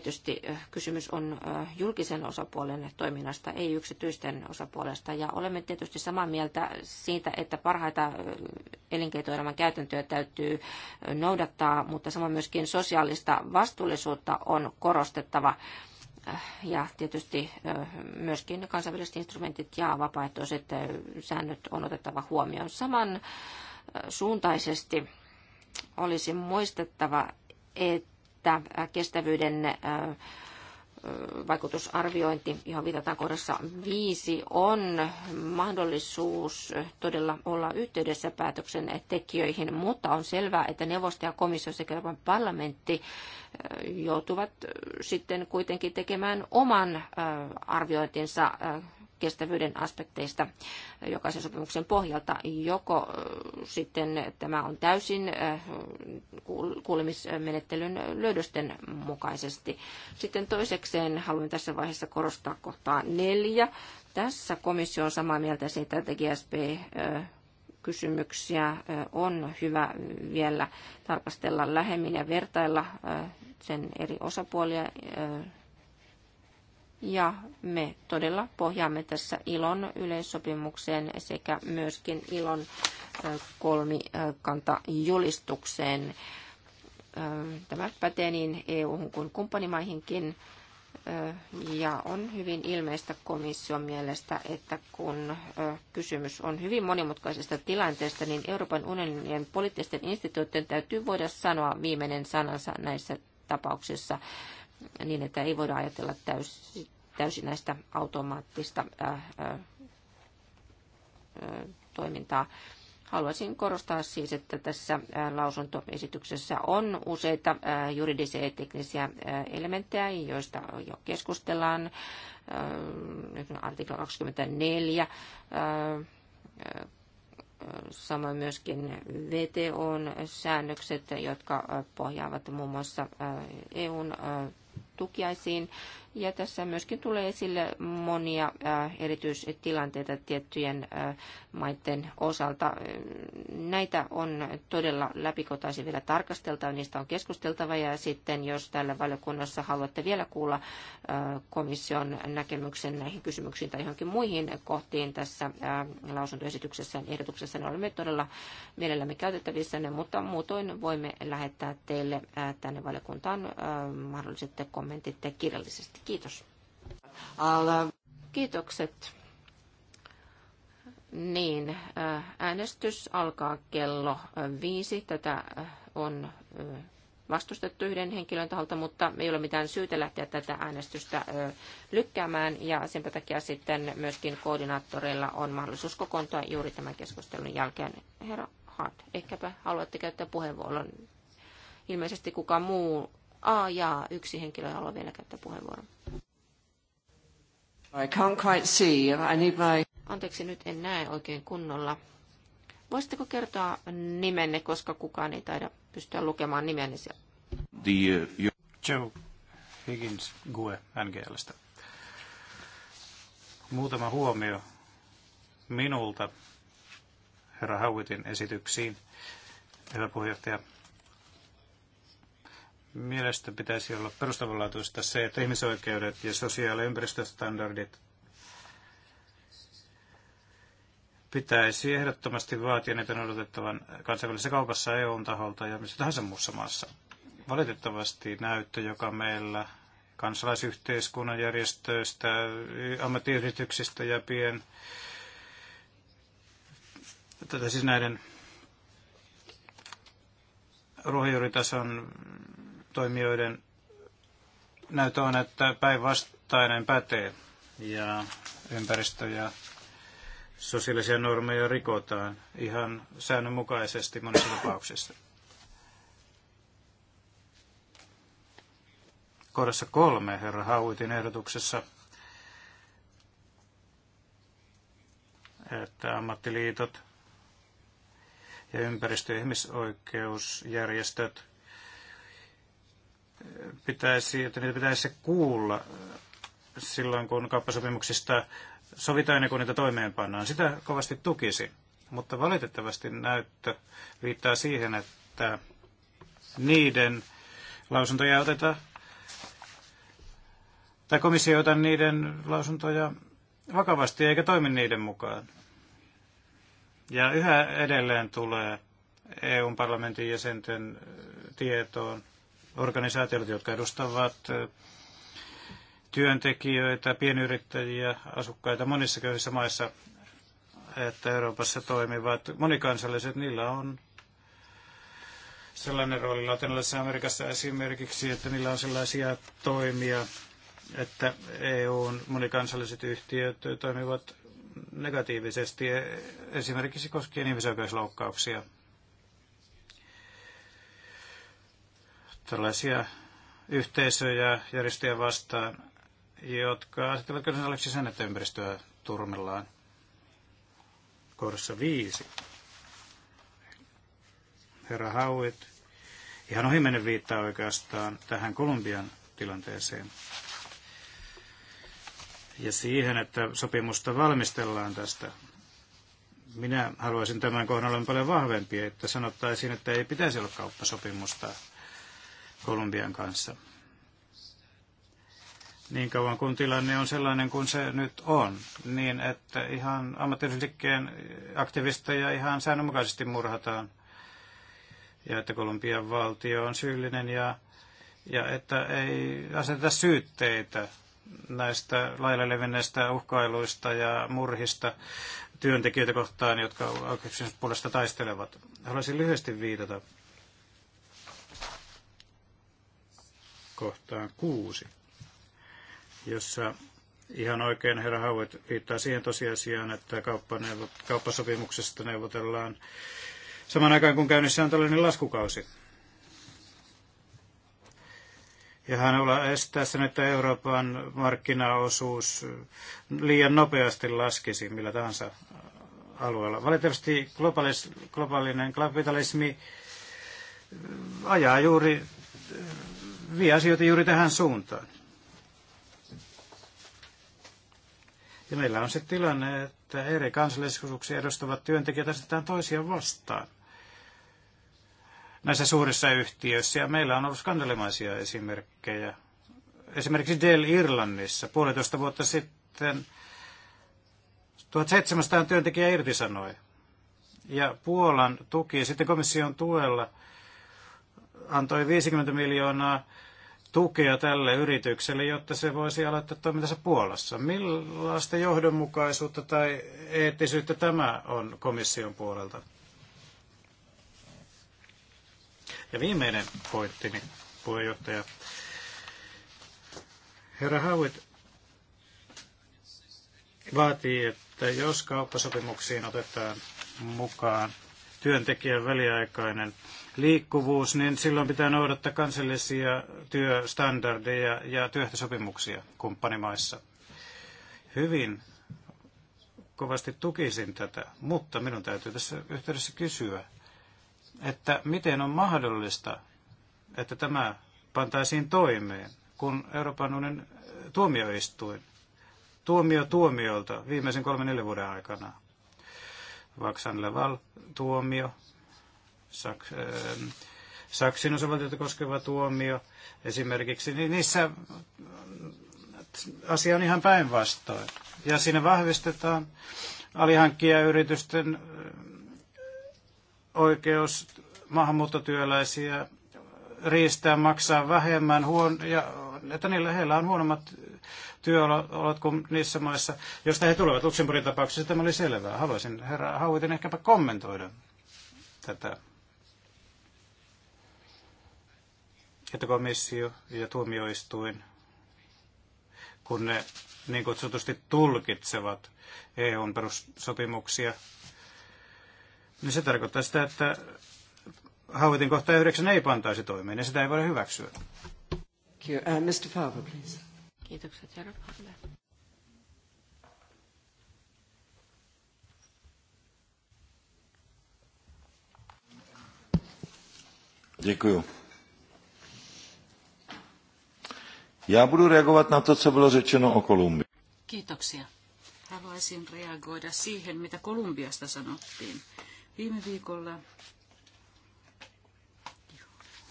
tietysti kysymys on julkisen osapuolen toiminnasta, ei yksityisten osapuolesta. Ja olemme tietysti samaa mieltä siitä, että parhaita elinkeinoelämän käytäntöjä täytyy noudattaa, mutta samoin myöskin sosiaalista vastuullisuutta on korostettava ja tietysti myöskin kansainväliset instrumentit ja vapaaehtoiset säännöt on otettava huomioon. Saman suuntaisesti olisi muistettava, että että äh, kestävyyden äh, äh, vaikutusarviointi, johon viitataan kohdassa viisi, on mahdollisuus todella olla yhteydessä päätöksen tekijöihin, mutta on selvää, että neuvosto ja komissio sekä Euroopan parlamentti joutuvat sitten kuitenkin tekemään oman arviointinsa kestävyyden aspekteista jokaisen sopimuksen pohjalta. Joko sitten tämä on täysin kuulemismenettelyn löydösten mukaisesti. Sitten toisekseen haluan tässä vaiheessa korostaa kohtaa neljä. Tässä komissio on samaa mieltä siitä, että GSP kysymyksiä on hyvä vielä tarkastella lähemmin ja vertailla sen eri osapuolia ja me todella pohjaamme tässä ilon yleissopimukseen sekä myöskin ilon kolmikantajulistukseen. Tämä pätee niin EU-hun kuin kumppanimaihinkin. Ja on hyvin ilmeistä komission mielestä, että kun kysymys on hyvin monimutkaisesta tilanteesta, niin Euroopan unionin poliittisten instituutteiden täytyy voida sanoa viimeinen sanansa näissä tapauksissa niin että ei voida ajatella täys, täysin näistä automaattista toimintaa. Haluaisin korostaa siis, että tässä lausuntoesityksessä on useita juridisia ja teknisiä elementtejä, joista jo keskustellaan. Artikla 24, samoin myöskin vto säännökset, jotka pohjaavat muun muassa EUn tukiaisiin ja tässä myöskin tulee esille monia äh, erityistilanteita tiettyjen äh, maiden osalta. Näitä on todella läpikotaisin vielä tarkasteltava, niistä on keskusteltava ja sitten jos täällä valiokunnassa haluatte vielä kuulla äh, komission näkemyksen näihin kysymyksiin tai johonkin muihin kohtiin tässä lausuntoesityksessä ja ehdotuksessa, niin olemme todella mielellämme käytettävissä, mutta muutoin voimme lähettää teille tänne valiokuntaan mahdolliset kommentit kirjallisesti. Kiitos. Kiitokset. Niin, äh, äänestys alkaa kello äh, viisi. Tätä äh, on vastustettu yhden henkilön taholta, mutta ei ole mitään syytä lähteä tätä äänestystä lykkäämään. Ja sen takia sitten myöskin koordinaattoreilla on mahdollisuus kokoontua juuri tämän keskustelun jälkeen. Herra Hart, ehkäpä haluatte käyttää puheenvuoron. Ilmeisesti kukaan muu A ja yksi henkilö haluaa vielä käyttää puheenvuoron. I can't quite see. I need my... Anteeksi, nyt en näe oikein kunnolla. Voisitteko kertoa nimenne, koska kukaan ei taida pystyä lukemaan nimenne siellä? The, uh, your... Joe Higgins Gue NGLstä. Muutama huomio minulta herra Hauitin esityksiin. Hyvä puheenjohtaja, Mielestä pitäisi olla perustavanlaatuista se, että ihmisoikeudet ja sosiaali- ja ympäristöstandardit pitäisi ehdottomasti vaatia niitä noudatettavan kansainvälisessä kaupassa EUn taholta ja missä tahansa muussa maassa. Valitettavasti näyttö, joka meillä kansalaisyhteiskunnan järjestöistä, ammattiyhdistyksistä ja pien, tätä siis näiden ruohonjuuritason toimijoiden näytö on, että päinvastainen pätee ja ympäristö- ja sosiaalisia normeja rikotaan ihan säännönmukaisesti monissa tapauksissa. Kohdassa kolme herra Hauitin ehdotuksessa, että ammattiliitot ja ympäristö- ja ihmisoikeusjärjestöt pitäisi, että niitä pitäisi kuulla silloin, kun kauppasopimuksista sovitaan ja kun niitä toimeenpannaan. Sitä kovasti tukisi, mutta valitettavasti näyttö viittaa siihen, että niiden lausuntoja otetaan, tai komissio ota niiden lausuntoja vakavasti eikä toimi niiden mukaan. Ja yhä edelleen tulee EUn parlamentin jäsenten tietoon Organisaatiot, jotka edustavat työntekijöitä, pienyrittäjiä, asukkaita monissa köyhissä maissa, että Euroopassa toimivat monikansalliset, niillä on sellainen rooli Latinalaisessa Amerikassa esimerkiksi, että niillä on sellaisia toimia, että EUn monikansalliset yhtiöt toimivat negatiivisesti esimerkiksi koskien ihmisoikeusloukkauksia tällaisia yhteisöjä järjestöjä vastaan, jotka asettavat kysymykseksi sen, että ympäristöä turmellaan. Kohdassa viisi. Herra Hauit ihan ohimennen viittaa oikeastaan tähän Kolumbian tilanteeseen ja siihen, että sopimusta valmistellaan tästä. Minä haluaisin tämän kohdan olla paljon vahvempi, että sanottaisiin, että ei pitäisi olla kauppasopimusta Kolumbian kanssa. Niin kauan kun tilanne on sellainen kuin se nyt on, niin että ihan ammattiyhdistysliikkeen aktivisteja ihan säännönmukaisesti murhataan ja että Kolumbian valtio on syyllinen ja, ja että ei aseteta syytteitä näistä lailla levinneistä uhkailuista ja murhista työntekijöitä kohtaan, jotka oikeuksien puolesta taistelevat. Haluaisin lyhyesti viitata kohtaan kuusi, jossa ihan oikein herra Hauet viittaa siihen tosiasiaan, että kauppasopimuksesta neuvotellaan saman aikaan kun käynnissä on tällainen laskukausi. Ja hän olla estää sen, että Euroopan markkinaosuus liian nopeasti laskisi millä tahansa alueella. Valitettavasti globaalis, globaalinen kapitalismi äh, ajaa juuri äh, vie asioita juuri tähän suuntaan. Ja meillä on se tilanne, että eri kansallisuuksia edustavat työntekijät asetetaan toisiaan vastaan näissä suurissa yhtiöissä. Ja meillä on ollut skandalimaisia esimerkkejä. Esimerkiksi Dell Irlannissa puolitoista vuotta sitten 1700 työntekijää irtisanoi. Ja Puolan tuki sitten komission tuella – antoi 50 miljoonaa tukea tälle yritykselle, jotta se voisi aloittaa toimintansa Puolassa. Millaista johdonmukaisuutta tai eettisyyttä tämä on komission puolelta? Ja viimeinen pointtini, niin puheenjohtaja. Herra Hauit vaatii, että jos kauppasopimuksiin otetaan mukaan työntekijän väliaikainen liikkuvuus, niin silloin pitää noudattaa kansallisia työstandardeja ja työehtosopimuksia kumppanimaissa. Hyvin kovasti tukisin tätä, mutta minun täytyy tässä yhteydessä kysyä, että miten on mahdollista, että tämä pantaisiin toimeen, kun Euroopan unionin tuomioistuin tuomio tuomiolta viimeisen kolmen neljän vuoden aikana. Vaksan Leval tuomio Saks, ähm, Saksin osavaltiota koskeva tuomio esimerkiksi, niin niissä asia on ihan päinvastoin. Ja siinä vahvistetaan alihankkijayritysten äh, oikeus maahanmuuttotyöläisiä riistää, maksaa vähemmän, huon, ja että niillä heillä on huonommat työolot kuin niissä maissa, joista he tulevat. Luxemburgin tapauksessa tämä oli selvää. Haluaisin herra Hauitin ehkäpä kommentoida tätä. että komissio ja tuomioistuin, kun ne niin kutsutusti tulkitsevat EUn perussopimuksia, niin se tarkoittaa sitä, että hauvitin kohta 9 ei pantaisi toimeen ja sitä ei voida hyväksyä. Uh, Mr. Farber, please. Kiitokset, herra Farber. Děkuju. Já budu reagovat na to, co bylo řečeno o Kolumbii. Kiitoksia. Haluaisin reagoida siihen, mitä Kolumbiasta sanottiin. Viime viikolla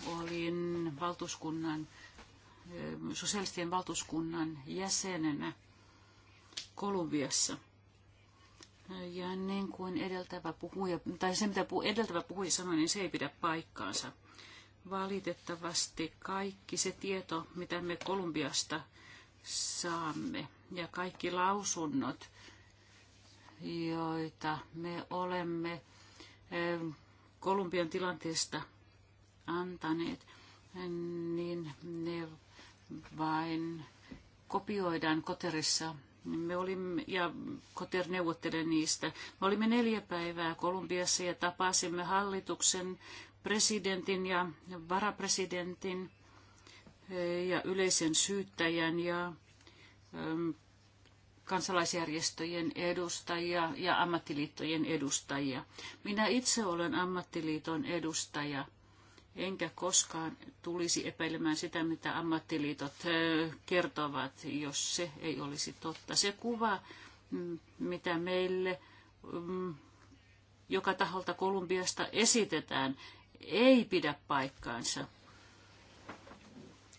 olin valtuuskunnan, sosialistien valtuuskunnan jäsenenä Kolumbiassa. Ja niin kuin edeltävä puhuja, tai se mitä edeltävä puhuja sanoi, niin se ei pidä paikkaansa valitettavasti kaikki se tieto, mitä me Kolumbiasta saamme ja kaikki lausunnot, joita me olemme eh, Kolumbian tilanteesta antaneet, niin ne vain kopioidaan Koterissa. Me olimme, ja Koter neuvottelee niistä. Me olimme neljä päivää Kolumbiassa ja tapasimme hallituksen presidentin ja varapresidentin ja yleisen syyttäjän ja kansalaisjärjestöjen edustajia ja ammattiliittojen edustajia. Minä itse olen ammattiliiton edustaja, enkä koskaan tulisi epäilemään sitä, mitä ammattiliitot kertovat, jos se ei olisi totta. Se kuva, mm, mitä meille mm, joka taholta Kolumbiasta esitetään, ei pidä paikkaansa.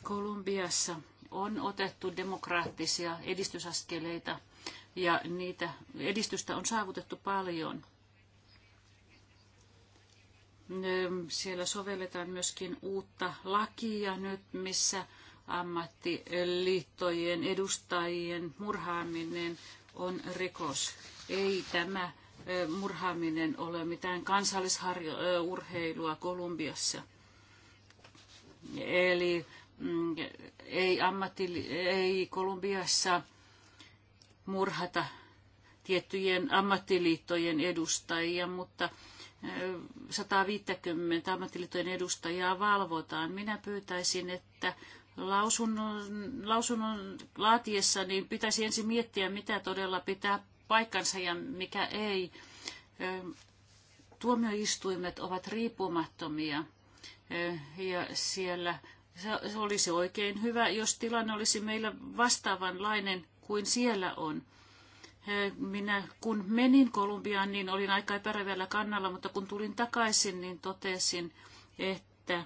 Kolumbiassa on otettu demokraattisia edistysaskeleita ja niitä edistystä on saavutettu paljon. Siellä sovelletaan myöskin uutta lakia nyt, missä ammattiliittojen edustajien murhaaminen on rikos. Ei tämä murhaaminen ole mitään kansallisurheilua Kolumbiassa. Eli mm, ei, ammatti, ei Kolumbiassa murhata tiettyjen ammattiliittojen edustajia, mutta 150 ammattiliittojen edustajaa valvotaan. Minä pyytäisin, että lausunnon, lausunnon laatiessa niin pitäisi ensin miettiä, mitä todella pitää paikkansa ja mikä ei. Tuomioistuimet ovat riippumattomia ja siellä se olisi oikein hyvä, jos tilanne olisi meillä vastaavanlainen kuin siellä on. Minä kun menin Kolumbiaan, niin olin aika epärevällä kannalla, mutta kun tulin takaisin, niin totesin, että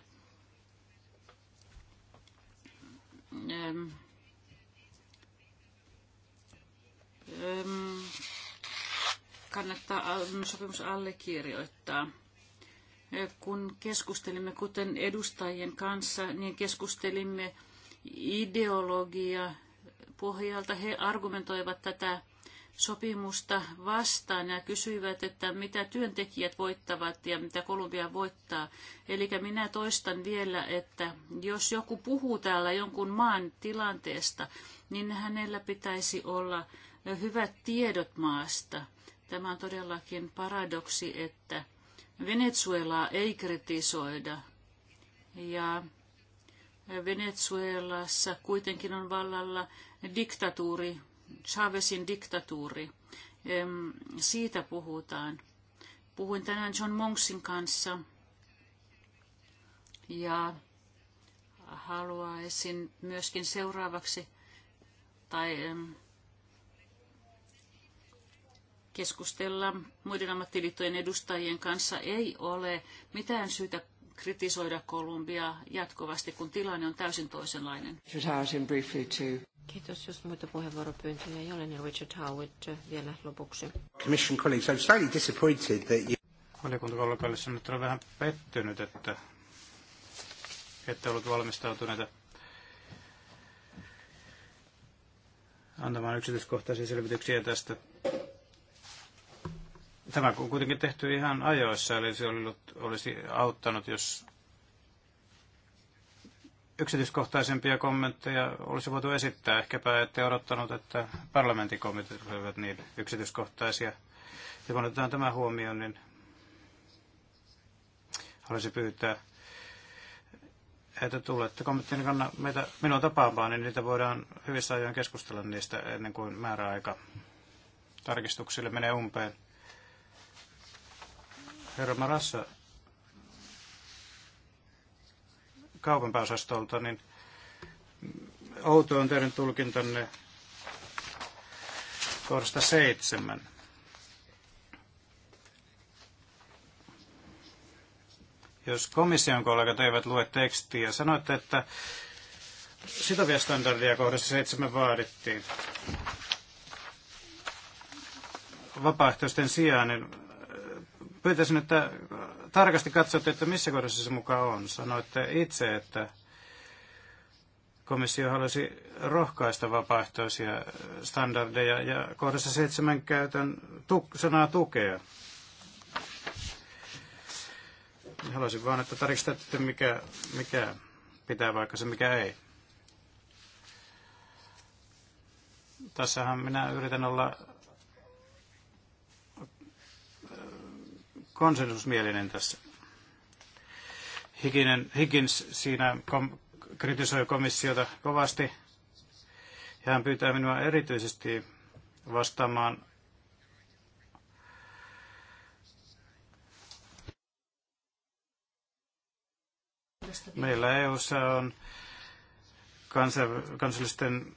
kannattaa sopimus allekirjoittaa. Kun keskustelimme kuten edustajien kanssa, niin keskustelimme ideologia pohjalta. He argumentoivat tätä sopimusta vastaan ja kysyivät, että mitä työntekijät voittavat ja mitä Kolumbia voittaa. Eli minä toistan vielä, että jos joku puhuu täällä jonkun maan tilanteesta, niin hänellä pitäisi olla hyvät tiedot maasta. Tämä on todellakin paradoksi, että Venezuelaa ei kritisoida. Ja Venezuelassa kuitenkin on vallalla diktatuuri, Chavezin diktatuuri. Siitä puhutaan. Puhuin tänään John Monksin kanssa ja haluaisin myöskin seuraavaksi tai keskustella muiden ammattiliittojen edustajien kanssa. Ei ole mitään syytä kritisoida Kolumbiaa jatkuvasti, kun tilanne on täysin toisenlainen. Kiitos. Jos muita puheenvuoropyyntöjä ei ole, niin Richard Howard vielä lopuksi. Commission colleagues, I'm Valiokuntakollegalle sanon, että olen vähän pettynyt, että ette ollut valmistautuneita antamaan yksityiskohtaisia selvityksiä tästä Tämä on kuitenkin tehty ihan ajoissa, eli se ollut, olisi auttanut, jos yksityiskohtaisempia kommentteja olisi voitu esittää. Ehkäpä ette odottanut, että parlamentin kommentit olivat niin yksityiskohtaisia. Ja kun otetaan tämä huomioon, niin haluaisin pyytää, että tulette kommenttien kannan meitä, minua tapaamaan, niin niitä voidaan hyvissä ajoin keskustella niistä ennen kuin määräaika tarkistuksille menee umpeen herra Marassa kaupan pääosastolta, niin outo on teidän tulkintanne kohdasta seitsemän. Jos komission kollegat eivät lue tekstiä, sanoitte, että sitovia standardeja kohdassa seitsemän vaadittiin vapaaehtoisten sijaan, niin Pyytäisin, että äh, tarkasti katsotte, että missä kohdassa se mukaan on. Sanoitte itse, että komissio halusi rohkaista vapaaehtoisia äh, standardeja ja kohdassa seitsemän käytän tuk- sanaa tukea. Haluaisin vaan, että tarkistatte, mikä, mikä pitää vaikka se, mikä ei. Tässähän minä yritän olla konsensusmielinen tässä. Hikinen, Higgins siinä kom, kritisoi komissiota kovasti ja hän pyytää minua erityisesti vastaamaan Meillä EU:ssa on kansallisten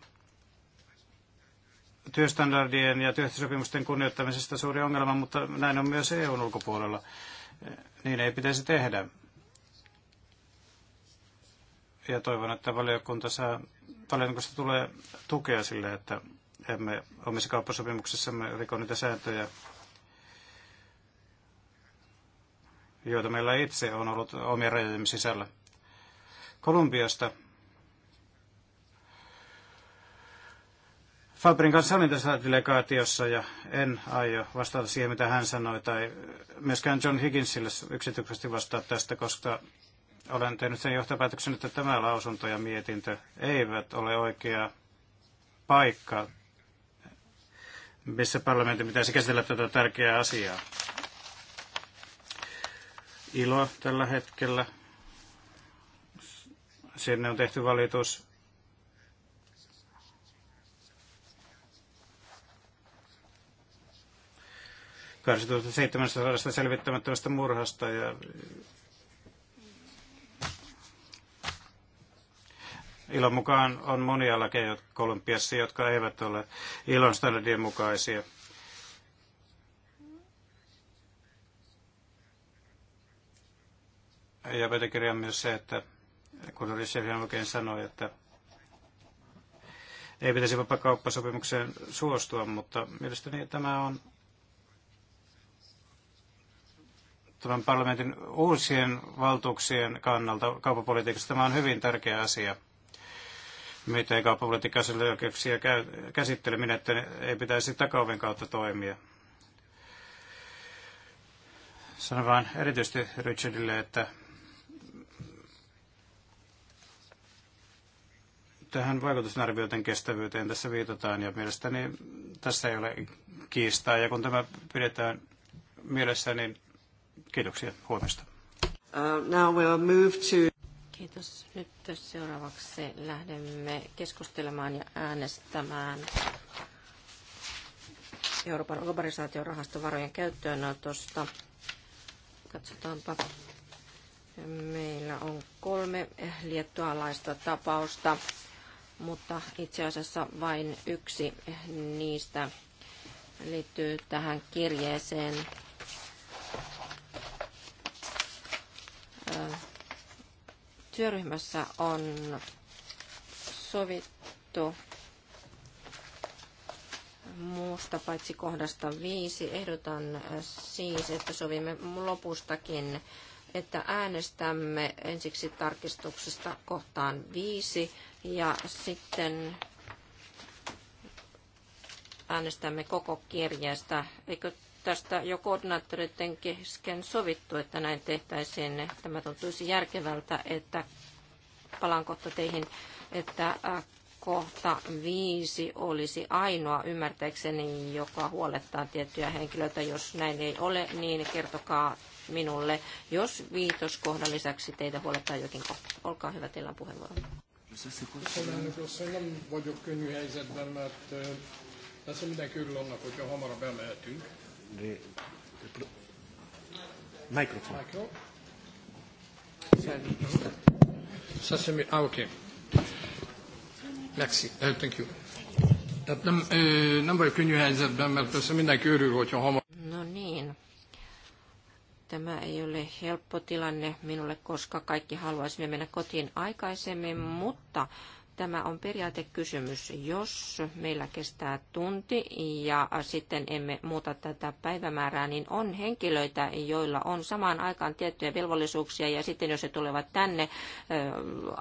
työstandardien ja työehtosopimusten kunnioittamisesta suuri ongelma, mutta näin on myös EUn ulkopuolella. Niin ei pitäisi tehdä. Ja toivon, että valiokunta saa, valiokunnasta tulee tukea sille, että emme omissa kauppasopimuksissamme riko niitä sääntöjä, joita meillä itse on ollut omien rajojemme sisällä. Kolumbiasta Fabrin kanssa olin tässä delegaatiossa ja en aio vastata siihen, mitä hän sanoi, tai myöskään John Higginsille yksityisesti vastaa tästä, koska olen tehnyt sen johtopäätöksen, että tämä lausunto ja mietintö eivät ole oikea paikka, missä parlamentti pitäisi käsitellä tätä tärkeää asiaa. Ilo tällä hetkellä. Sinne on tehty valitus 2700 selvittämättömästä murhasta ja Ilon mukaan on monia lakeja Kolumbiassa, jotka eivät ole ilon standardien mukaisia. Ja pöytäkirja on myös se, että kun Rishevian oikein sanoi, että ei pitäisi kauppasopimukseen suostua, mutta mielestäni tämä on tämän parlamentin uusien valtuuksien kannalta kauppapolitiikassa tämä on hyvin tärkeä asia. Miten kauppapolitiikkaa oikeuksia käsitteleminen, että ei pitäisi takaoven kautta toimia. Sanon vain erityisesti Richardille, että tähän vaikutusarvioiden kestävyyteen tässä viitataan ja mielestäni tässä ei ole kiistaa. Ja kun tämä pidetään mielessä, niin Kiitoksia huomesta. Uh, move to... Kiitos. Nyt seuraavaksi lähdemme keskustelemaan ja äänestämään Euroopan globalisaatiorahaston varojen käyttöönotosta. Katsotaanpa. Meillä on kolme liettualaista tapausta, mutta itse asiassa vain yksi niistä liittyy tähän kirjeeseen, työryhmässä on sovittu muusta paitsi kohdasta viisi. Ehdotan siis, että sovimme lopustakin, että äänestämme ensiksi tarkistuksesta kohtaan viisi ja sitten äänestämme koko kirjeestä. Eikö tästä jo koordinaattoreiden kesken sovittu, että näin tehtäisiin. Tämä tuntuisi järkevältä, että palaan kohta teihin, että kohta viisi olisi ainoa ymmärtääkseni, joka huolettaa tiettyjä henkilöitä. Jos näin ei ole, niin kertokaa minulle. Jos viitoskohdan lisäksi teitä huolettaa jokin kohta. Olkaa hyvä, teillä on puheenvuoro. Köszönöm, vagyok könnyű helyzetben, mert persze mindenki örül annak, hogyha hamarabb elmehetünk the, the microphone. Ah, ok. Merci. Uh, thank you. Tehát nem, nem vagyok könnyű helyzetben, mert persze mindenki örül, hogyha hamar... No niin. Tämä ei ole helppo tilanne minulle, koska kaikki haluaisimme mennä kotiin aikaisemmin, mutta Tämä on periaatekysymys, jos meillä kestää tunti ja sitten emme muuta tätä päivämäärää, niin on henkilöitä, joilla on samaan aikaan tiettyjä velvollisuuksia ja sitten jos he tulevat tänne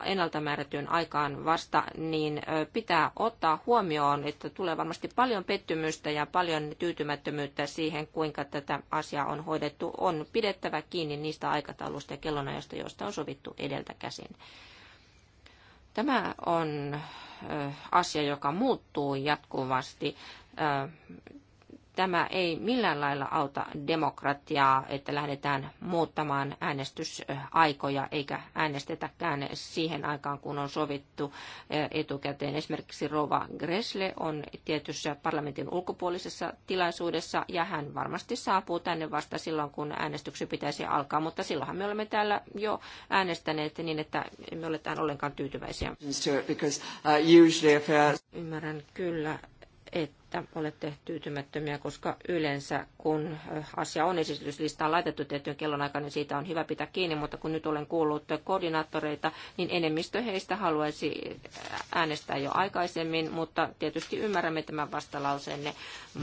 ennalta määrätyyn aikaan vasta, niin pitää ottaa huomioon, että tulee varmasti paljon pettymystä ja paljon tyytymättömyyttä siihen, kuinka tätä asiaa on hoidettu. On pidettävä kiinni niistä aikataulusta ja kellonajasta, joista on sovittu edeltä käsin. Tämä on asia, joka muuttuu jatkuvasti tämä ei millään lailla auta demokratiaa, että lähdetään muuttamaan äänestysaikoja eikä äänestetäkään siihen aikaan, kun on sovittu eh, etukäteen. Esimerkiksi Rova Gresle on tietyssä parlamentin ulkopuolisessa tilaisuudessa ja hän varmasti saapuu tänne vasta silloin, kun äänestyksen pitäisi alkaa, mutta silloinhan me olemme täällä jo äänestäneet niin, että me ole tähän ollenkaan tyytyväisiä. Uh, Ymmärrän kyllä, että että olette tyytymättömiä, koska yleensä kun asia on esityslistaan laitettu tiettyyn kellonaikaan, niin siitä on hyvä pitää kiinni, mutta kun nyt olen kuullut koordinaattoreita, niin enemmistö heistä haluaisi äänestää jo aikaisemmin, mutta tietysti ymmärrämme tämän vastalauseenne.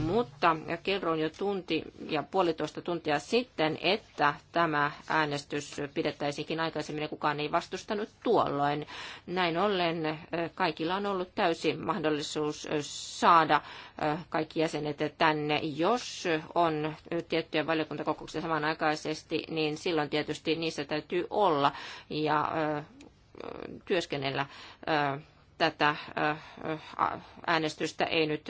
Mutta kerron jo tunti ja puolitoista tuntia sitten, että tämä äänestys pidettäisikin aikaisemmin ja kukaan ei vastustanut tuolloin. Näin ollen kaikilla on ollut täysi mahdollisuus saada kaikki jäsenet tänne. Jos on tiettyjä valiokuntakokouksia samanaikaisesti, niin silloin tietysti niissä täytyy olla ja työskennellä tätä äänestystä ei nyt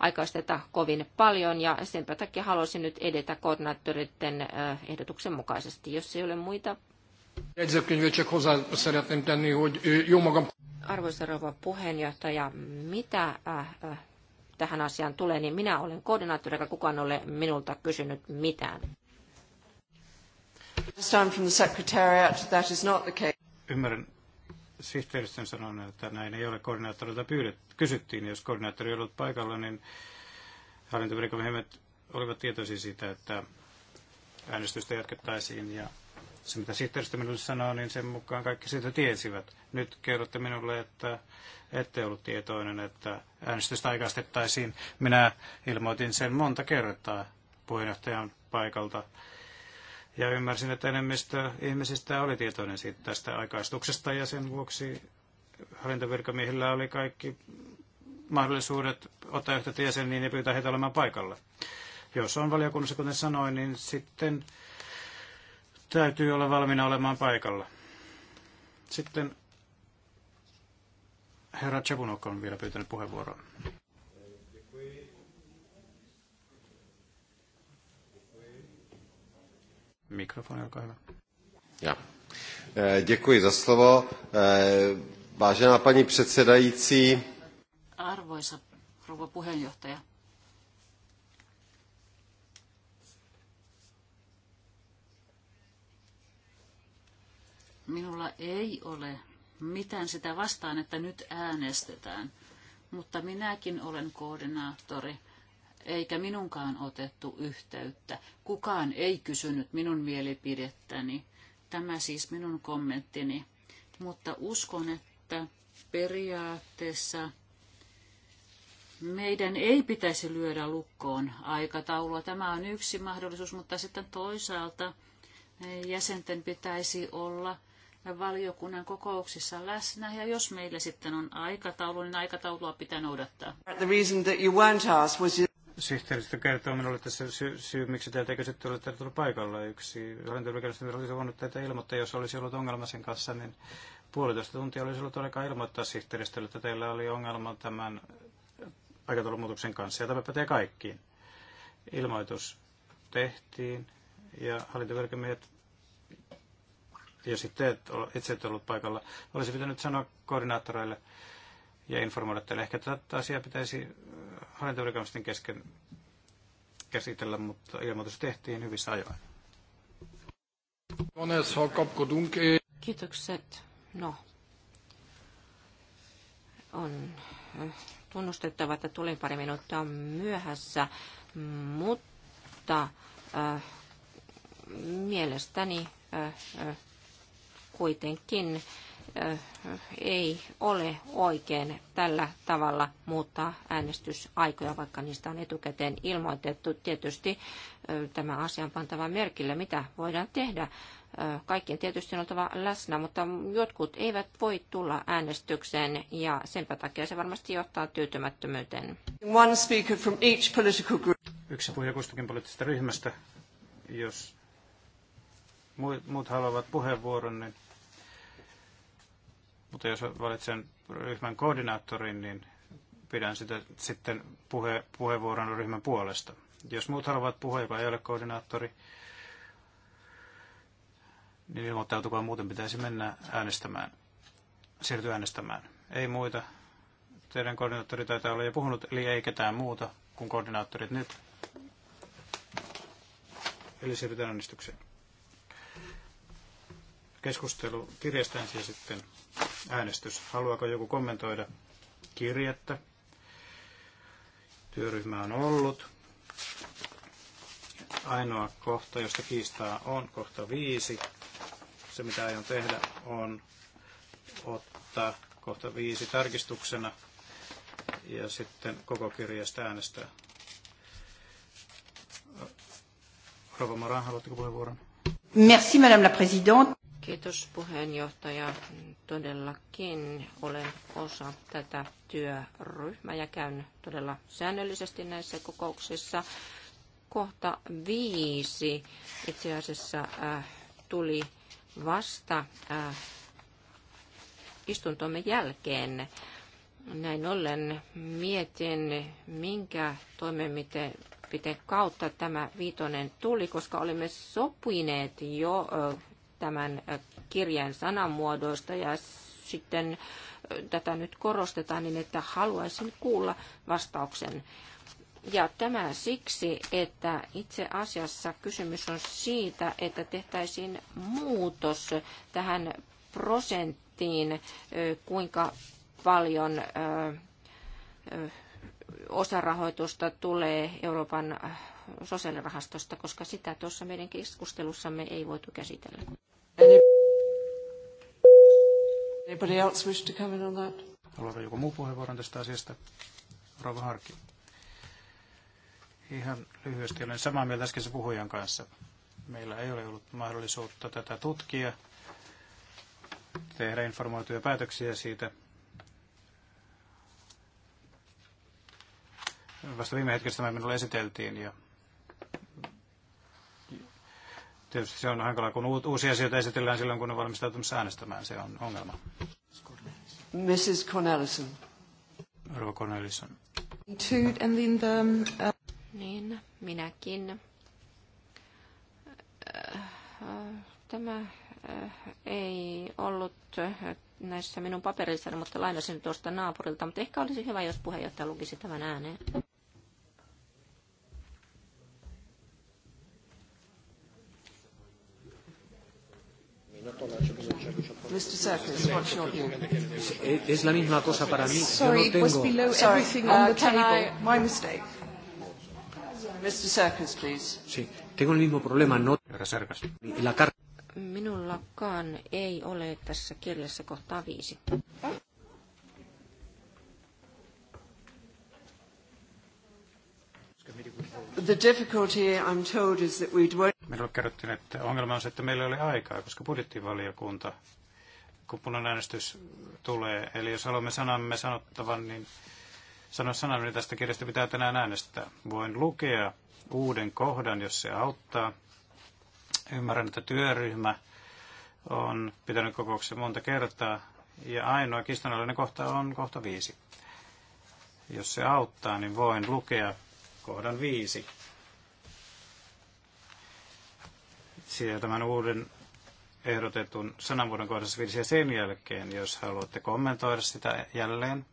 aikaisteta kovin paljon ja sen takia haluaisin nyt edetä koordinaattoreiden ehdotuksen mukaisesti. Jos ei ole muita Arvoisa rouva puheenjohtaja, mitä tähän asiaan tulee, niin minä olen koordinaattori, eikä kukaan ole minulta kysynyt mitään. Ymmärrän sihteeristön sanon, että näin ei ole koordinaattorilta pyydet, kysyttiin. Jos koordinaattori ei ollut paikalla, niin hallintovirkamiehet olivat tietoisia siitä, että äänestystä jatkettaisiin ja se, mitä sihteeristö minulle sanoo, niin sen mukaan kaikki siitä tiesivät. Nyt kerrotte minulle, että ette ollut tietoinen, että äänestystä aikaistettaisiin. Minä ilmoitin sen monta kertaa puheenjohtajan paikalta. Ja ymmärsin, että enemmistö ihmisistä oli tietoinen siitä tästä aikaistuksesta ja sen vuoksi hallintovirkamiehillä oli kaikki mahdollisuudet ottaa yhteyttä jäseniin ja pyytää heitä olemaan paikalla. Jos on valiokunnassa, kuten sanoin, niin sitten täytyy olla valmiina olemaan paikalla. Sitten Herra Chabunok on vielä pyytänyt puheenvuoroa. Mikrofoni, olkaa hyvä. Ja. Eh, děkuji za slovo. Eh, vážená paní předsedající. Arvoisa rouva puheenjohtaja. Minulla ei ole mitään sitä vastaan, että nyt äänestetään. Mutta minäkin olen koordinaattori, eikä minunkaan otettu yhteyttä. Kukaan ei kysynyt minun mielipidettäni. Tämä siis minun kommenttini. Mutta uskon, että periaatteessa meidän ei pitäisi lyödä lukkoon aikataulua. Tämä on yksi mahdollisuus, mutta sitten toisaalta jäsenten pitäisi olla – valiokunnan kokouksissa läsnä ja jos meillä sitten on aikataulu, niin aikataulua pitää noudattaa. The reason that you weren't asked was Sihteeristö kertoo minulle tässä syy, syy miksi teiltä ei kysytty, ole tullut paikalla. Yksi hallintovirkeilystä olisi voinut teitä ilmoittaa, jos olisi ollut ongelma sen kanssa, niin puolitoista tuntia olisi ollut aika ilmoittaa sihteeristölle, että teillä oli ongelma tämän aikataulumuutoksen kanssa. Ja tämä pätee kaikkiin. Ilmoitus tehtiin ja hallintovirkamiehet jos itse et, itse et ollut paikalla, olisi pitänyt sanoa koordinaattoreille ja informoida teille. Ehkä tätä asiaa pitäisi äh, hallintovirkamisten kesken käsitellä, mutta ilmoitus tehtiin hyvissä ajoin. Kiitokset. No, on äh, tunnustettava, että tulin pari minuuttia myöhässä, mutta äh, mielestäni äh, äh, kuitenkin ei ole oikein tällä tavalla muuttaa äänestysaikoja, vaikka niistä on etukäteen ilmoitettu. Tietysti tämä asia on pantava merkille, mitä voidaan tehdä. Kaikkien tietysti on oltava läsnä, mutta jotkut eivät voi tulla äänestykseen ja senpä takia se varmasti johtaa tyytymättömyyteen. One speaker from each political group. Yksi puhuja kustakin poliittisesta ryhmästä. Jos muut haluavat puheenvuoron, niin mutta jos valitsen ryhmän koordinaattorin, niin pidän sitä sitten puhe, puheenvuoron ryhmän puolesta. Jos muut haluavat puhua, joka ei ole koordinaattori, niin ilmoittautukaa muuten pitäisi mennä äänestämään, siirtyä äänestämään. Ei muita. Teidän koordinaattori taitaa olla jo puhunut, eli ei ketään muuta kuin koordinaattorit nyt. Eli siirrytään äänestykseen keskustelu kirjasta ensin ja sitten äänestys. Haluaako joku kommentoida kirjettä? Työryhmä on ollut. Ainoa kohta, josta kiistaa on kohta viisi. Se, mitä aion tehdä, on ottaa kohta viisi tarkistuksena ja sitten koko kirjasta äänestää. Rova Moran, haluatteko puheenvuoron? Merci, Madame la Présidente. Kiitos puheenjohtaja. Todellakin olen osa tätä työryhmää ja käyn todella säännöllisesti näissä kokouksissa. Kohta viisi itse asiassa äh, tuli vasta äh, istuntomme jälkeen. Näin ollen mietin, minkä toimenpiteen kautta tämä viitonen tuli, koska olimme sopineet jo äh, tämän kirjan sanamuodoista ja sitten tätä nyt korostetaan niin, että haluaisin kuulla vastauksen. Ja tämä siksi, että itse asiassa kysymys on siitä, että tehtäisiin muutos tähän prosenttiin, kuinka paljon osarahoitusta tulee Euroopan sosiaalirahastosta, koska sitä tuossa meidän keskustelussamme ei voitu käsitellä. Anybody else wish to come in on that? Haluaako joku muu puheenvuoron tästä asiasta? Rauva Harki. Ihan lyhyesti olen samaa mieltä äskeisen puhujan kanssa. Meillä ei ole ollut mahdollisuutta tätä tutkia, tehdä informoituja päätöksiä siitä. Vasta viime hetkessä tämä minulle esiteltiin ja Tietysti se on hankala, kun uusia asioita esitellään silloin, kun ne valmistautumassa äänestämään. Se on ongelma. Mrs. Cornelison. Arvo Cornelison. Tood uh, Niin, minäkin. Äh, tämä äh, ei ollut äh, näissä minun paperissani, mutta lainasin tuosta naapurilta. Mutta ehkä olisi hyvä, jos puheenjohtaja lukisi tämän ääneen. Mr. Serkis, what's your view? Es la misma cosa para mí. Sorry, Yo no tengo... it was below Sorry. everything uh, on the table. I... My mistake. Mr. Serkis, please. Sí, tengo el mismo problema. No... La carta. Minullakaan ei ole tässä kirjassa kohtaa viisi. The difficulty, I'm told, is that we Minulle kerrottiin, että ongelma on se, että meillä oli aikaa, koska budjettivaliokunta kun äänestys tulee. Eli jos haluamme sanamme sanottavan, niin sano sanan, niin tästä kirjasta pitää tänään äänestää. Voin lukea uuden kohdan, jos se auttaa. Ymmärrän, että työryhmä on pitänyt kokouksen monta kertaa, ja ainoa kiistanalainen kohta on kohta viisi. Jos se auttaa, niin voin lukea kohdan viisi. Siellä tämän uuden ehdotetun sanamuodon kohdassa ja sen jälkeen, jos haluatte kommentoida sitä jälleen.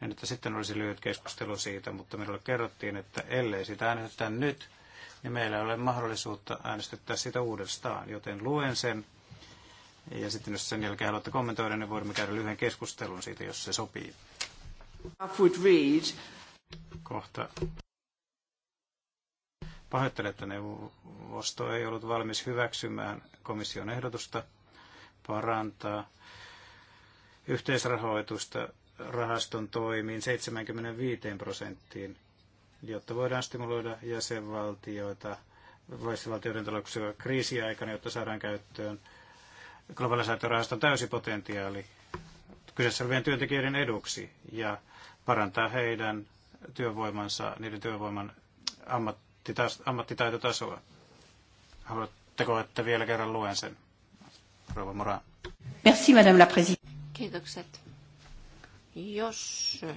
Niin että sitten olisi lyhyt keskustelu siitä, mutta minulle kerrottiin, että ellei sitä äänestetä nyt, niin meillä ei ole mahdollisuutta äänestyttää sitä uudestaan, joten luen sen. Ja sitten jos sen jälkeen haluatte kommentoida, niin voimme käydä lyhyen keskustelun siitä, jos se sopii. Kohta Pahoittelen, että neuvosto ei ollut valmis hyväksymään komission ehdotusta parantaa yhteisrahoitusta rahaston toimiin 75 prosenttiin, jotta voidaan stimuloida jäsenvaltioita, valtioiden talouksia kriisiaikana, jotta saadaan käyttöön globalisaatiorahaston täysi potentiaali kyseessä olevien työntekijöiden eduksi ja parantaa heidän työvoimansa, niiden työvoiman ammat, ammattitaitotasoa. Haluatteko, että vielä kerran luen sen? Rouva Mora. Merci, Madame la Présidente. Kiitokset. Jos äh,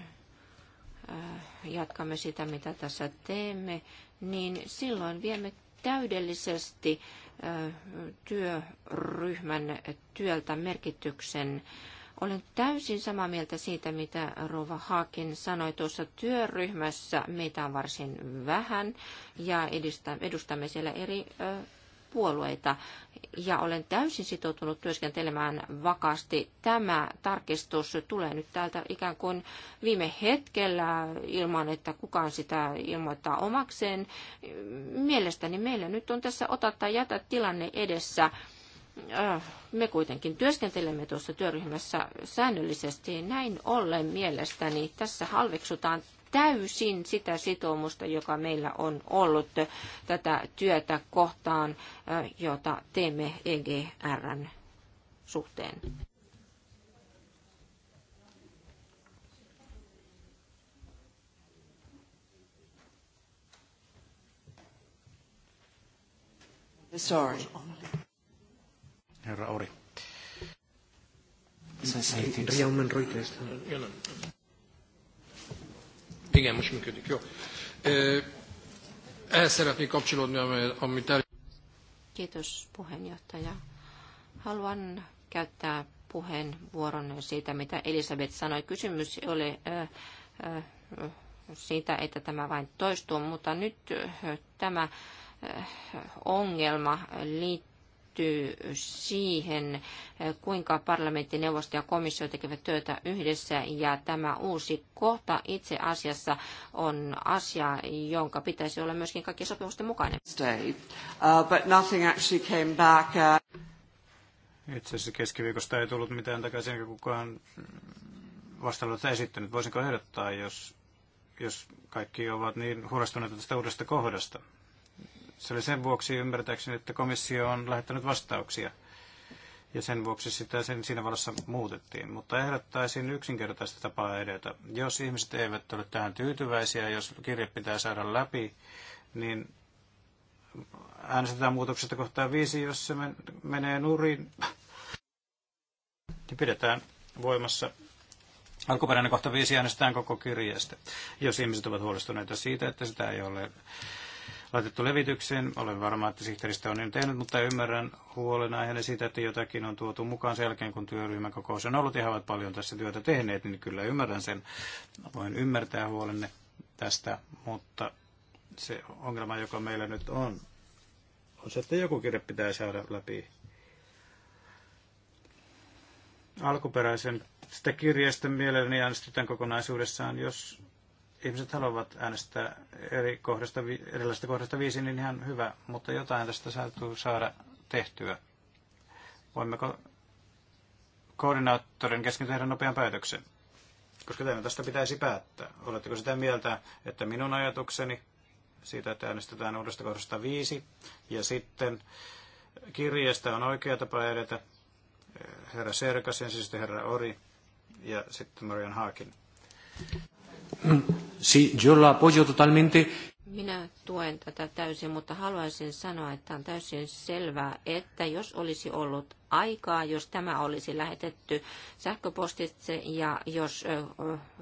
jatkamme sitä, mitä tässä teemme, niin silloin viemme täydellisesti äh, työryhmän työltä merkityksen olen täysin samaa mieltä siitä, mitä Rova Haakin sanoi tuossa työryhmässä. Meitä on varsin vähän ja edustamme siellä eri puolueita ja olen täysin sitoutunut työskentelemään vakaasti. Tämä tarkistus tulee nyt täältä ikään kuin viime hetkellä ilman, että kukaan sitä ilmoittaa omakseen. Mielestäni meillä nyt on tässä ota tai jätä tilanne edessä Äh, me kuitenkin työskentelemme tuossa työryhmässä säännöllisesti. Näin ollen mielestäni tässä halveksutaan täysin sitä sitoumusta, joka meillä on ollut tätä työtä kohtaan, äh, jota teemme EGRn suhteen. Sorry herra Ori. Ria Omen Reuters. Igen, most működik, jó. Ehhez szeretnék kapcsolódni, amit el... Kiitos puheenjohtaja. Haluan käyttää vuoron siitä, mitä Elisabeth sanoi. Kysymys oli äh, äh, siitä, että tämä vain toistuu, mutta nyt äh, tämä ongelma liittyy liittyy siihen, kuinka parlamentti, neuvosto ja komissio tekevät työtä yhdessä. Ja tämä uusi kohta itse asiassa on asia, jonka pitäisi olla myöskin kaikkien sopimusten mukainen. Uh, uh, itse asiassa keskiviikosta ei tullut mitään takaisin, eikä kukaan vastalautta esittänyt. Voisinko ehdottaa, jos, jos kaikki ovat niin huolestuneita tästä uudesta kohdasta? Se oli sen vuoksi ymmärtääkseni, että komissio on lähettänyt vastauksia. Ja sen vuoksi sitä sen siinä valossa muutettiin. Mutta ehdottaisin yksinkertaista tapaa edetä. Jos ihmiset eivät ole tähän tyytyväisiä, jos kirje pitää saada läpi, niin äänestetään muutoksesta kohtaan viisi, jos se menee nurin. Ja pidetään voimassa alkuperäinen kohta viisi äänestetään koko kirjeestä, jos ihmiset ovat huolestuneita siitä, että sitä ei ole laitettu levitykseen. Olen varma, että sihteeristä on niin tehnyt, mutta ymmärrän huolenaiheeni siitä, että jotakin on tuotu mukaan sen jälkeen, kun työryhmän kokous on ollut ja he ovat paljon tässä työtä tehneet, niin kyllä ymmärrän sen. Voin ymmärtää huolenne tästä, mutta se ongelma, joka meillä nyt on, on se, että joku kirja pitää saada läpi. Alkuperäisen sitä kirjeestä mielelläni äänestetään kokonaisuudessaan, jos ihmiset haluavat äänestää eri kohdasta, erilaisista kohdasta viisi, niin ihan hyvä, mutta jotain tästä saatu saada tehtyä. Voimmeko koordinaattorin kesken tehdä nopean päätöksen? Koska teidän tästä pitäisi päättää. Oletteko sitä mieltä, että minun ajatukseni siitä, että äänestetään uudesta kohdasta viisi, ja sitten kirjeestä on oikea tapa edetä herra Serkas, ensin sitten herra Ori ja sitten Marian Haakin. Sí, yo lo apoyo totalmente. Minä tuen tätä täysin, mutta haluaisin sanoa, että on täysin selvää, että jos olisi ollut aikaa, jos tämä olisi lähetetty sähköpostitse ja jos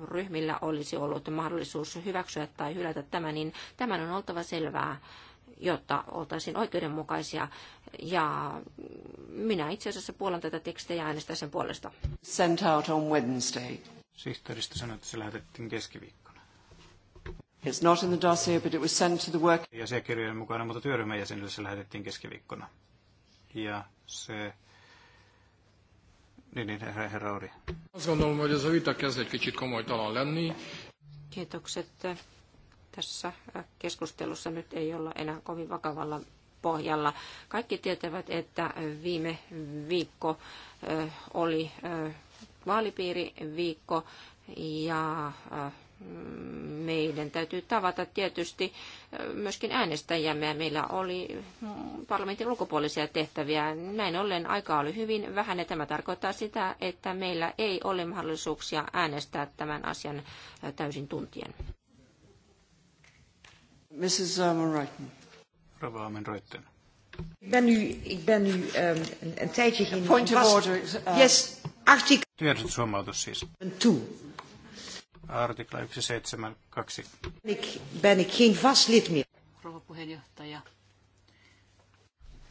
ryhmillä olisi ollut mahdollisuus hyväksyä tai hylätä tämä, niin tämän on oltava selvää jotta oltaisiin oikeudenmukaisia. Ja minä itse asiassa puolan tätä tekstiä ja äänestän sen puolesta. Sent out on Wednesday. Sihteeristö sanoi, että se lähetettiin keskiviikko. It's not in the dossier, but it was sent to the work... Ja se mukana, mutta työryhmän jäsenille se lähetettiin keskiviikkona. Ja se... Niin, niin, herra, herra Ori. Kiitokset. Tässä keskustelussa nyt ei olla enää kovin vakavalla pohjalla. Kaikki tietävät, että viime viikko oli vaalipiiriviikko ja meidän täytyy tavata tietysti myöskin äänestäjämme ja meillä oli parlamentin ulkopuolisia tehtäviä. Näin ollen aikaa oli hyvin vähän ja tämä tarkoittaa sitä, että meillä ei ole mahdollisuuksia äänestää tämän asian täysin tuntien. Mrs. Uh, Raiten. Rova ehm, Point of order. Uh, yes, artikel... Tiedotushuomautus siis. Two Artikla 172. Rouva puheenjohtaja.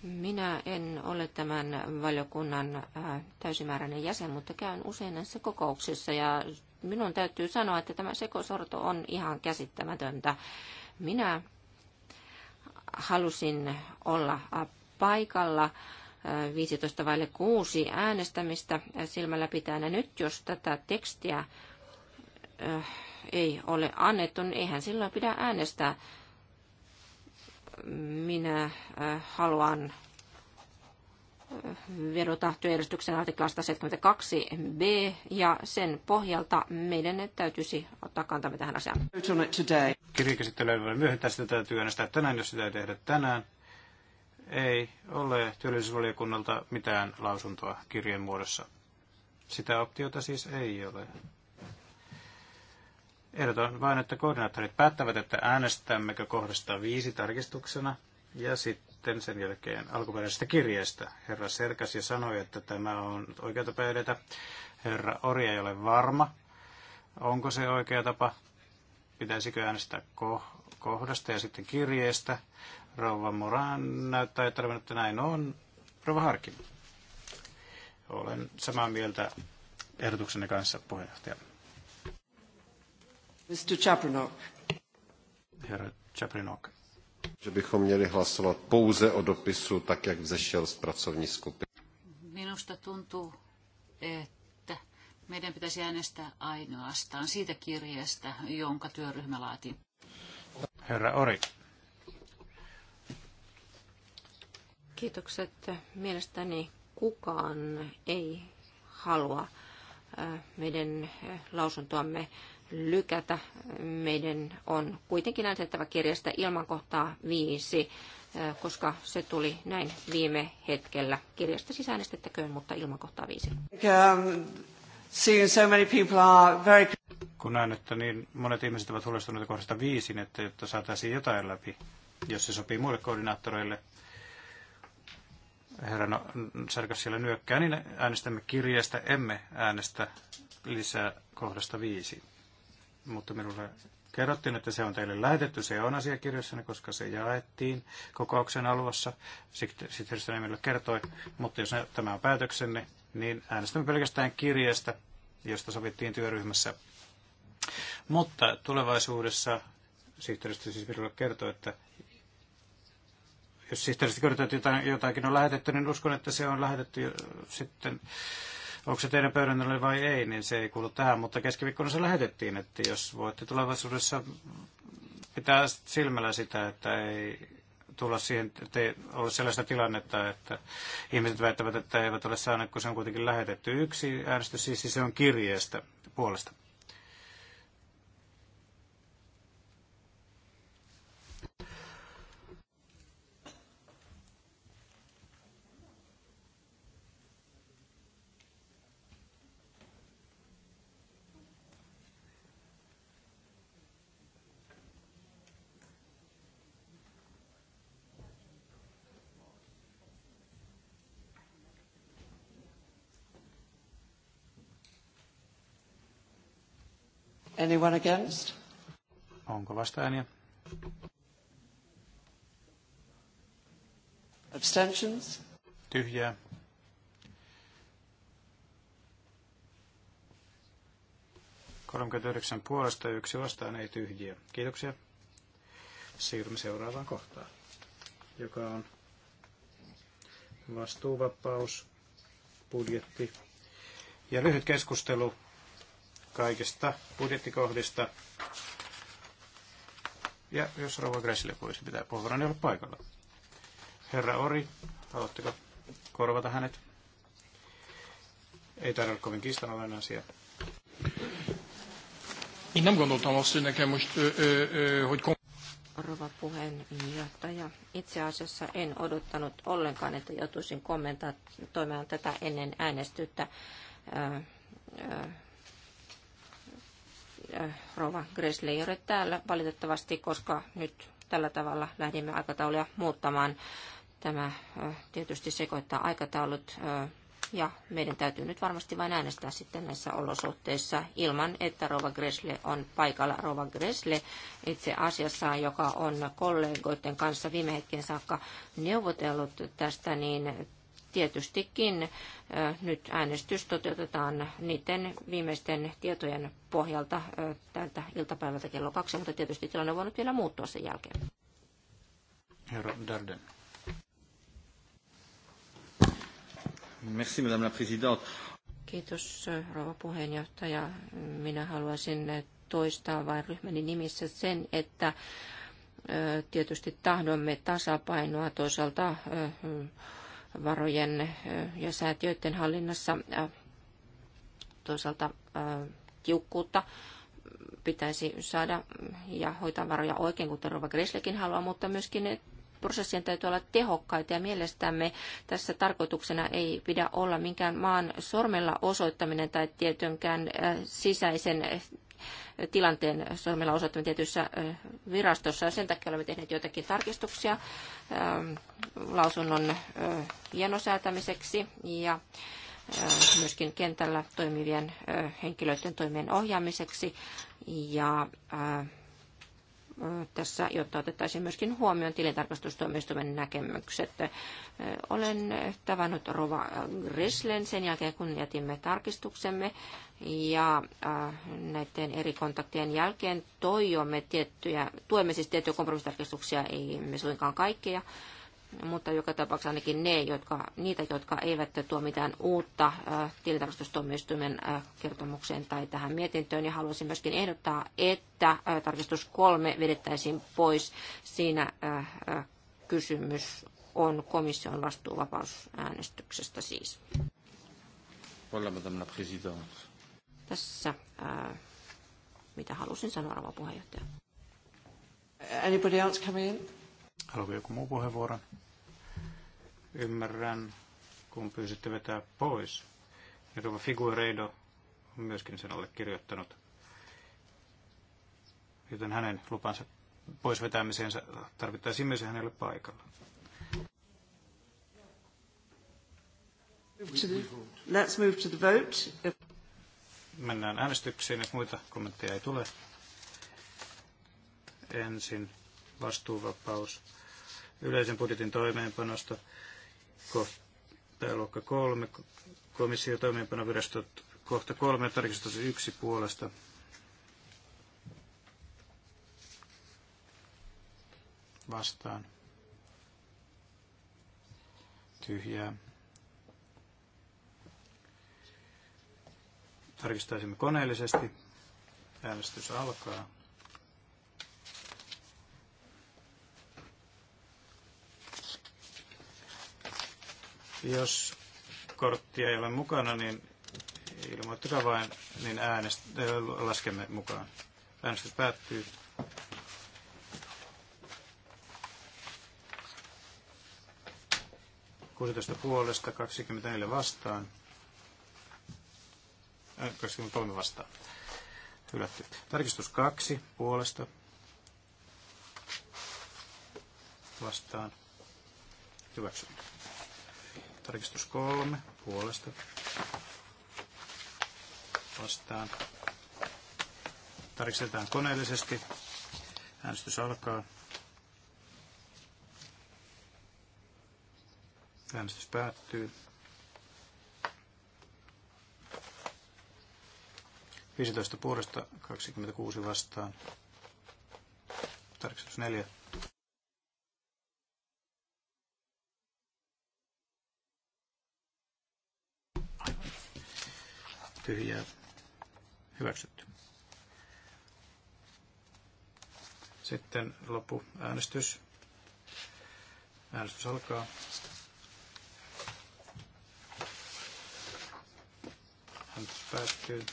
Minä en ole tämän valiokunnan äh, täysimääräinen jäsen, mutta käyn usein näissä kokouksissa ja minun täytyy sanoa, että tämä sekosorto on ihan käsittämätöntä. Minä halusin olla paikalla 15 äh, vaille 6 äänestämistä silmällä pitäen. Ja nyt jos tätä tekstiä Äh, ei ole annettu, niin eihän silloin pidä äänestää. Minä äh, haluan äh, vedota työjärjestyksen artiklasta 72b ja sen pohjalta meidän täytyisi ottaa kantamme tähän asiaan. ei ole myöhentää, sitä täytyy äänestää tänään, jos sitä ei tehdä tänään. Ei ole työllisyysvaliokunnalta mitään lausuntoa kirjeen muodossa. Sitä optiota siis ei ole. Ehdotan vain, että koordinaattorit päättävät, että äänestämmekö kohdasta viisi tarkistuksena ja sitten sen jälkeen alkuperäisestä kirjeestä. Herra Serkas ja sanoi, että tämä on oikea tapa edetä. Herra Ori ei ole varma, onko se oikea tapa. Pitäisikö äänestää kohdasta ja sitten kirjeestä. Rouva Moran näyttää, että näin on. Rouva Harkin. Olen samaa mieltä ehdotuksenne kanssa puheenjohtaja. Mr. Chaprinok. Herra Chaprinok. Že bychom měli hlasovat pouze o dopisu, tak jak vzešel z pracovní skupiny. Minusta tuntuu, että meidän pitäisi äänestää ainoastaan siitä kirjeestä, jonka työryhmä laati. Herra Ori. Kiitokset. Mielestäni kukaan ei halua äh, meidän äh, lausuntoamme lykätä. Meidän on kuitenkin näytettävä kirjasta ilman kohtaa viisi, eh, koska se tuli näin viime hetkellä. Kirjasta sisäänestettäköön, mutta ilman kohtaa viisi. Um, Kun näen, että niin monet ihmiset ovat huolestuneita kohdasta viisin, niin että jotta saataisiin jotain läpi, jos se sopii muille koordinaattoreille, herra no- Sarkas siellä nyökkää, niin äänestämme kirjeestä, emme äänestä lisää kohdasta viisi mutta minulle kerrottiin, että se on teille lähetetty, se on asiakirjassanne, koska se jaettiin kokouksen alussa. Sitten Sihteeristö minulle kertoi, mutta jos tämä on päätöksenne, niin äänestämme pelkästään kirjeestä, josta sovittiin työryhmässä. Mutta tulevaisuudessa sihteeristö siis minulle kertoi, että jos sihteeristö kertoo, että jotain, jotakin on lähetetty, niin uskon, että se on lähetetty sitten onko se teidän pöydänne vai ei, niin se ei kuulu tähän, mutta keskiviikkona se lähetettiin, että jos voitte tulevaisuudessa pitää silmällä sitä, että ei tulla siihen, että ei ole sellaista tilannetta, että ihmiset väittävät, että eivät ole saaneet, kun se on kuitenkin lähetetty. Yksi äänestys siis, siis se on kirjeestä puolesta. Anyone against? Onko vastaajia? Abstentions? Tyhjää. Kolmekymmentäyhdeksän puolesta yksi vastaan ei tyhjiä. Kiitoksia. Siirrymme seuraavaan kohtaan, joka on vastuuvapaus, budjetti ja lyhyt keskustelu kaikista budjettikohdista. Ja jos Rova Gressille voisi pitää puheenvuoron, niin olla paikalla. Herra Ori, haluatteko korvata hänet? Ei tarvitse kovin kiistanalainen asia. Én gondoltam azt, hogy nekem most, hogy... Rova puheenjohtaja, itse asiassa en odottanut ollenkaan, että joutuisin kommentoimaan tätä ennen äänestystä. Ö, ö, Äh, Rova Gressle ei ole täällä valitettavasti, koska nyt tällä tavalla lähdimme aikatauluja muuttamaan. Tämä äh, tietysti sekoittaa aikataulut äh, ja meidän täytyy nyt varmasti vain äänestää sitten näissä olosuhteissa ilman, että Rova Gresle on paikalla. Rova Gresle itse asiassa, joka on kollegoiden kanssa viime hetken saakka neuvotellut tästä, niin tietystikin nyt äänestys toteutetaan niiden viimeisten tietojen pohjalta tältä iltapäivältä kello kaksi, mutta tietysti tilanne on voinut vielä muuttua sen jälkeen. Herra Darden. Merci, Madame la Présidente. Kiitos, rouva puheenjohtaja. Minä haluaisin toistaa vain ryhmäni nimissä sen, että tietysti tahdomme tasapainoa toisaalta varojen ja säätiöiden hallinnassa toisaalta tiukkuutta pitäisi saada ja hoitaa varoja oikein, kuten Rova Greslekin haluaa, mutta myöskin prosessien täytyy olla tehokkaita ja mielestämme tässä tarkoituksena ei pidä olla minkään maan sormella osoittaminen tai tietynkään äh, sisäisen äh, tilanteen sormella osoittaminen tietyissä äh, virastossa. Ja sen takia olemme tehneet joitakin tarkistuksia ähm, lausunnon hienosäätämiseksi ja myöskin kentällä toimivien henkilöiden toimien ohjaamiseksi. Ja tässä, jotta otettaisiin myöskin huomioon tilintarkastustoimistomen näkemykset. Olen tavannut Rova Grislen sen jälkeen, kun jätimme tarkistuksemme ja äh, näiden eri kontaktien jälkeen toijomme tiettyjä, tuemme siis tiettyjä kompromissitarkistuksia, ei me suinkaan kaikkea, mutta joka tapauksessa ainakin ne, jotka, niitä, jotka eivät tuo mitään uutta tilintarkastustuomioistuimen kertomukseen tai tähän mietintöön. Ja haluaisin myöskin ehdottaa, että tarkistus kolme vedettäisiin pois. Siinä kysymys on komission vastuuvapausäänestyksestä siis. Voilà, madame la présidente. Tässä, mitä halusin sanoa, rouva puheenjohtaja. Anybody else coming in? Haluatko joku muu puheenvuoron? Ymmärrän, kun pyysitte vetää pois. Ja tuo Figueiredo on myöskin sen alle kirjoittanut. Joten hänen lupansa pois vetämiseensä tarvittaisiin myös hänelle paikalla. Let's move to the vote. Mennään äänestyksiin, jos muita kommentteja ei tule. Ensin vastuuvapaus yleisen budjetin toimeenpanosta. Pääluokka 3, komissio- ja toimeenpanovirastot kohta 3, tarkistus 1 puolesta. Vastaan. Tyhjää. Tarkistaisimme koneellisesti. Äänestys alkaa. Jos korttia ei ole mukana, niin ilmoittakaa vain, niin äänest, äh, laskemme mukaan. Äänestys päättyy. Kuusitoista puolesta, 24 vastaan. Äh, 23 vastaan. Hylätty. Tarkistus kaksi puolesta. Vastaan. Hyväksytty. Tarkistus kolme puolesta vastaan. Tarkistetaan koneellisesti. Äänestys alkaa. Äänestys päättyy. 15 puolesta, 26 vastaan. Tarkistus 4 tyhjää hyväksytty. Sitten lopu äänestys. Äänestys alkaa. Hän päättyy.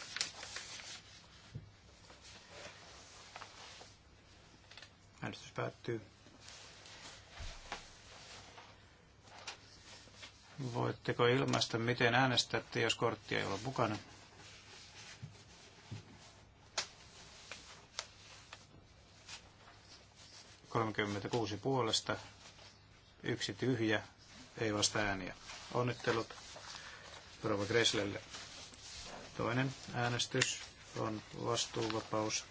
Äänestys päättyy. Voitteko ilmaista, miten äänestätte, jos korttia ei ole mukana? 36 puolesta, yksi tyhjä, ei vasta ääniä. Onnittelut Rova Greslelle. Toinen äänestys on vastuuvapaus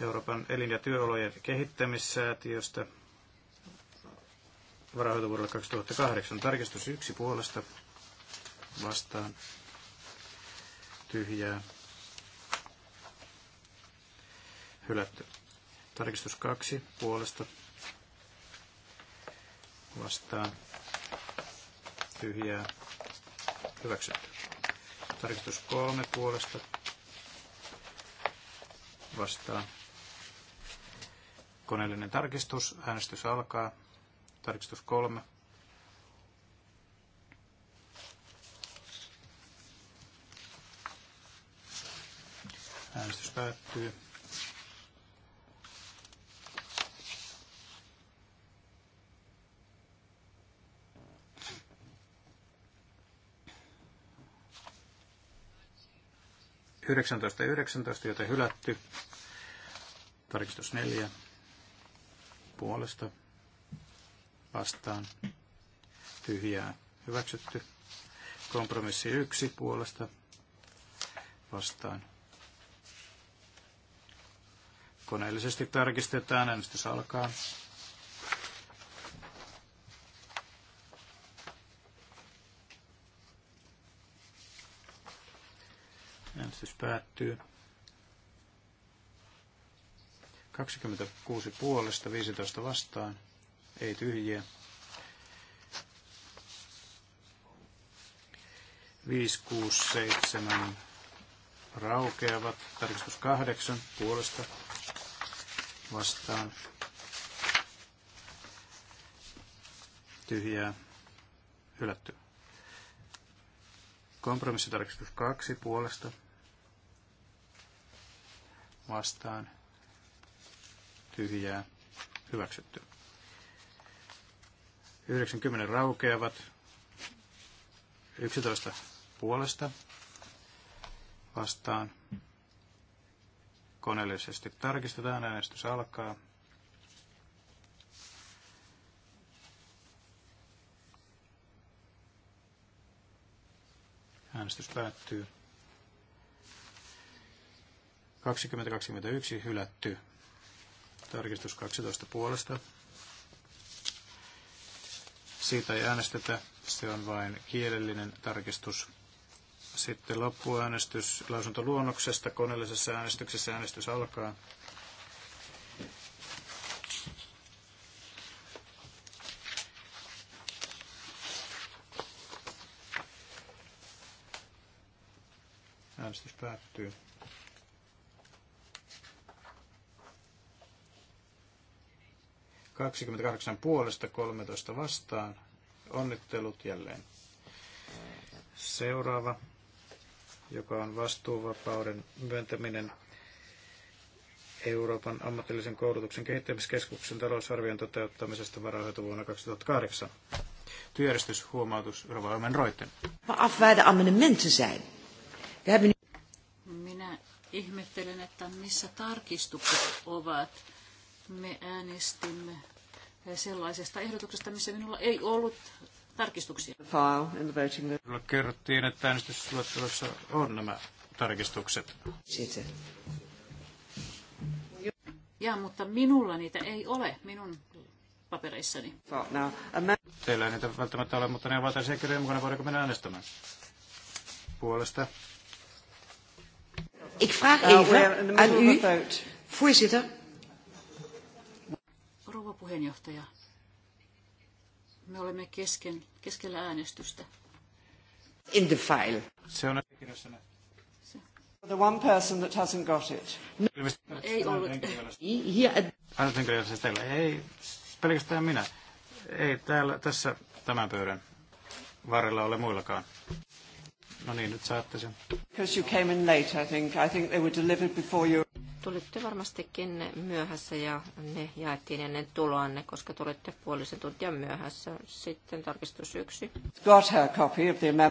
Euroopan elin- ja työolojen kehittämissäätiöstä varahoitovuodelle 2008. Tarkistus yksi puolesta vastaan tyhjää hylätty. Tarkistus 2 puolesta vastaan tyhjää hyväksytty. Tarkistus 3 puolesta vastaan koneellinen tarkistus. Äänestys alkaa. Tarkistus 3. Äänestys päättyy. 19 ja 19, joten hylätty. Tarkistus 4 puolesta vastaan tyhjää hyväksytty. Kompromissi 1 puolesta vastaan. Koneellisesti tarkistetaan, äänestys alkaa. päättyy. 26 puolesta, 15 vastaan, ei tyhjiä. 5, 6, 7 raukeavat. Tarkistus 8 puolesta vastaan. Tyhjää hylätty. Kompromissitarkistus 2 puolesta vastaan tyhjää hyväksytty. 90 raukeavat 11 puolesta vastaan. Koneellisesti tarkistetaan, äänestys alkaa. Äänestys päättyy. 2021 hylätty. Tarkistus 12 puolesta. Siitä ei äänestetä, se on vain kielellinen tarkistus. Sitten loppuäänestys lausuntoluonnoksesta. Koneellisessa äänestyksessä äänestys alkaa. Äänestys päättyy. 28 puolesta 13 vastaan. Onnittelut jälleen. Seuraava, joka on vastuuvapauden myöntäminen Euroopan ammatillisen koulutuksen kehittämiskeskuksen talousarvion toteuttamisesta varahoitu vuonna 2008. Työjärjestyshuomautus Rova Omen Roitten. Minä ihmettelen, että missä tarkistukset ovat me äänestimme sellaisesta ehdotuksesta, missä minulla ei ollut tarkistuksia. Kyllä kerrottiin, että äänestysluettelossa on nämä tarkistukset. Sitten. Ja, mutta minulla niitä ei ole, minun papereissani. Teillä ei niitä välttämättä ole, mutta ne ovat asiakirjojen mukana. Voidaanko mennä äänestämään? Puolesta. Ik vraag even aan u, voorzitter, Rouva puheenjohtaja, me olemme kesken, keskellä äänestystä. In the file. Se on asiakirjassa The one person that hasn't got it. No, ei ollut. Äänestyshenkilössä teillä. Ei, pelkästään minä. Ei täällä, tässä tämän pöydän varrella ole muillakaan. No niin, nyt saatte sen. Because you came in late, I think. I think they were delivered before you tulitte varmastikin myöhässä ja ne jaettiin ennen tuloanne, koska tulitte puolisen tuntia myöhässä. Sitten tarkistus yksi.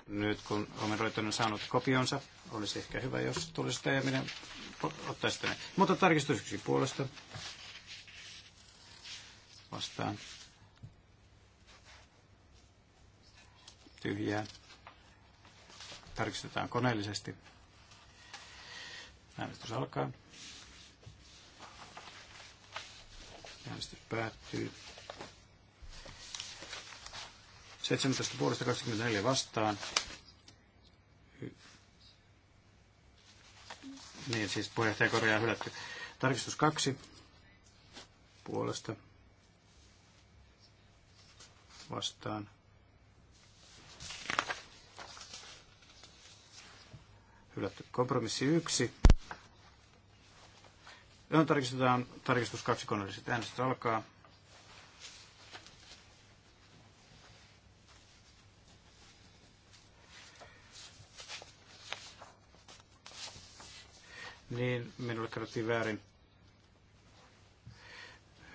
Nyt kun olen on niin saanut kopionsa, olisi ehkä hyvä, jos tulisitte ja minä ottaisin tänne. Mutta tarkistus yksi puolesta vastaan. Tyhjää. Tarkistetaan koneellisesti. Äänestys alkaa. Äänestys päättyy. 17 puolesta 24 vastaan. Niin, siis puheenjohtaja korjaa hylätty. Tarkistus 2 puolesta vastaan. Hylätty kompromissi 1 Johon tarkistetaan tarkistus kaksi koneelliset. Äänestys alkaa. Niin, minulle kerrottiin väärin.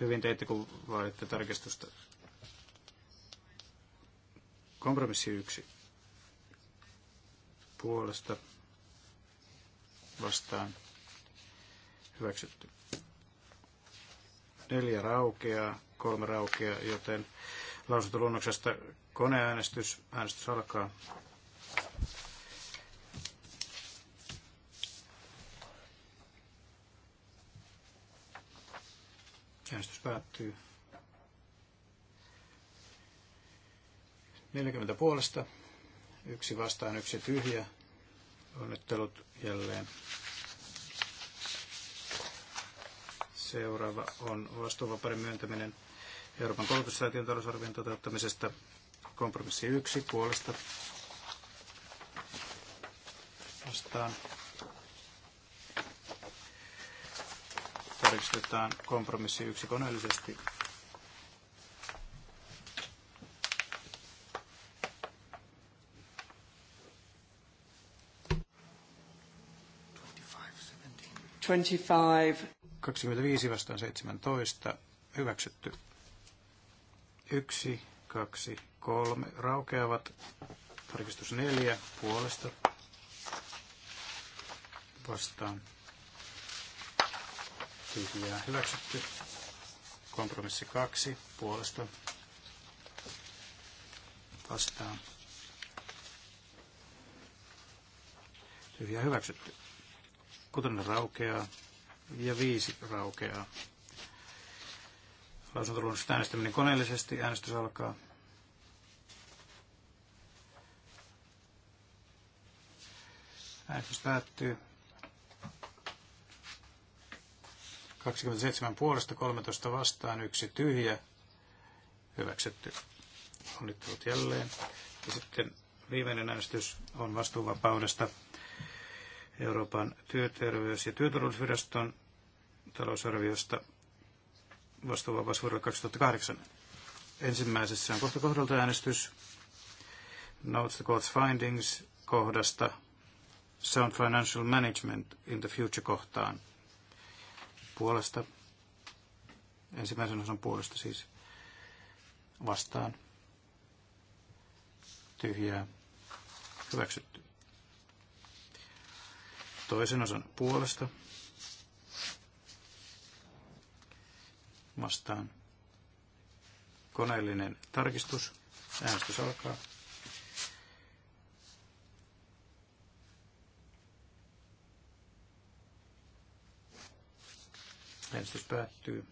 Hyvin teitte, kun vaaditte tarkistusta. Kompromissi yksi. Puolesta vastaan hyväksytty. Neljä raukeaa, kolme raukeaa, joten lausuntoluonnoksesta koneäänestys, äänestys alkaa. Äänestys päättyy. 40 puolesta, yksi vastaan, yksi tyhjä. Onnittelut jälleen Seuraava on vastuuvapauden myöntäminen Euroopan koulutussäätiön talousarvion toteuttamisesta. Kompromissi yksi puolesta vastaan. Tarkistetaan kompromissi yksi koneellisesti. Twenty-five. 25 vastaan 17 hyväksytty. 1, 2, 3 raukeavat. Tarkistus 4 puolesta vastaan tyhjää hyväksytty. Kompromissi 2 puolesta vastaan tyhjää hyväksytty. Kutonen raukeaa ja 5 raukeaa. Lausuntoluonnosta äänestäminen koneellisesti. Äänestys alkaa. Äänestys päättyy. 27 puolesta, 13 vastaan, yksi tyhjä. Hyväksytty. Onnittelut jälleen. Ja sitten viimeinen äänestys on vastuuvapaudesta. Euroopan työterveys- ja työturvallisuusviraston talousarviosta vastuuvapaus vuodelle 2008. Ensimmäisessä on kohta kohdalta äänestys Notes the Court's Findings kohdasta Sound Financial Management in the Future kohtaan puolesta. Ensimmäisen osan puolesta siis vastaan. Tyhjää. Hyväksytty toisen osan puolesta vastaan koneellinen tarkistus. Äänestys alkaa. Äänestys päättyy.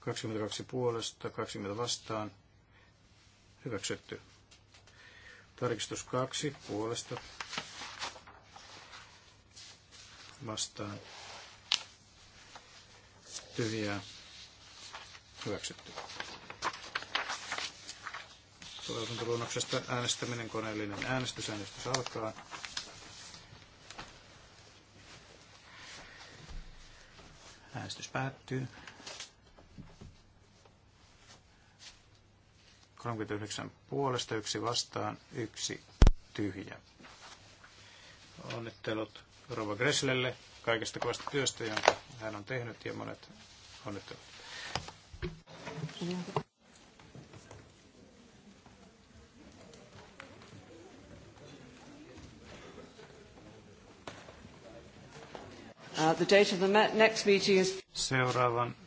22 puolesta, 20 vastaan. Hyväksytty. Tarkistus kaksi puolesta vastaan tyhjää hyväksytty. Lausuntoluonnoksesta äänestäminen koneellinen äänestys. Äänestys alkaa. Äänestys päättyy. 39 puolesta, yksi vastaan, yksi tyhjä. Onnittelut Rova Gresslelle kaikesta kovasta työstä, jonka hän on tehnyt ja monet onnittelut. Uh, the date of the next meeting is... Seuraavan